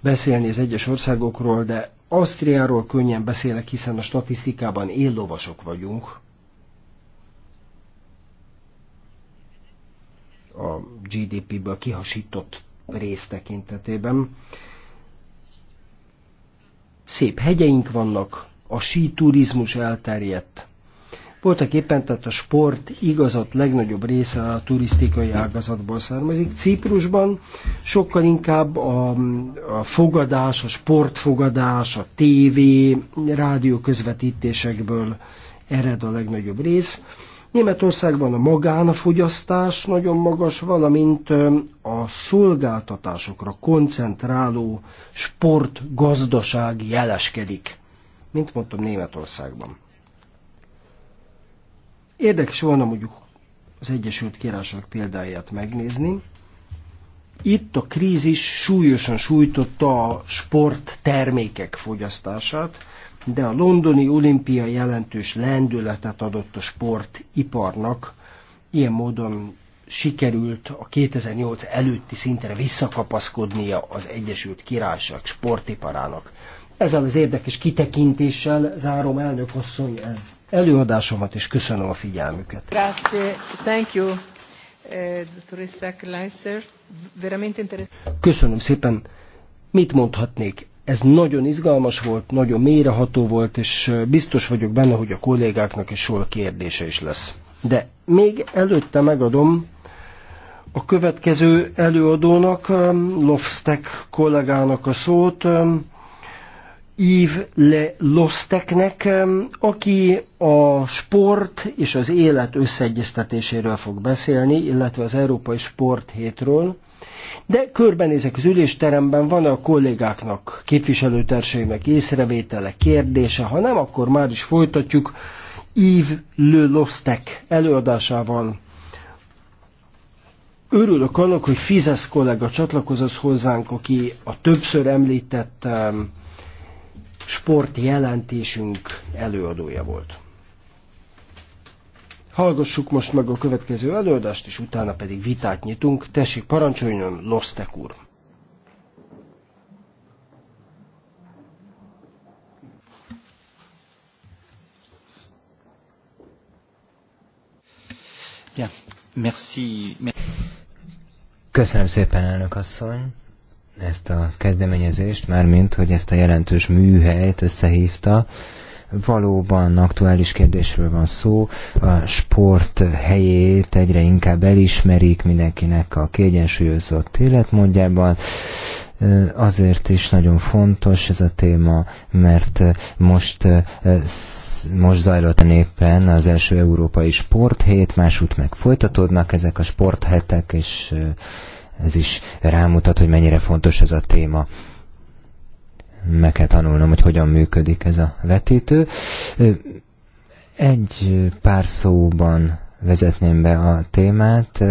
beszélni az egyes országokról, de Ausztriáról könnyen beszélek, hiszen a statisztikában éllovasok vagyunk. A GDP-ből kihasított rész tekintetében. Szép hegyeink vannak, a síturizmus turizmus elterjedt, voltak éppen, tehát a sport igazat legnagyobb része a turisztikai ágazatból származik. Ciprusban sokkal inkább a, a fogadás, a sportfogadás, a tévé, rádió közvetítésekből ered a legnagyobb rész. Németországban a magánfogyasztás nagyon magas, valamint a szolgáltatásokra koncentráló sportgazdaság jeleskedik. Mint mondtam, Németországban. Érdekes volna mondjuk az Egyesült Királyság példáját megnézni. Itt a krízis súlyosan sújtotta a sporttermékek fogyasztását, de a londoni olimpia jelentős lendületet adott a sportiparnak, ilyen módon sikerült a 2008 előtti szintre visszakapaszkodnia az Egyesült Királyság sportiparának. Ezzel az érdekes kitekintéssel zárom elnök asszony ez előadásomat, és köszönöm a figyelmüket. Eh, köszönöm szépen. Mit mondhatnék? Ez nagyon izgalmas volt, nagyon mélyreható volt, és eh, biztos vagyok benne, hogy a kollégáknak is sor kérdése is lesz. De még előtte megadom a következő előadónak, eh, Lofstek kollégának a szót. Yves Le Losteknek, aki a sport és az élet összeegyeztetéséről fog beszélni, illetve az Európai Sport hétről. De körbenézek az ülésteremben, van a kollégáknak, képviselőtársaimnak észrevétele, kérdése, ha nem, akkor már is folytatjuk Yves Le Lostek előadásával. Örülök annak, hogy Fizesz kollega csatlakozott hozzánk, aki a többször említett um, sportjelentésünk előadója volt. Hallgassuk most meg a következő előadást, és utána pedig vitát nyitunk. Tessék, parancsoljon, Losztek úr! Merci. Köszönöm szépen, elnök asszony ezt a kezdeményezést, mármint, hogy ezt a jelentős műhelyt összehívta. Valóban aktuális kérdésről van szó, a sport helyét egyre inkább elismerik mindenkinek a kiegyensúlyozott életmódjában, azért is nagyon fontos ez a téma, mert most, most zajlott éppen az első európai sporthét, másút meg folytatódnak ezek a sporthetek, és ez is rámutat, hogy mennyire fontos ez a téma. Meg kell tanulnom, hogy hogyan működik ez a vetítő. Egy pár szóban vezetném be a témát.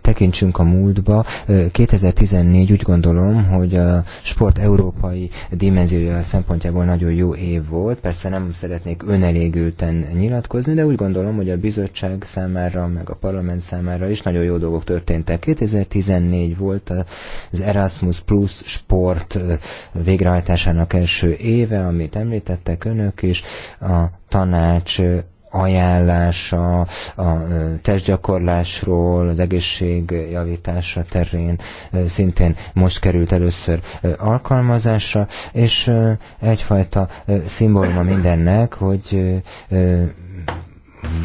Tekintsünk a múltba. 2014 úgy gondolom, hogy a sport európai dimenziója szempontjából nagyon jó év volt. Persze nem szeretnék önelégülten nyilatkozni, de úgy gondolom, hogy a bizottság számára, meg a parlament számára is nagyon jó dolgok történtek. 2014 volt az Erasmus Plus sport végrehajtásának első éve, amit említettek önök is. A tanács ajánlása, a testgyakorlásról, az egészség javítása terén szintén most került először alkalmazásra, és egyfajta szimbóluma mindennek, hogy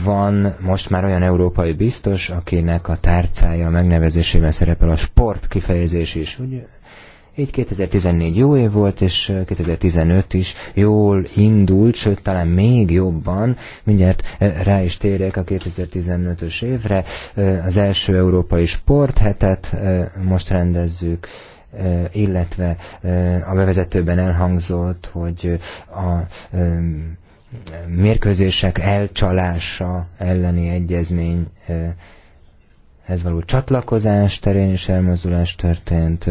van most már olyan európai biztos, akinek a tárcája a megnevezésében szerepel a sport kifejezés is. Úgy így 2014 jó év volt, és 2015 is jól indult, sőt talán még jobban. Mindjárt rá is térek a 2015-ös évre. Az első európai sporthetet most rendezzük illetve a bevezetőben elhangzott, hogy a mérkőzések elcsalása elleni egyezmény ez való csatlakozás terén is elmozdulás történt.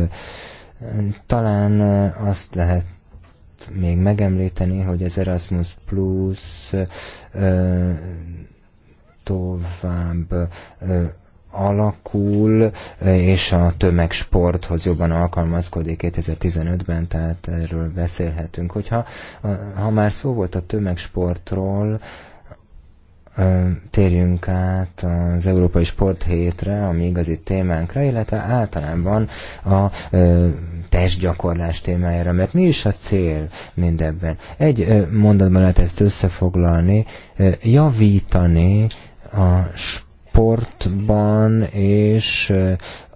Talán azt lehet még megemlíteni, hogy az Erasmus Plus tovább alakul, és a tömegsporthoz jobban alkalmazkodik 2015-ben, tehát erről beszélhetünk. Hogyha, ha már szó volt a tömegsportról, térjünk át az Európai sport Sporthétre, ami igazi témánkra, illetve általában a testgyakorlás témájára, mert mi is a cél mindebben? Egy mondatban lehet ezt összefoglalni, javítani a sportban és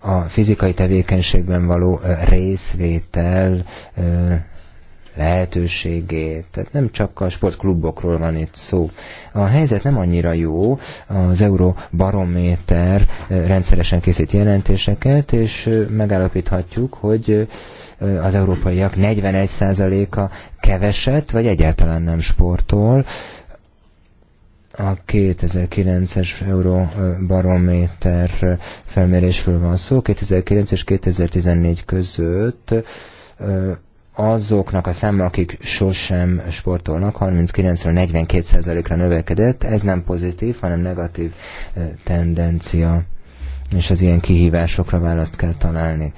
a fizikai tevékenységben való részvétel lehetőségét. Tehát nem csak a sportklubokról van itt szó. A helyzet nem annyira jó, az Euróbarométer eh, rendszeresen készít jelentéseket, és eh, megállapíthatjuk, hogy eh, az európaiak 41%-a keveset, vagy egyáltalán nem sportol. A 2009-es euróbarométer felmérésről van szó. 2009 és 2014 között azoknak a száma, akik sosem sportolnak, 39-ről 42%-ra növekedett. Ez nem pozitív, hanem negatív eh, tendencia, és az ilyen kihívásokra választ kell találni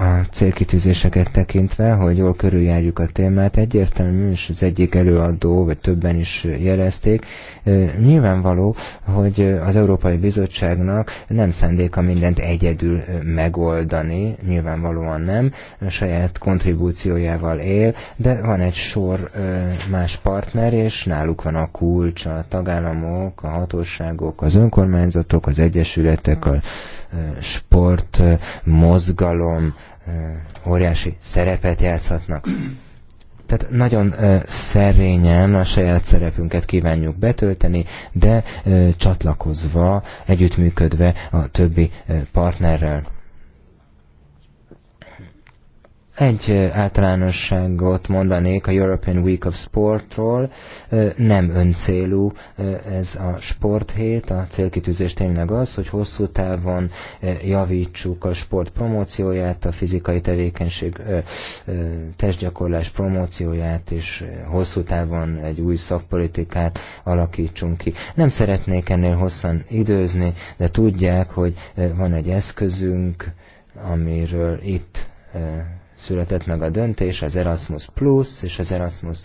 a célkitűzéseket tekintve, hogy jól körüljárjuk a témát, egyértelmű, és az egyik előadó, vagy többen is jelezték, nyilvánvaló, hogy az Európai Bizottságnak nem szándéka mindent egyedül megoldani, nyilvánvalóan nem, a saját kontribúciójával él, de van egy sor más partner, és náluk van a kulcs, a tagállamok, a hatóságok, az önkormányzatok, az egyesületek, a sport, mozgalom óriási szerepet játszhatnak. Tehát nagyon szerényen a saját szerepünket kívánjuk betölteni, de csatlakozva, együttműködve a többi partnerrel. Egy általánosságot mondanék a European Week of Sportról, nem öncélú ez a sporthét, a célkitűzés tényleg az, hogy hosszú távon javítsuk a sport promócióját, a fizikai tevékenység testgyakorlás promócióját, és hosszú távon egy új szakpolitikát alakítsunk ki. Nem szeretnék ennél hosszan időzni, de tudják, hogy van egy eszközünk, amiről itt született meg a döntés, az Erasmus Plus, és az Erasmus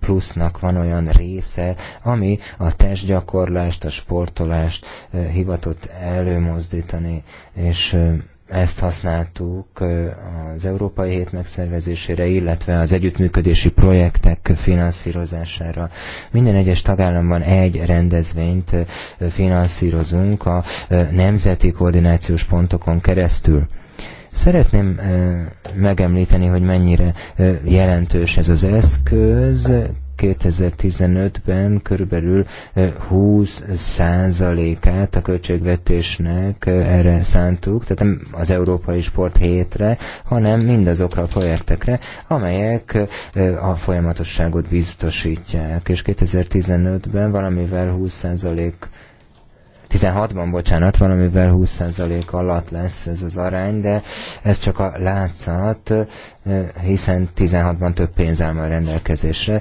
Plusnak van olyan része, ami a testgyakorlást, a sportolást hivatott előmozdítani, és ezt használtuk az Európai Hét megszervezésére, illetve az együttműködési projektek finanszírozására. Minden egyes tagállamban egy rendezvényt finanszírozunk a nemzeti koordinációs pontokon keresztül. Szeretném megemlíteni, hogy mennyire jelentős ez az eszköz. 2015-ben körülbelül 20 át a költségvetésnek erre szántuk, tehát nem az Európai Sport hétre, hanem mindazokra a projektekre, amelyek a folyamatosságot biztosítják. És 2015-ben valamivel 20 százalék 16-ban, bocsánat, valamivel 20% alatt lesz ez az arány, de ez csak a látszat, hiszen 16-ban több pénz áll majd rendelkezésre,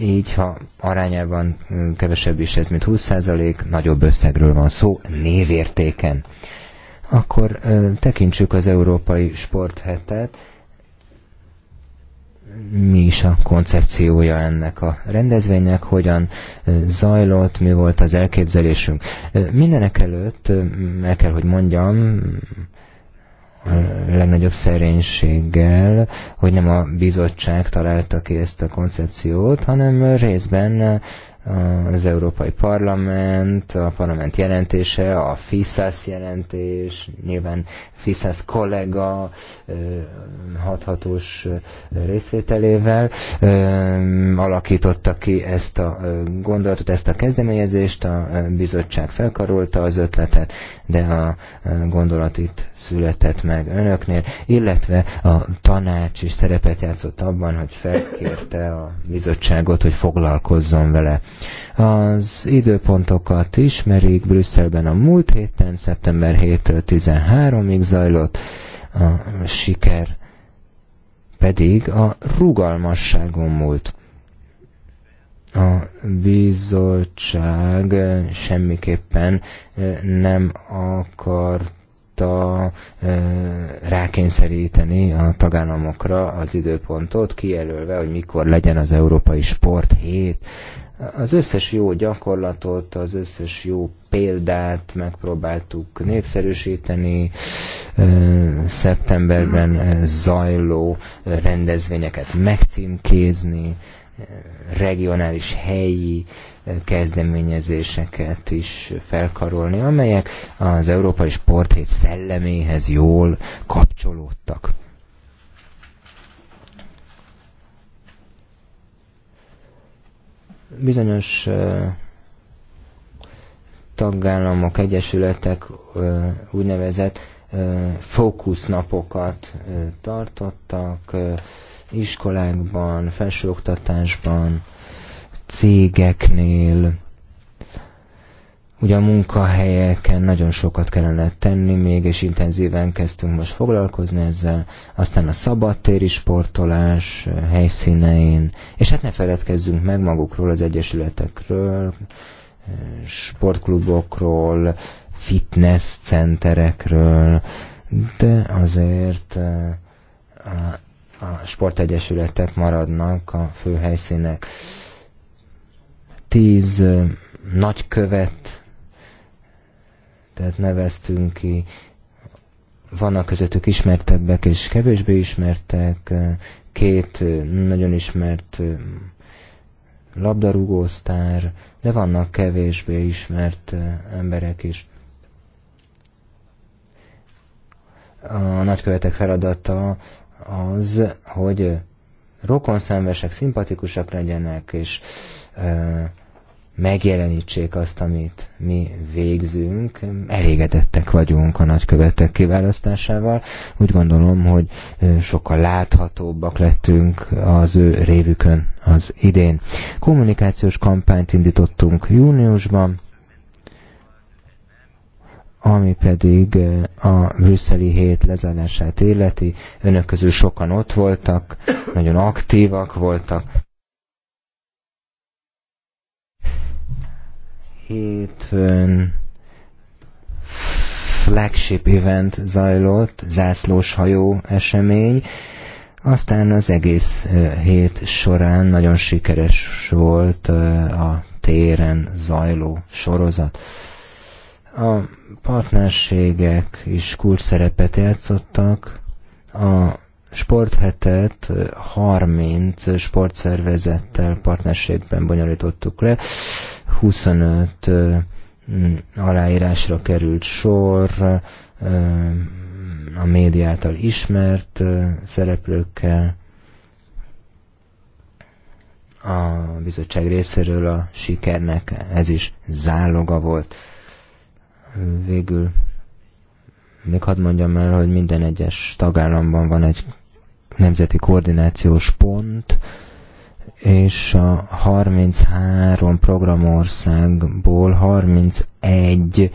így ha arányában kevesebb is ez, mint 20%, nagyobb összegről van szó névértéken. Akkor tekintsük az Európai Sporthetet, mi is a koncepciója ennek a rendezvénynek, hogyan zajlott, mi volt az elképzelésünk. Mindenek előtt meg kell, hogy mondjam, a legnagyobb szerénységgel, hogy nem a bizottság találta ki ezt a koncepciót, hanem részben az Európai Parlament, a parlament jelentése, a FISZASZ jelentés, nyilván FISZASZ kollega hathatós részvételével alakította ki ezt a gondolatot, ezt a kezdeményezést, a bizottság felkarolta az ötletet, de a gondolat itt született meg önöknél, illetve a tanács is szerepet játszott abban, hogy felkérte a bizottságot, hogy foglalkozzon vele. Az időpontokat ismerik, Brüsszelben a múlt héten, szeptember 7-től 13-ig zajlott, a siker pedig a rugalmasságon múlt a bizottság semmiképpen nem akarta rákényszeríteni a tagállamokra az időpontot, kijelölve, hogy mikor legyen az Európai Sport hét. Az összes jó gyakorlatot, az összes jó példát megpróbáltuk népszerűsíteni szeptemberben zajló rendezvényeket megcímkézni, regionális, helyi kezdeményezéseket is felkarolni, amelyek az Európai Sporthét szelleméhez jól kapcsolódtak. Bizonyos tagállamok, egyesületek úgynevezett fókusznapokat tartottak iskolákban, felsőoktatásban, cégeknél, Ugye a munkahelyeken nagyon sokat kellene tenni még, és intenzíven kezdtünk most foglalkozni ezzel, aztán a szabadtéri sportolás eh, helyszínein, és hát ne feledkezzünk meg magukról, az egyesületekről, eh, sportklubokról, fitness centerekről, de azért eh, a, a sportegyesületek maradnak a fő helyszínek. Tíz nagykövet tehát neveztünk ki, vannak közöttük ismertebbek és kevésbé ismertek, két nagyon ismert labdarúgósztár, de vannak kevésbé ismert emberek is. A nagykövetek feladata az, hogy rokonszenvesek, szimpatikusak legyenek, és megjelenítsék azt, amit mi végzünk. Elégedettek vagyunk a nagykövetek kiválasztásával. Úgy gondolom, hogy sokkal láthatóbbak lettünk az ő révükön az idén. Kommunikációs kampányt indítottunk júniusban, ami pedig a brüsszeli hét lezárását illeti. Önök közül sokan ott voltak, nagyon aktívak voltak. hétfőn flagship event zajlott, zászlós hajó esemény, aztán az egész hét során nagyon sikeres volt a téren zajló sorozat. A partnerségek is kulcs szerepet játszottak, a sporthetet 30 sportszervezettel partnerségben bonyolítottuk le, 25 aláírásra került sor, a médiától ismert szereplőkkel, a bizottság részéről a sikernek ez is záloga volt. Végül még hadd mondjam el, hogy minden egyes tagállamban van egy nemzeti koordinációs pont, és a 33 programországból 31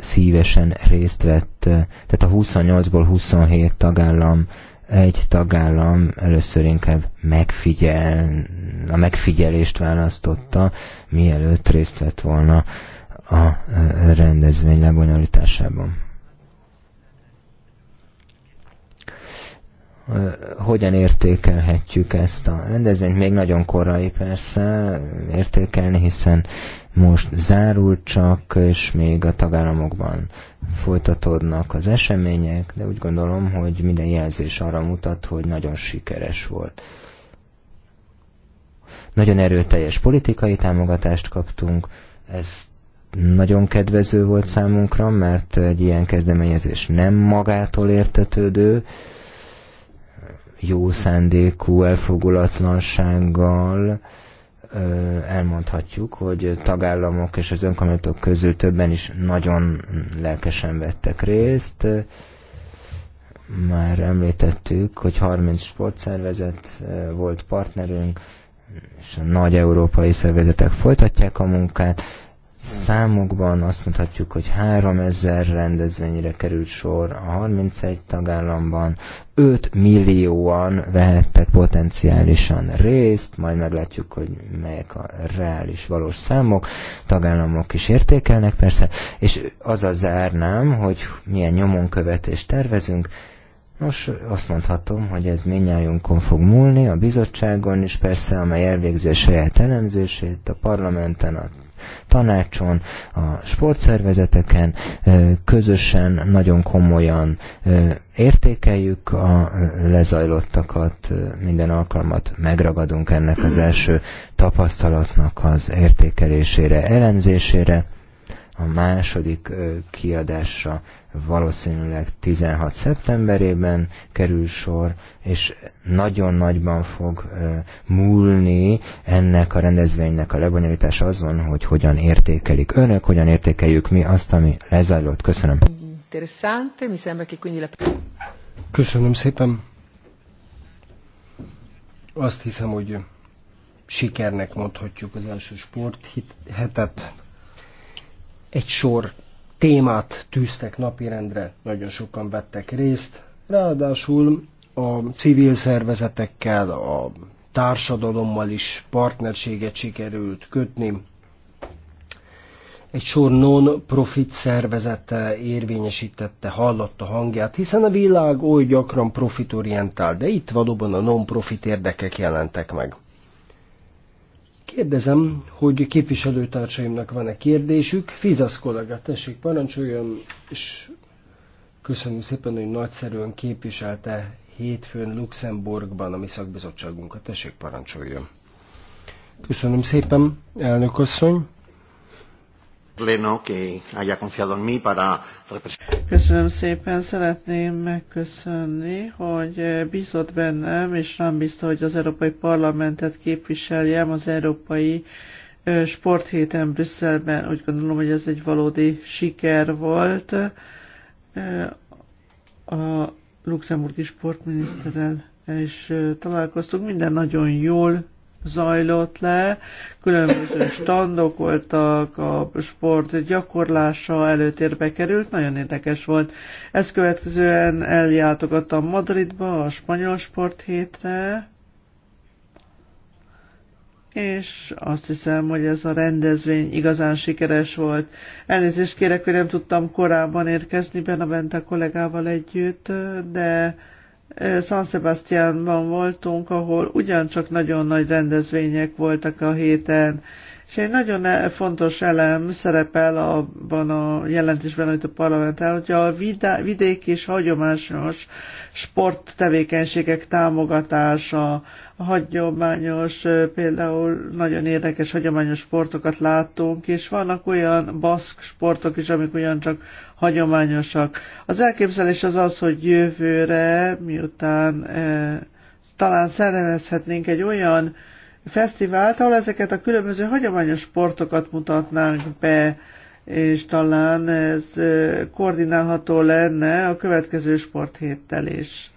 szívesen részt vett. Tehát a 28-ból 27 tagállam, egy tagállam először inkább megfigyel, a megfigyelést választotta, mielőtt részt vett volna a rendezvény lebonyolításában. hogyan értékelhetjük ezt a rendezvényt. Még nagyon korai persze értékelni, hiszen most zárult csak, és még a tagállamokban folytatódnak az események, de úgy gondolom, hogy minden jelzés arra mutat, hogy nagyon sikeres volt. Nagyon erőteljes politikai támogatást kaptunk, ez nagyon kedvező volt számunkra, mert egy ilyen kezdeményezés nem magától értetődő, jó szándékú elfogulatlansággal elmondhatjuk, hogy tagállamok és az önkormányzatok közül többen is nagyon lelkesen vettek részt. Már említettük, hogy 30 sportszervezet volt partnerünk, és a nagy európai szervezetek folytatják a munkát számokban azt mondhatjuk, hogy 3000 rendezvényre került sor a 31 tagállamban, 5 millióan vehettek potenciálisan részt, majd meglátjuk, hogy melyek a reális valós számok, tagállamok is értékelnek persze, és az a zárnám, hogy milyen nyomonkövetést tervezünk, Nos, azt mondhatom, hogy ez minnyájunkon fog múlni, a bizottságon is persze, amely elvégzi a saját elemzését, a parlamenten, a tanácson, a sportszervezeteken, közösen, nagyon komolyan értékeljük a lezajlottakat, minden alkalmat megragadunk ennek az első tapasztalatnak az értékelésére, elemzésére, a második kiadásra valószínűleg 16 szeptemberében kerül sor, és nagyon nagyban fog múlni ennek a rendezvénynek a lebonyolítása azon, hogy hogyan értékelik önök, hogyan értékeljük mi azt, ami lezajlott. Köszönöm. Köszönöm szépen. Azt hiszem, hogy sikernek mondhatjuk az első sport hetet egy sor témát tűztek napirendre, nagyon sokan vettek részt, ráadásul a civil szervezetekkel, a társadalommal is partnerséget sikerült kötni. Egy sor non-profit szervezete érvényesítette, hallotta hangját, hiszen a világ oly gyakran profitorientál, de itt valóban a non-profit érdekek jelentek meg. Kérdezem, hogy képviselőtársaimnak van-e kérdésük. Fizasz kollega, tessék, parancsoljon, és köszönöm szépen, hogy nagyszerűen képviselte hétfőn Luxemburgban a mi szakbizottságunkat. Tessék, parancsoljon. Köszönöm szépen, elnök asszony pleno que haya confiado en mí para Köszönöm szépen, szeretném megköszönni, hogy eh, bízott bennem, és nem bízta, hogy az Európai Parlamentet képviseljem az Európai eh, Sporthéten Brüsszelben. Úgy gondolom, hogy ez egy valódi siker volt eh, a luxemburgi sportminiszterrel, és találkoztunk, minden nagyon jól zajlott le, különböző standok voltak, a sport gyakorlása előtérbe került, nagyon érdekes volt. Ezt következően eljátogattam Madridba a spanyol sport hétre, és azt hiszem, hogy ez a rendezvény igazán sikeres volt. Elnézést kérek, hogy nem tudtam korábban érkezni benne a kollégával együtt, de San Sebastianban voltunk, ahol ugyancsak nagyon nagy rendezvények voltak a héten, és egy nagyon e- fontos elem szerepel abban a jelentésben, amit a parlament áll, hogy a vidék és hagyományos sporttevékenységek támogatása, a hagyományos, e, például nagyon érdekes hagyományos sportokat láttunk, és vannak olyan baszk sportok is, amik ugyancsak hagyományosak. Az elképzelés az az, hogy jövőre, miután eh, talán szervezhetnénk egy olyan fesztivált, ahol ezeket a különböző hagyományos sportokat mutatnánk be, és talán ez koordinálható lenne a következő sporthéttel is.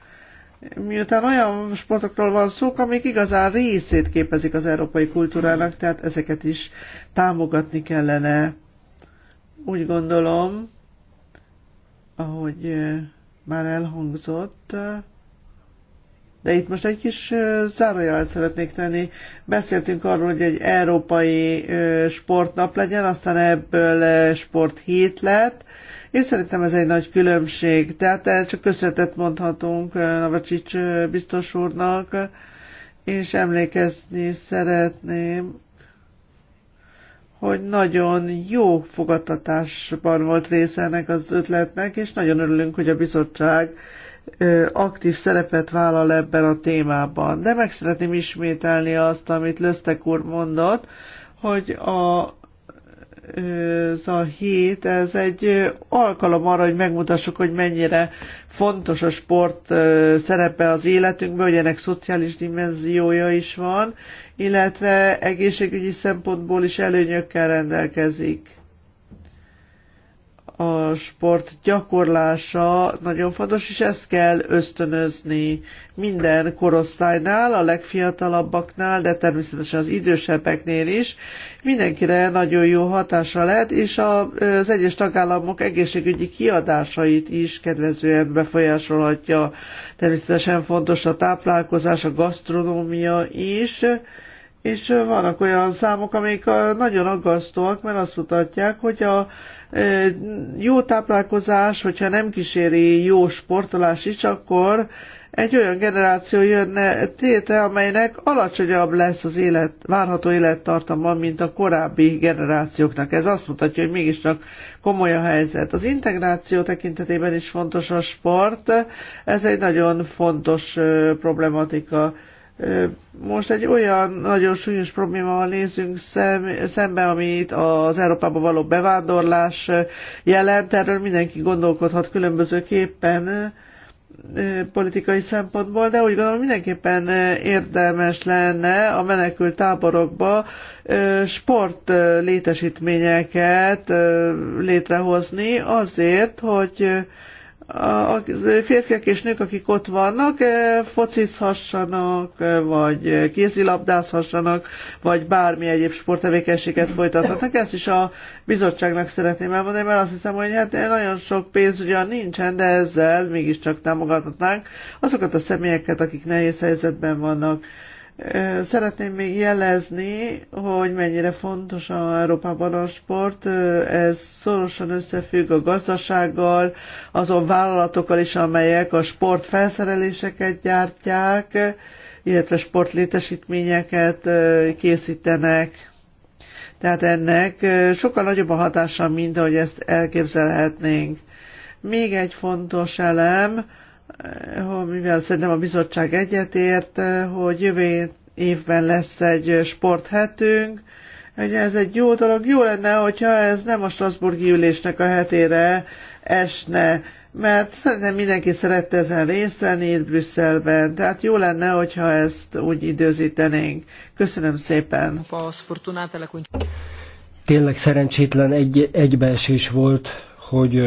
Miután olyan sportokról van szó, amik igazán részét képezik az európai kultúrának, tehát ezeket is támogatni kellene. Úgy gondolom, ahogy már elhangzott, de itt most egy kis zárójelet szeretnék tenni. Beszéltünk arról, hogy egy európai sportnap legyen, aztán ebből sporthét lett, és szerintem ez egy nagy különbség. Tehát csak köszönetet mondhatunk Navacsics biztos úrnak, és emlékezni szeretném, hogy nagyon jó fogadtatásban volt része ennek az ötletnek, és nagyon örülünk, hogy a bizottság aktív szerepet vállal ebben a témában. De meg szeretném ismételni azt, amit Lösztek úr mondott, hogy a, ez a hét, ez egy alkalom arra, hogy megmutassuk, hogy mennyire fontos a sport szerepe az életünkben, hogy ennek szociális dimenziója is van, illetve egészségügyi szempontból is előnyökkel rendelkezik a sport gyakorlása nagyon fontos, és ezt kell ösztönözni minden korosztálynál, a legfiatalabbaknál, de természetesen az idősebbeknél is. Mindenkire nagyon jó hatása lehet, és az egyes tagállamok egészségügyi kiadásait is kedvezően befolyásolhatja. Természetesen fontos a táplálkozás, a gasztronómia is, és vannak olyan számok, amik nagyon aggasztóak, mert azt mutatják, hogy a jó táplálkozás, hogyha nem kíséri jó sportolás is, akkor egy olyan generáció jönne tétre, amelynek alacsonyabb lesz az élet, várható élettartama, mint a korábbi generációknak. Ez azt mutatja, hogy mégiscsak komoly a helyzet. Az integráció tekintetében is fontos a sport, ez egy nagyon fontos problematika. Most egy olyan nagyon súlyos problémával nézünk szem, szembe, amit az Európába való bevándorlás jelent. Erről mindenki gondolkodhat különbözőképpen politikai szempontból, de úgy gondolom mindenképpen érdemes lenne a menekült táborokba sport létesítményeket létrehozni azért, hogy a férfiak és nők, akik ott vannak, e, focizhassanak, e, vagy kézilabdázhassanak, vagy bármi egyéb sporttevékenységet folytathatnak. Ezt is a bizottságnak szeretném elmondani, mert azt hiszem, hogy hát nagyon sok pénz ugyan nincsen, de ezzel mégiscsak támogathatnánk azokat a személyeket, akik nehéz helyzetben vannak. Szeretném még jelezni, hogy mennyire fontos a Európában a sport. Ez szorosan összefügg a gazdasággal, azon vállalatokkal is, amelyek a sportfelszereléseket gyártják, illetve sportlétesítményeket készítenek. Tehát ennek sokkal nagyobb a hatása, mint ahogy ezt elképzelhetnénk. Még egy fontos elem, mivel szerintem a bizottság egyetért, hogy jövő évben lesz egy sporthetünk, Ugye ez egy jó dolog, jó lenne, hogyha ez nem a Strasburgi ülésnek a hetére esne, mert szerintem mindenki szerette ezen részt venni itt Brüsszelben, tehát jó lenne, hogyha ezt úgy időzítenénk. Köszönöm szépen. Tényleg szerencsétlen egy, egybeesés volt, hogy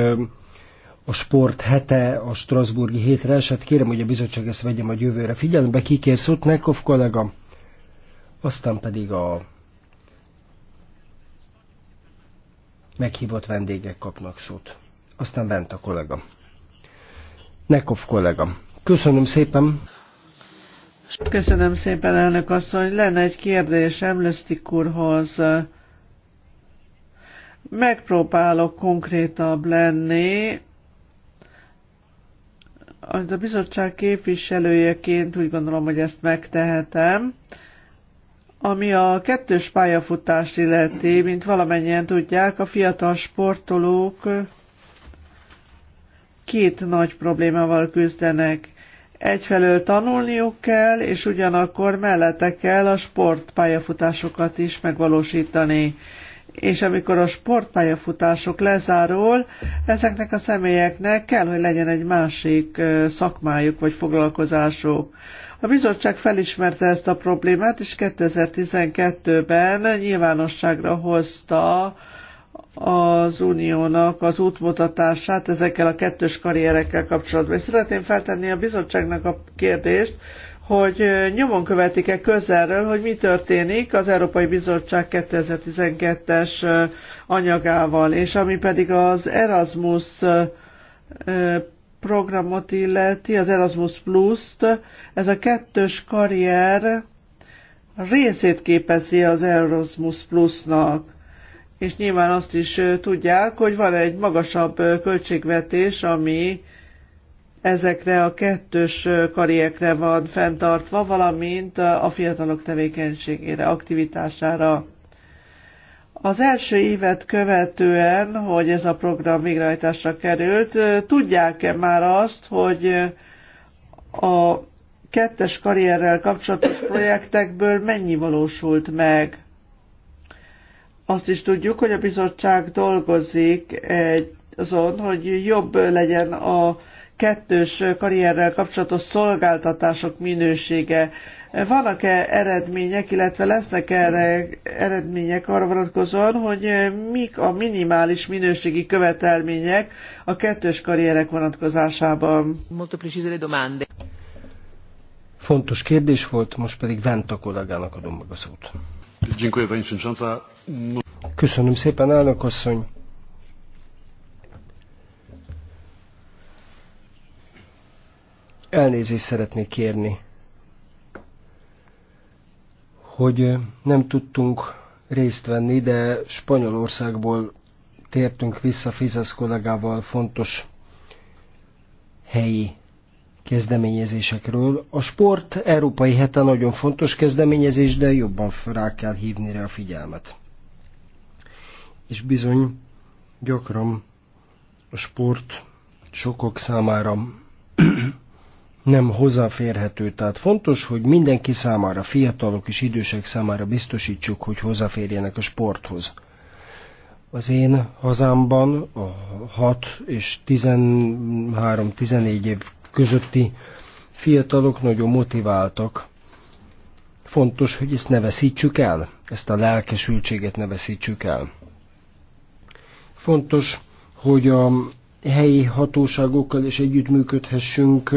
a sport hete a Strasburgi hétre esett. Kérem, hogy a bizottság ezt vegye a jövőre figyelembe. Kikér Szutnekov kollega, aztán pedig a meghívott vendégek kapnak szót. Aztán bent a kollega. Nekov kollega. Köszönöm szépen. Köszönöm szépen, elnök asszony. Lenne egy kérdés, Emlesztik úrhoz. Megpróbálok konkrétabb lenni a bizottság képviselőjeként úgy gondolom, hogy ezt megtehetem. Ami a kettős pályafutást illeti, mint valamennyien tudják, a fiatal sportolók két nagy problémával küzdenek. Egyfelől tanulniuk kell, és ugyanakkor mellette kell a sportpályafutásokat is megvalósítani és amikor a sportpályafutások lezárul, ezeknek a személyeknek kell, hogy legyen egy másik szakmájuk vagy foglalkozásuk. A bizottság felismerte ezt a problémát, és 2012-ben nyilvánosságra hozta az uniónak az útmutatását ezekkel a kettős karrierekkel kapcsolatban. szeretném feltenni a bizottságnak a kérdést, hogy nyomon követik-e közelről, hogy mi történik az Európai Bizottság 2012-es anyagával, és ami pedig az Erasmus programot illeti, az Erasmus Plus-t, ez a kettős karrier részét képezi az Erasmus Plus-nak. És nyilván azt is tudják, hogy van egy magasabb költségvetés, ami ezekre a kettős karriekre van fenntartva, valamint a fiatalok tevékenységére, aktivitására. Az első évet követően, hogy ez a program végrehajtásra került, tudják-e már azt, hogy a kettes karrierrel kapcsolatos projektekből mennyi valósult meg? Azt is tudjuk, hogy a bizottság dolgozik egy azon, hogy jobb legyen a kettős karrierrel kapcsolatos szolgáltatások minősége. Vannak-e eredmények, illetve lesznek -e erre eredmények arra vonatkozóan, hogy mik a minimális minőségi követelmények a kettős karrierek vonatkozásában? Fontos kérdés volt, most pedig Venta kollégának adom meg a szót. Köszönöm szépen, elnök asszony. Elnézést szeretnék kérni, hogy nem tudtunk részt venni, de Spanyolországból tértünk vissza Fizasz kollégával fontos helyi kezdeményezésekről. A sport Európai hete nagyon fontos kezdeményezés, de jobban rá kell hívni rá a figyelmet. És bizony, gyakran a sport sokok számára nem hozzáférhető. Tehát fontos, hogy mindenki számára, fiatalok és idősek számára biztosítsuk, hogy hozzáférjenek a sporthoz. Az én hazámban a 6 és 13-14 év közötti fiatalok nagyon motiváltak. Fontos, hogy ezt ne veszítsük el, ezt a lelkesültséget ne veszítsük el. Fontos, hogy a helyi hatóságokkal is együttműködhessünk,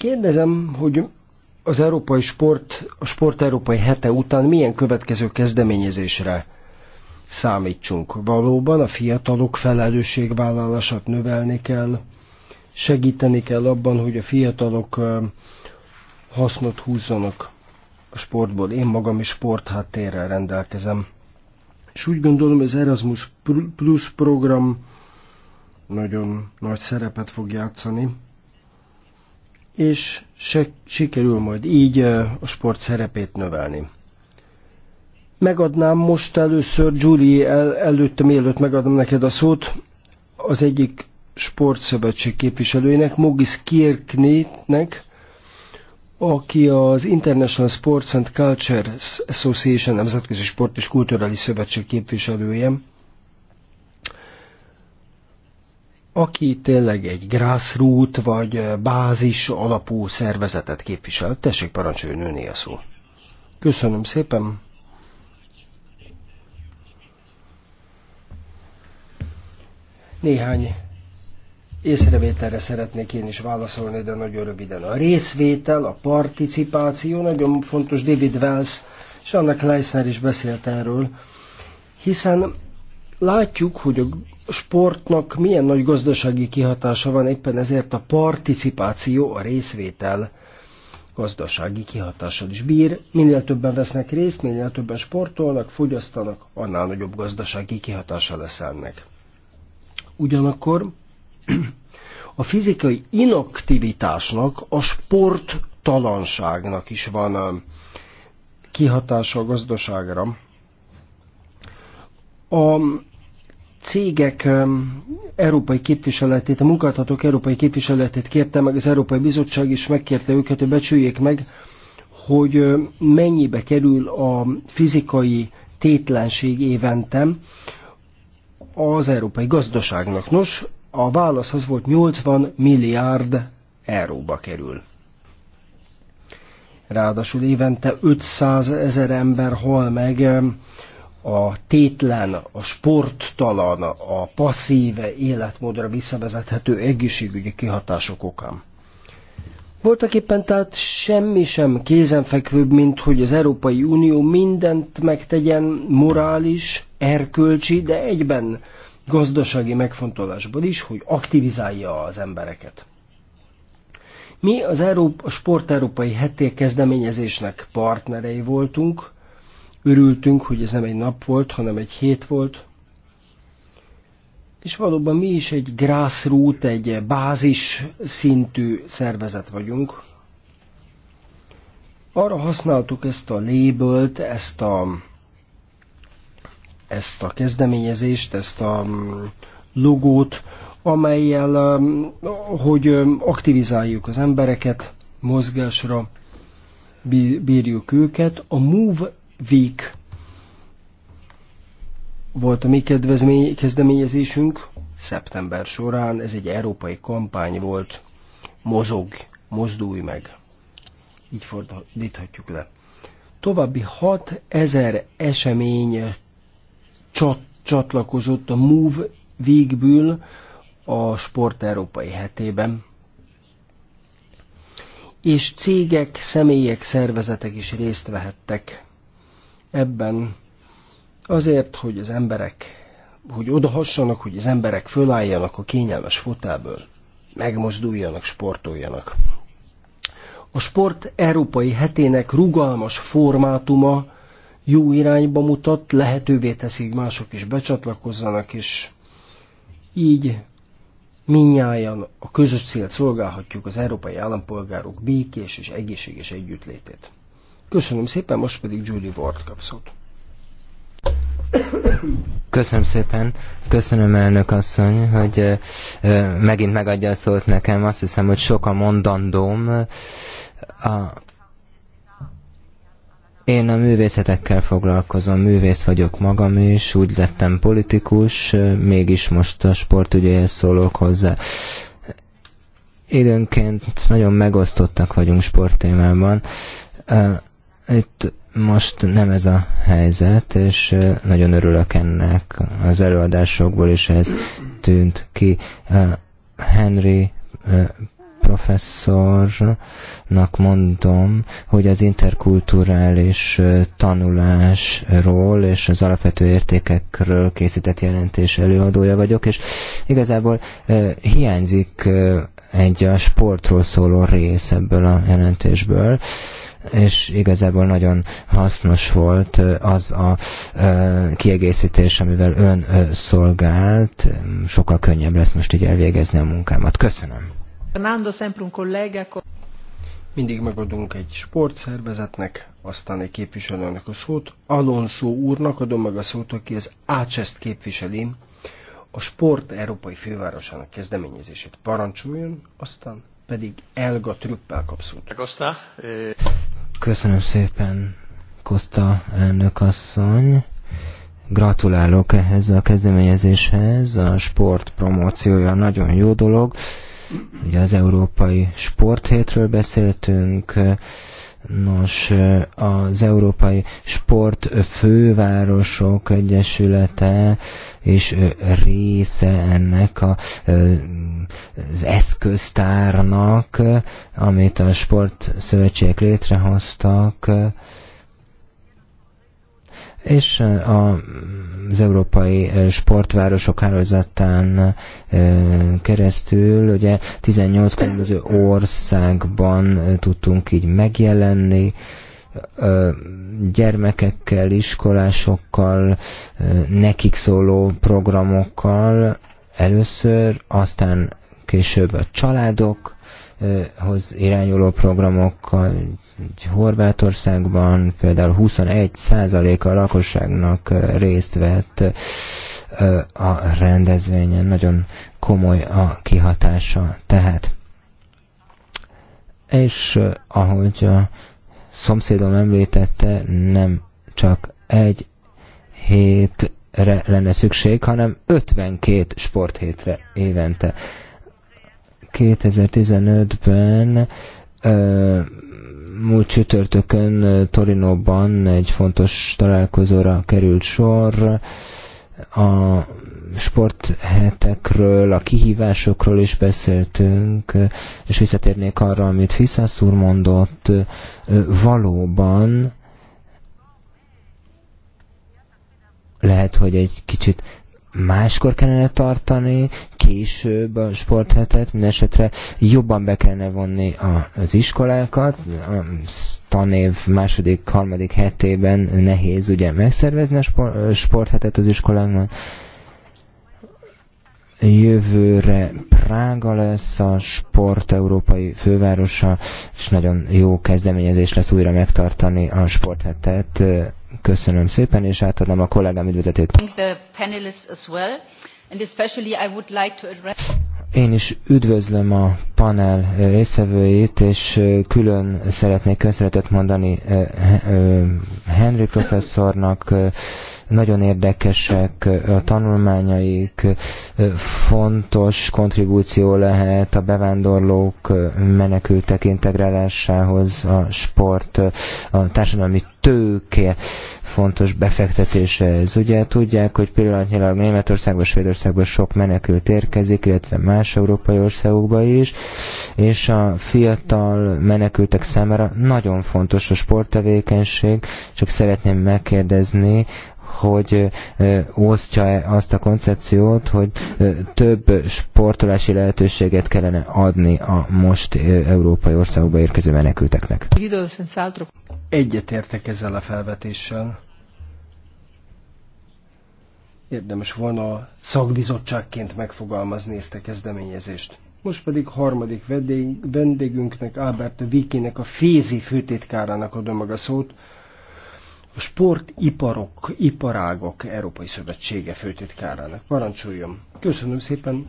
Kérdezem, hogy az Európai Sport, a Sport Európai hete után milyen következő kezdeményezésre számítsunk. Valóban a fiatalok felelősségvállalását növelni kell, segíteni kell abban, hogy a fiatalok hasznot húzzanak a sportból. Én magam is sportháttérrel rendelkezem. És úgy gondolom, hogy az Erasmus Plus program nagyon nagy szerepet fog játszani és se, sikerül majd így a sport szerepét növelni. Megadnám most először, Julie, el, előtte, mielőtt megadom neked a szót, az egyik sportszövetség képviselőjének, Mogis Kierknétnek, aki az International Sports and Culture Association Nemzetközi Sport és Kulturális Szövetség képviselője, aki tényleg egy grassroot vagy bázis alapú szervezetet képvisel. Tessék parancsoljon önné a szó. Köszönöm szépen. Néhány észrevételre szeretnék én is válaszolni, de nagyon röviden. A részvétel, a participáció nagyon fontos, David Wells és annak Leisner is beszélt erről, hiszen látjuk, hogy a sportnak milyen nagy gazdasági kihatása van, éppen ezért a participáció, a részvétel gazdasági kihatással is bír. Minél többen vesznek részt, minél többen sportolnak, fogyasztanak, annál nagyobb gazdasági kihatása lesz ennek. Ugyanakkor a fizikai inaktivitásnak, a sporttalanságnak is van um, kihatása a gazdaságra. A cégek európai képviseletét, a munkáltatók európai képviseletét kérte meg az Európai Bizottság, is megkérte őket, hogy becsüljék meg, hogy mennyibe kerül a fizikai tétlenség évente az európai gazdaságnak. Nos, a válasz az volt 80 milliárd euróba kerül. Ráadásul évente 500 ezer ember hal meg a tétlen, a sporttalan, a passzív életmódra visszavezethető egészségügyi kihatások okán. Voltak éppen tehát semmi sem kézenfekvőbb, mint hogy az Európai Unió mindent megtegyen morális, erkölcsi, de egyben gazdasági megfontolásból is, hogy aktivizálja az embereket. Mi az Európa, a Sport Európai Heté kezdeményezésnek partnerei voltunk, Örültünk, hogy ez nem egy nap volt, hanem egy hét volt. És valóban mi is egy grassroot, egy bázis szintű szervezet vagyunk. Arra használtuk ezt a labelt, ezt a, ezt a kezdeményezést, ezt a mm, logót, amelyel, mm, hogy mm, aktivizáljuk az embereket, mozgásra bírjuk őket. A Move Week volt a mi kezdeményezésünk szeptember során, ez egy európai kampány volt, mozog, mozdulj meg. Így fordíthatjuk le. További 6000 esemény csat, csatlakozott a Move végből a Sport Európai hetében. És cégek, személyek, szervezetek is részt vehettek ebben azért, hogy az emberek, hogy odahassanak, hogy az emberek fölálljanak a kényelmes fotából, megmozduljanak, sportoljanak. A sport európai hetének rugalmas formátuma jó irányba mutat, lehetővé teszik mások is becsatlakozzanak, és így minnyáján a közös célt szolgálhatjuk az európai állampolgárok békés és egészséges együttlétét. Köszönöm szépen, most pedig Julie Ward kapszott. Köszönöm szépen, köszönöm elnök asszony, hogy megint megadja a szót nekem. Azt hiszem, hogy sok a mondandóm. A... Én a művészetekkel foglalkozom, művész vagyok magam is, úgy lettem politikus, mégis most a sportügyéhez szólok hozzá időnként nagyon megosztottak vagyunk sporttémában. Itt most nem ez a helyzet, és nagyon örülök ennek az előadásokból, és ez tűnt ki. Henry professzornak mondom, hogy az interkulturális tanulásról és az alapvető értékekről készített jelentés előadója vagyok, és igazából hiányzik egy a sportról szóló rész ebből a jelentésből és igazából nagyon hasznos volt az a kiegészítés, amivel ön szolgált. Sokkal könnyebb lesz most így elvégezni a munkámat. Köszönöm. Fernando sempre un collega mindig megadunk egy sportszervezetnek, aztán egy képviselőnek a szót. Alonso úrnak adom meg a szót, aki az ácsest képviseli, a Sport Európai Fővárosának kezdeményezését parancsoljon, aztán pedig Elga Trüppel kap szót. Köszönöm szépen, Kosta elnök asszony. Gratulálok ehhez a kezdeményezéshez. A sport promóciója nagyon jó dolog. Ugye az Európai Sporthétről beszéltünk, Nos, az Európai Sport Fővárosok Egyesülete és része ennek a, az eszköztárnak, amit a sportszövetségek létrehoztak, és az európai sportvárosok hálózatán keresztül ugye 18 különböző országban tudtunk így megjelenni, gyermekekkel, iskolásokkal, nekik szóló programokkal először, aztán később a családokhoz irányuló programokkal, Horvátországban például 21% a lakosságnak részt vett a rendezvényen. Nagyon komoly a kihatása tehát. És ahogy a szomszédom említette, nem csak egy hétre lenne szükség, hanem 52 sporthétre évente. 2015-ben múlt csütörtökön eh, Torinóban egy fontos találkozóra került sor, a sporthetekről, a kihívásokról is beszéltünk, és visszatérnék arra, amit Fiszász úr mondott, eh, valóban lehet, hogy egy kicsit máskor kellene tartani, később a sporthetet, minden esetre jobban be kellene vonni az iskolákat, a tanév második, harmadik hetében nehéz ugye megszervezni a sporthetet az iskoláknak, Jövőre Prága lesz a sport európai fővárosa, és nagyon jó kezdeményezés lesz újra megtartani a sporthetet. Köszönöm szépen, és átadom a kollégám üdvözletét. Én is üdvözlöm a panel részvevőjét, és külön szeretnék köszönetet mondani Henry professzornak, nagyon érdekesek a tanulmányaik, fontos kontribúció lehet a bevándorlók menekültek integrálásához, a sport, a társadalmi tőke fontos befektetése ez. Ugye tudják, hogy pillanatnyilag Németországban, Svédországban sok menekült érkezik, illetve más európai országokba is, és a fiatal menekültek számára nagyon fontos a sporttevékenység, csak szeretném megkérdezni, hogy osztja-e azt a koncepciót, hogy több sportolási lehetőséget kellene adni a most európai országokba érkező menekülteknek. Egyetértek ezzel a felvetéssel. Érdemes volna szakbizottságként megfogalmazni ezt a kezdeményezést. Most pedig harmadik vendégünknek, Albert Vikinek, a Fézi főtétkárának adom meg a szót, a sportiparok, iparágok Európai Szövetsége főtitkárának. Parancsoljon! Köszönöm szépen!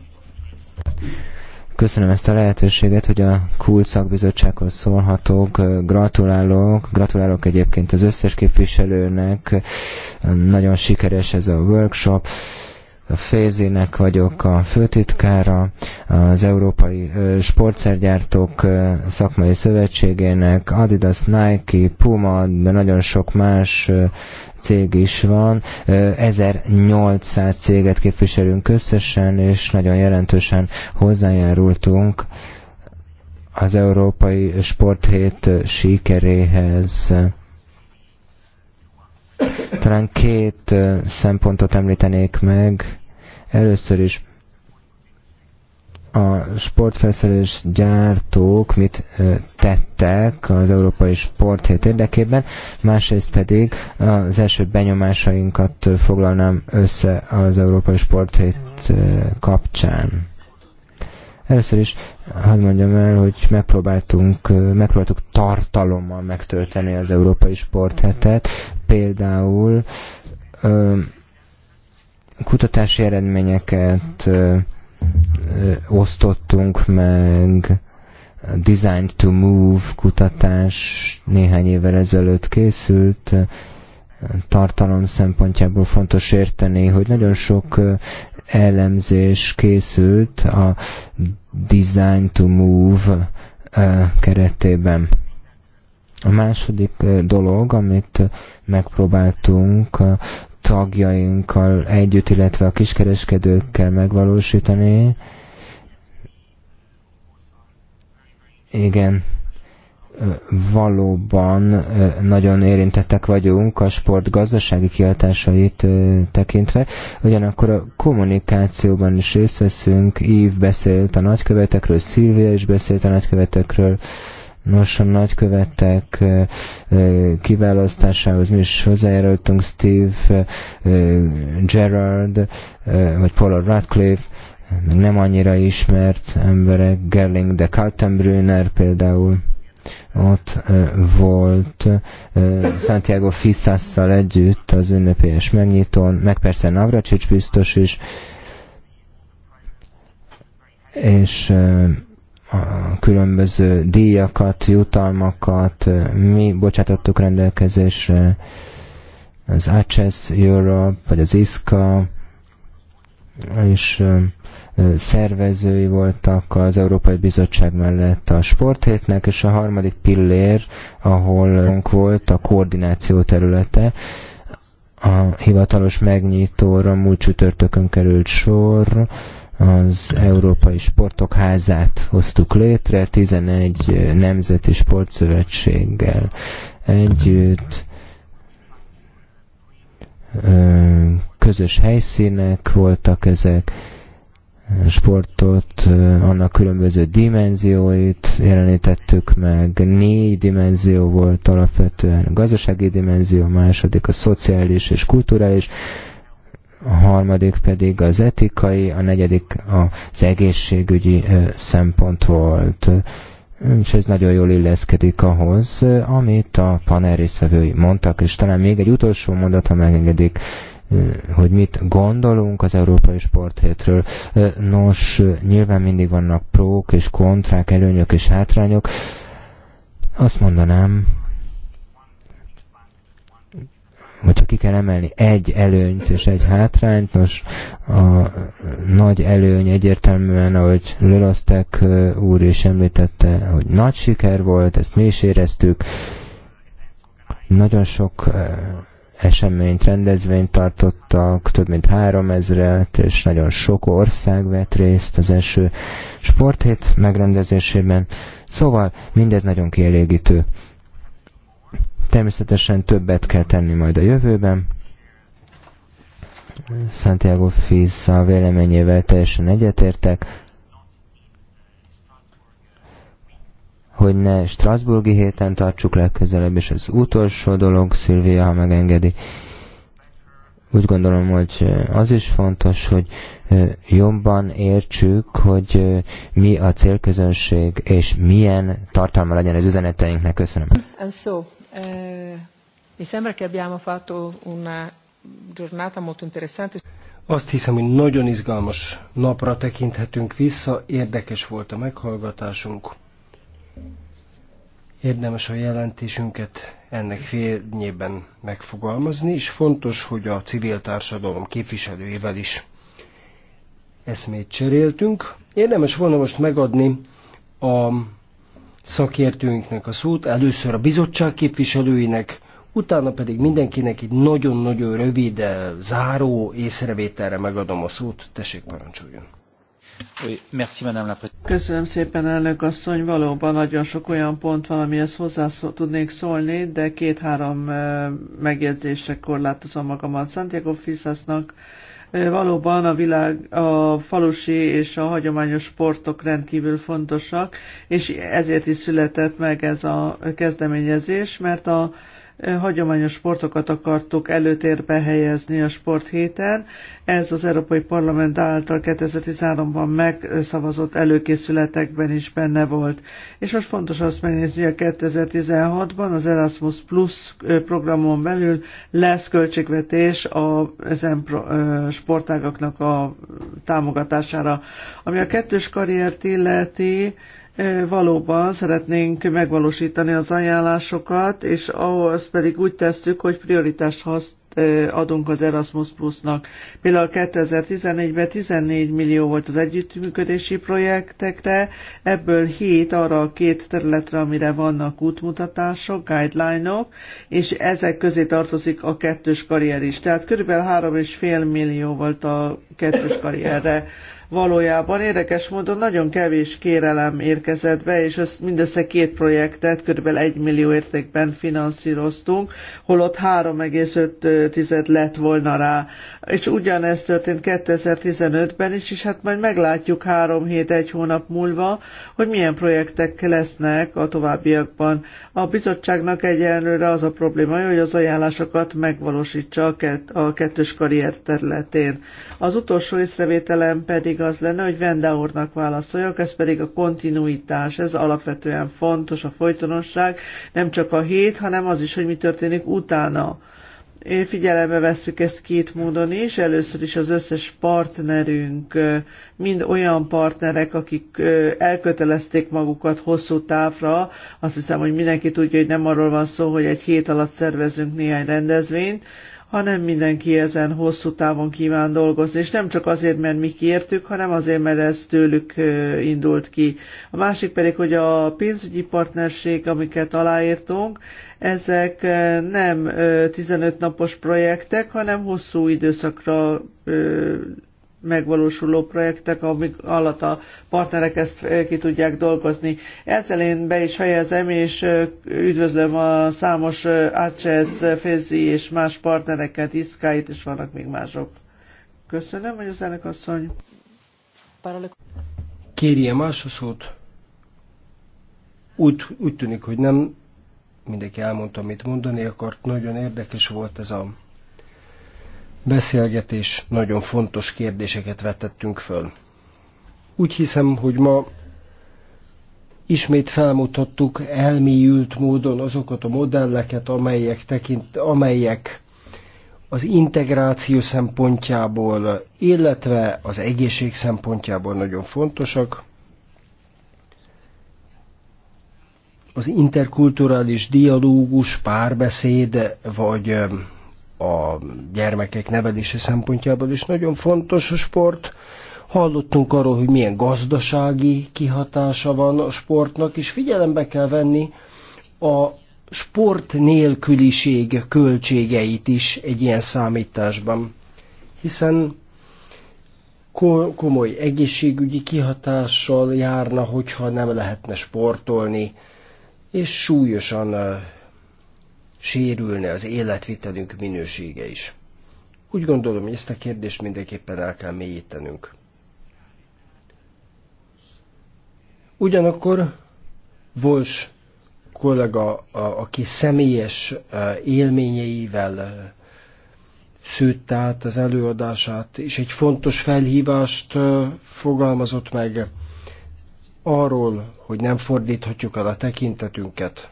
Köszönöm ezt a lehetőséget, hogy a KUL szakbizottsághoz szólhatok. Gratulálok, gratulálok egyébként az összes képviselőnek. Nagyon sikeres ez a workshop. A Fézinek vagyok a főtitkára, az Európai Sportszergyártók Szakmai Szövetségének, Adidas, Nike, Puma, de nagyon sok más cég is van. 1800 céget képviselünk összesen, és nagyon jelentősen hozzájárultunk az Európai Sporthét sikeréhez. Talán két szempontot említenék meg. Először is a sportfelszerelés gyártók mit tettek az európai sporthét érdekében, másrészt pedig az első benyomásainkat foglalnám össze az európai sporthét kapcsán. Először is hadd mondjam el, hogy megpróbáltunk, megpróbáltuk tartalommal megtölteni az európai sporthetet, például kutatási eredményeket osztottunk meg, Design to Move kutatás néhány évvel ezelőtt készült, tartalom szempontjából fontos érteni, hogy nagyon sok elemzés készült a Design to Move keretében. A második dolog, amit megpróbáltunk tagjainkkal együtt, illetve a kiskereskedőkkel megvalósítani. Igen, valóban nagyon érintettek vagyunk a sport gazdasági kiadásait tekintve. Ugyanakkor a kommunikációban is részt veszünk, Ív beszélt a nagykövetekről, Szilvia is beszélt a nagykövetekről, Nos, a nagykövetek kiválasztásához mi is hozzájárultunk Steve Gerard, vagy Paul Radcliffe, még nem annyira ismert emberek, Gerling de Kaltenbrunner például ott volt Santiago Fisasszal együtt az ünnepélyes megnyitón, meg persze Navracsics biztos is, és a különböző díjakat, jutalmakat mi bocsátottuk rendelkezésre, az Access Europe, vagy az ISKA és szervezői voltak az Európai Bizottság mellett a sporthétnek, és a harmadik pillér, ahol volt a koordináció területe, a hivatalos megnyitóra múlt csütörtökön került sor, az Európai Sportok Házát hoztuk létre, 11 nemzeti sportszövetséggel együtt közös helyszínek voltak ezek, sportot, annak különböző dimenzióit jelenítettük meg. Négy dimenzió volt alapvetően, a gazdasági dimenzió, a második a szociális és kulturális, a harmadik pedig az etikai, a negyedik az egészségügyi szempont volt és ez nagyon jól illeszkedik ahhoz, amit a panel részvevői mondtak, és talán még egy utolsó mondat, ha megengedik, hogy mit gondolunk az európai sporthétről. Nos, nyilván mindig vannak prók és kontrák, előnyök és hátrányok. Azt mondanám, hogyha ki kell emelni egy előnyt és egy hátrányt, most a nagy előny egyértelműen, ahogy Lölasztek úr is említette, hogy nagy siker volt, ezt mi is éreztük, nagyon sok eseményt, rendezvényt tartottak, több mint három ezret, és nagyon sok ország vett részt az első sporthét megrendezésében. Szóval mindez nagyon kielégítő. Természetesen többet kell tenni majd a jövőben. Santiago Fisa véleményével teljesen egyetértek, hogy ne Strasburgi héten tartsuk legközelebb, és az utolsó dolog, Szilvia, ha megengedi, úgy gondolom, hogy az is fontos, hogy jobban értsük, hogy mi a célközönség, és milyen tartalma legyen az üzeneteinknek. Köszönöm. And so, Eh, Azt hiszem, hogy nagyon izgalmas napra tekinthetünk vissza, érdekes volt a meghallgatásunk. Érdemes a jelentésünket ennek fényében megfogalmazni, és fontos, hogy a civil társadalom képviselőivel is eszmét cseréltünk. Érdemes volna most megadni a szakértőinknek a szót, először a bizottság képviselőinek, utána pedig mindenkinek egy nagyon-nagyon rövid eh, záró észrevételre megadom a szót, tessék parancsoljon. Köszönöm szépen, elnök asszony. Valóban nagyon sok olyan pont van, amihez hozzá tudnék szólni, de két-három eh, megjegyzésre korlátozom magamat. Santiago Fisasnak Valóban a világ, a falusi és a hagyományos sportok rendkívül fontosak, és ezért is született meg ez a kezdeményezés, mert a hagyományos sportokat akartuk előtérbe helyezni a sporthéten. Ez az Európai Parlament által 2013-ban megszavazott előkészületekben is benne volt. És most fontos azt megnézni, hogy a 2016-ban az Erasmus Plus programon belül lesz költségvetés a ezen sportágaknak a támogatására. Ami a kettős karriert illeti, valóban szeretnénk megvalósítani az ajánlásokat, és ahhoz pedig úgy tesszük, hogy prioritást használjuk adunk az Erasmus Plusnak. Például 2014-ben 14 millió volt az együttműködési projektekre, ebből 7 arra a két területre, amire vannak útmutatások, guideline-ok, és ezek közé tartozik a kettős karrier is. Tehát körülbelül 3,5 millió volt a kettős karrierre valójában érdekes módon nagyon kevés kérelem érkezett be, és ezt mindössze két projektet körülbelül 1 millió értékben finanszíroztunk, holott 3,5 lett volna rá. És ugyanezt történt 2015-ben is, és hát majd meglátjuk három hét, egy hónap múlva, hogy milyen projektek lesznek a továbbiakban. A bizottságnak egyenlőre az a probléma, hogy az ajánlásokat megvalósítsa a kettős karrier területén. Az utolsó észrevételem pedig az lenne, hogy Vende úrnak válaszoljak, ez pedig a kontinuitás, ez alapvetően fontos, a folytonosság, nem csak a hét, hanem az is, hogy mi történik utána. Én figyelembe vesszük ezt két módon is. Először is az összes partnerünk, mind olyan partnerek, akik elkötelezték magukat hosszú távra. Azt hiszem, hogy mindenki tudja, hogy nem arról van szó, hogy egy hét alatt szervezünk néhány rendezvényt, hanem mindenki ezen hosszú távon kíván dolgozni, és nem csak azért, mert mi kértük, hanem azért, mert ez tőlük indult ki. A másik pedig, hogy a pénzügyi partnerség, amiket aláírtunk, ezek nem 15 napos projektek, hanem hosszú időszakra megvalósuló projektek, amik alatt a partnerek ezt ki tudják dolgozni. Ezzel én be is fejezem, és üdvözlöm a számos ACS, Fézi és más partnereket, Iszkáit, és vannak még mások. Köszönöm, hogy az ennek asszony. Kérje más a szót. Úgy, úgy tűnik, hogy nem mindenki elmondta, amit mondani akart. Nagyon érdekes volt ez a beszélgetés, nagyon fontos kérdéseket vetettünk föl. Úgy hiszem, hogy ma ismét felmutattuk elmélyült módon azokat a modelleket, amelyek, tekint, amelyek az integráció szempontjából, illetve az egészség szempontjából nagyon fontosak. Az interkulturális dialógus, párbeszéd vagy a gyermekek nevelése szempontjából is nagyon fontos a sport. Hallottunk arról, hogy milyen gazdasági kihatása van a sportnak, és figyelembe kell venni a sport nélküliség költségeit is egy ilyen számításban, hiszen komoly egészségügyi kihatással járna, hogyha nem lehetne sportolni, és súlyosan sérülne az életvitelünk minősége is. Úgy gondolom, hogy ezt a kérdést mindenképpen el kell mélyítenünk. Ugyanakkor Vols kollega, aki személyes e, élményeivel e, szűtt át az előadását, és egy fontos felhívást e, fogalmazott meg arról, hogy nem fordíthatjuk el a tekintetünket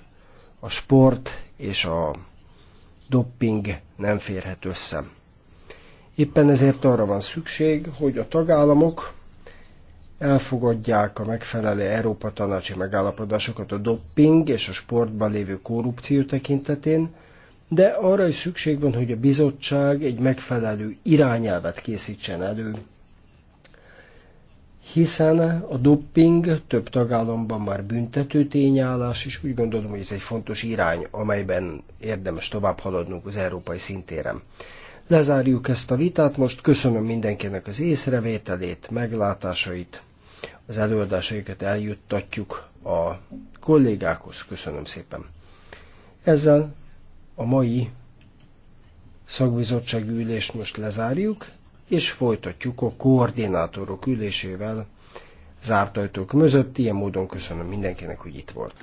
a sport és a dopping nem férhet össze. Éppen ezért arra van szükség, hogy a tagállamok elfogadják a megfelelő Európa tanácsi megállapodásokat a dopping és a sportban lévő korrupció tekintetén, de arra is szükség van, hogy a bizottság egy megfelelő irányelvet készítsen elő hiszen a dopping több tagállamban már büntető tényállás, és úgy gondolom, hogy ez egy fontos irány, amelyben érdemes tovább haladnunk az európai szintéren. Lezárjuk ezt a vitát, most köszönöm mindenkinek az észrevételét, meglátásait, az előadásaikat eljuttatjuk a kollégákhoz. Köszönöm szépen. Ezzel a mai szakbizottsági ülést most lezárjuk, és folytatjuk a koordinátorok ülésével zárt ajtók mögött. Ilyen módon köszönöm mindenkinek, hogy itt volt.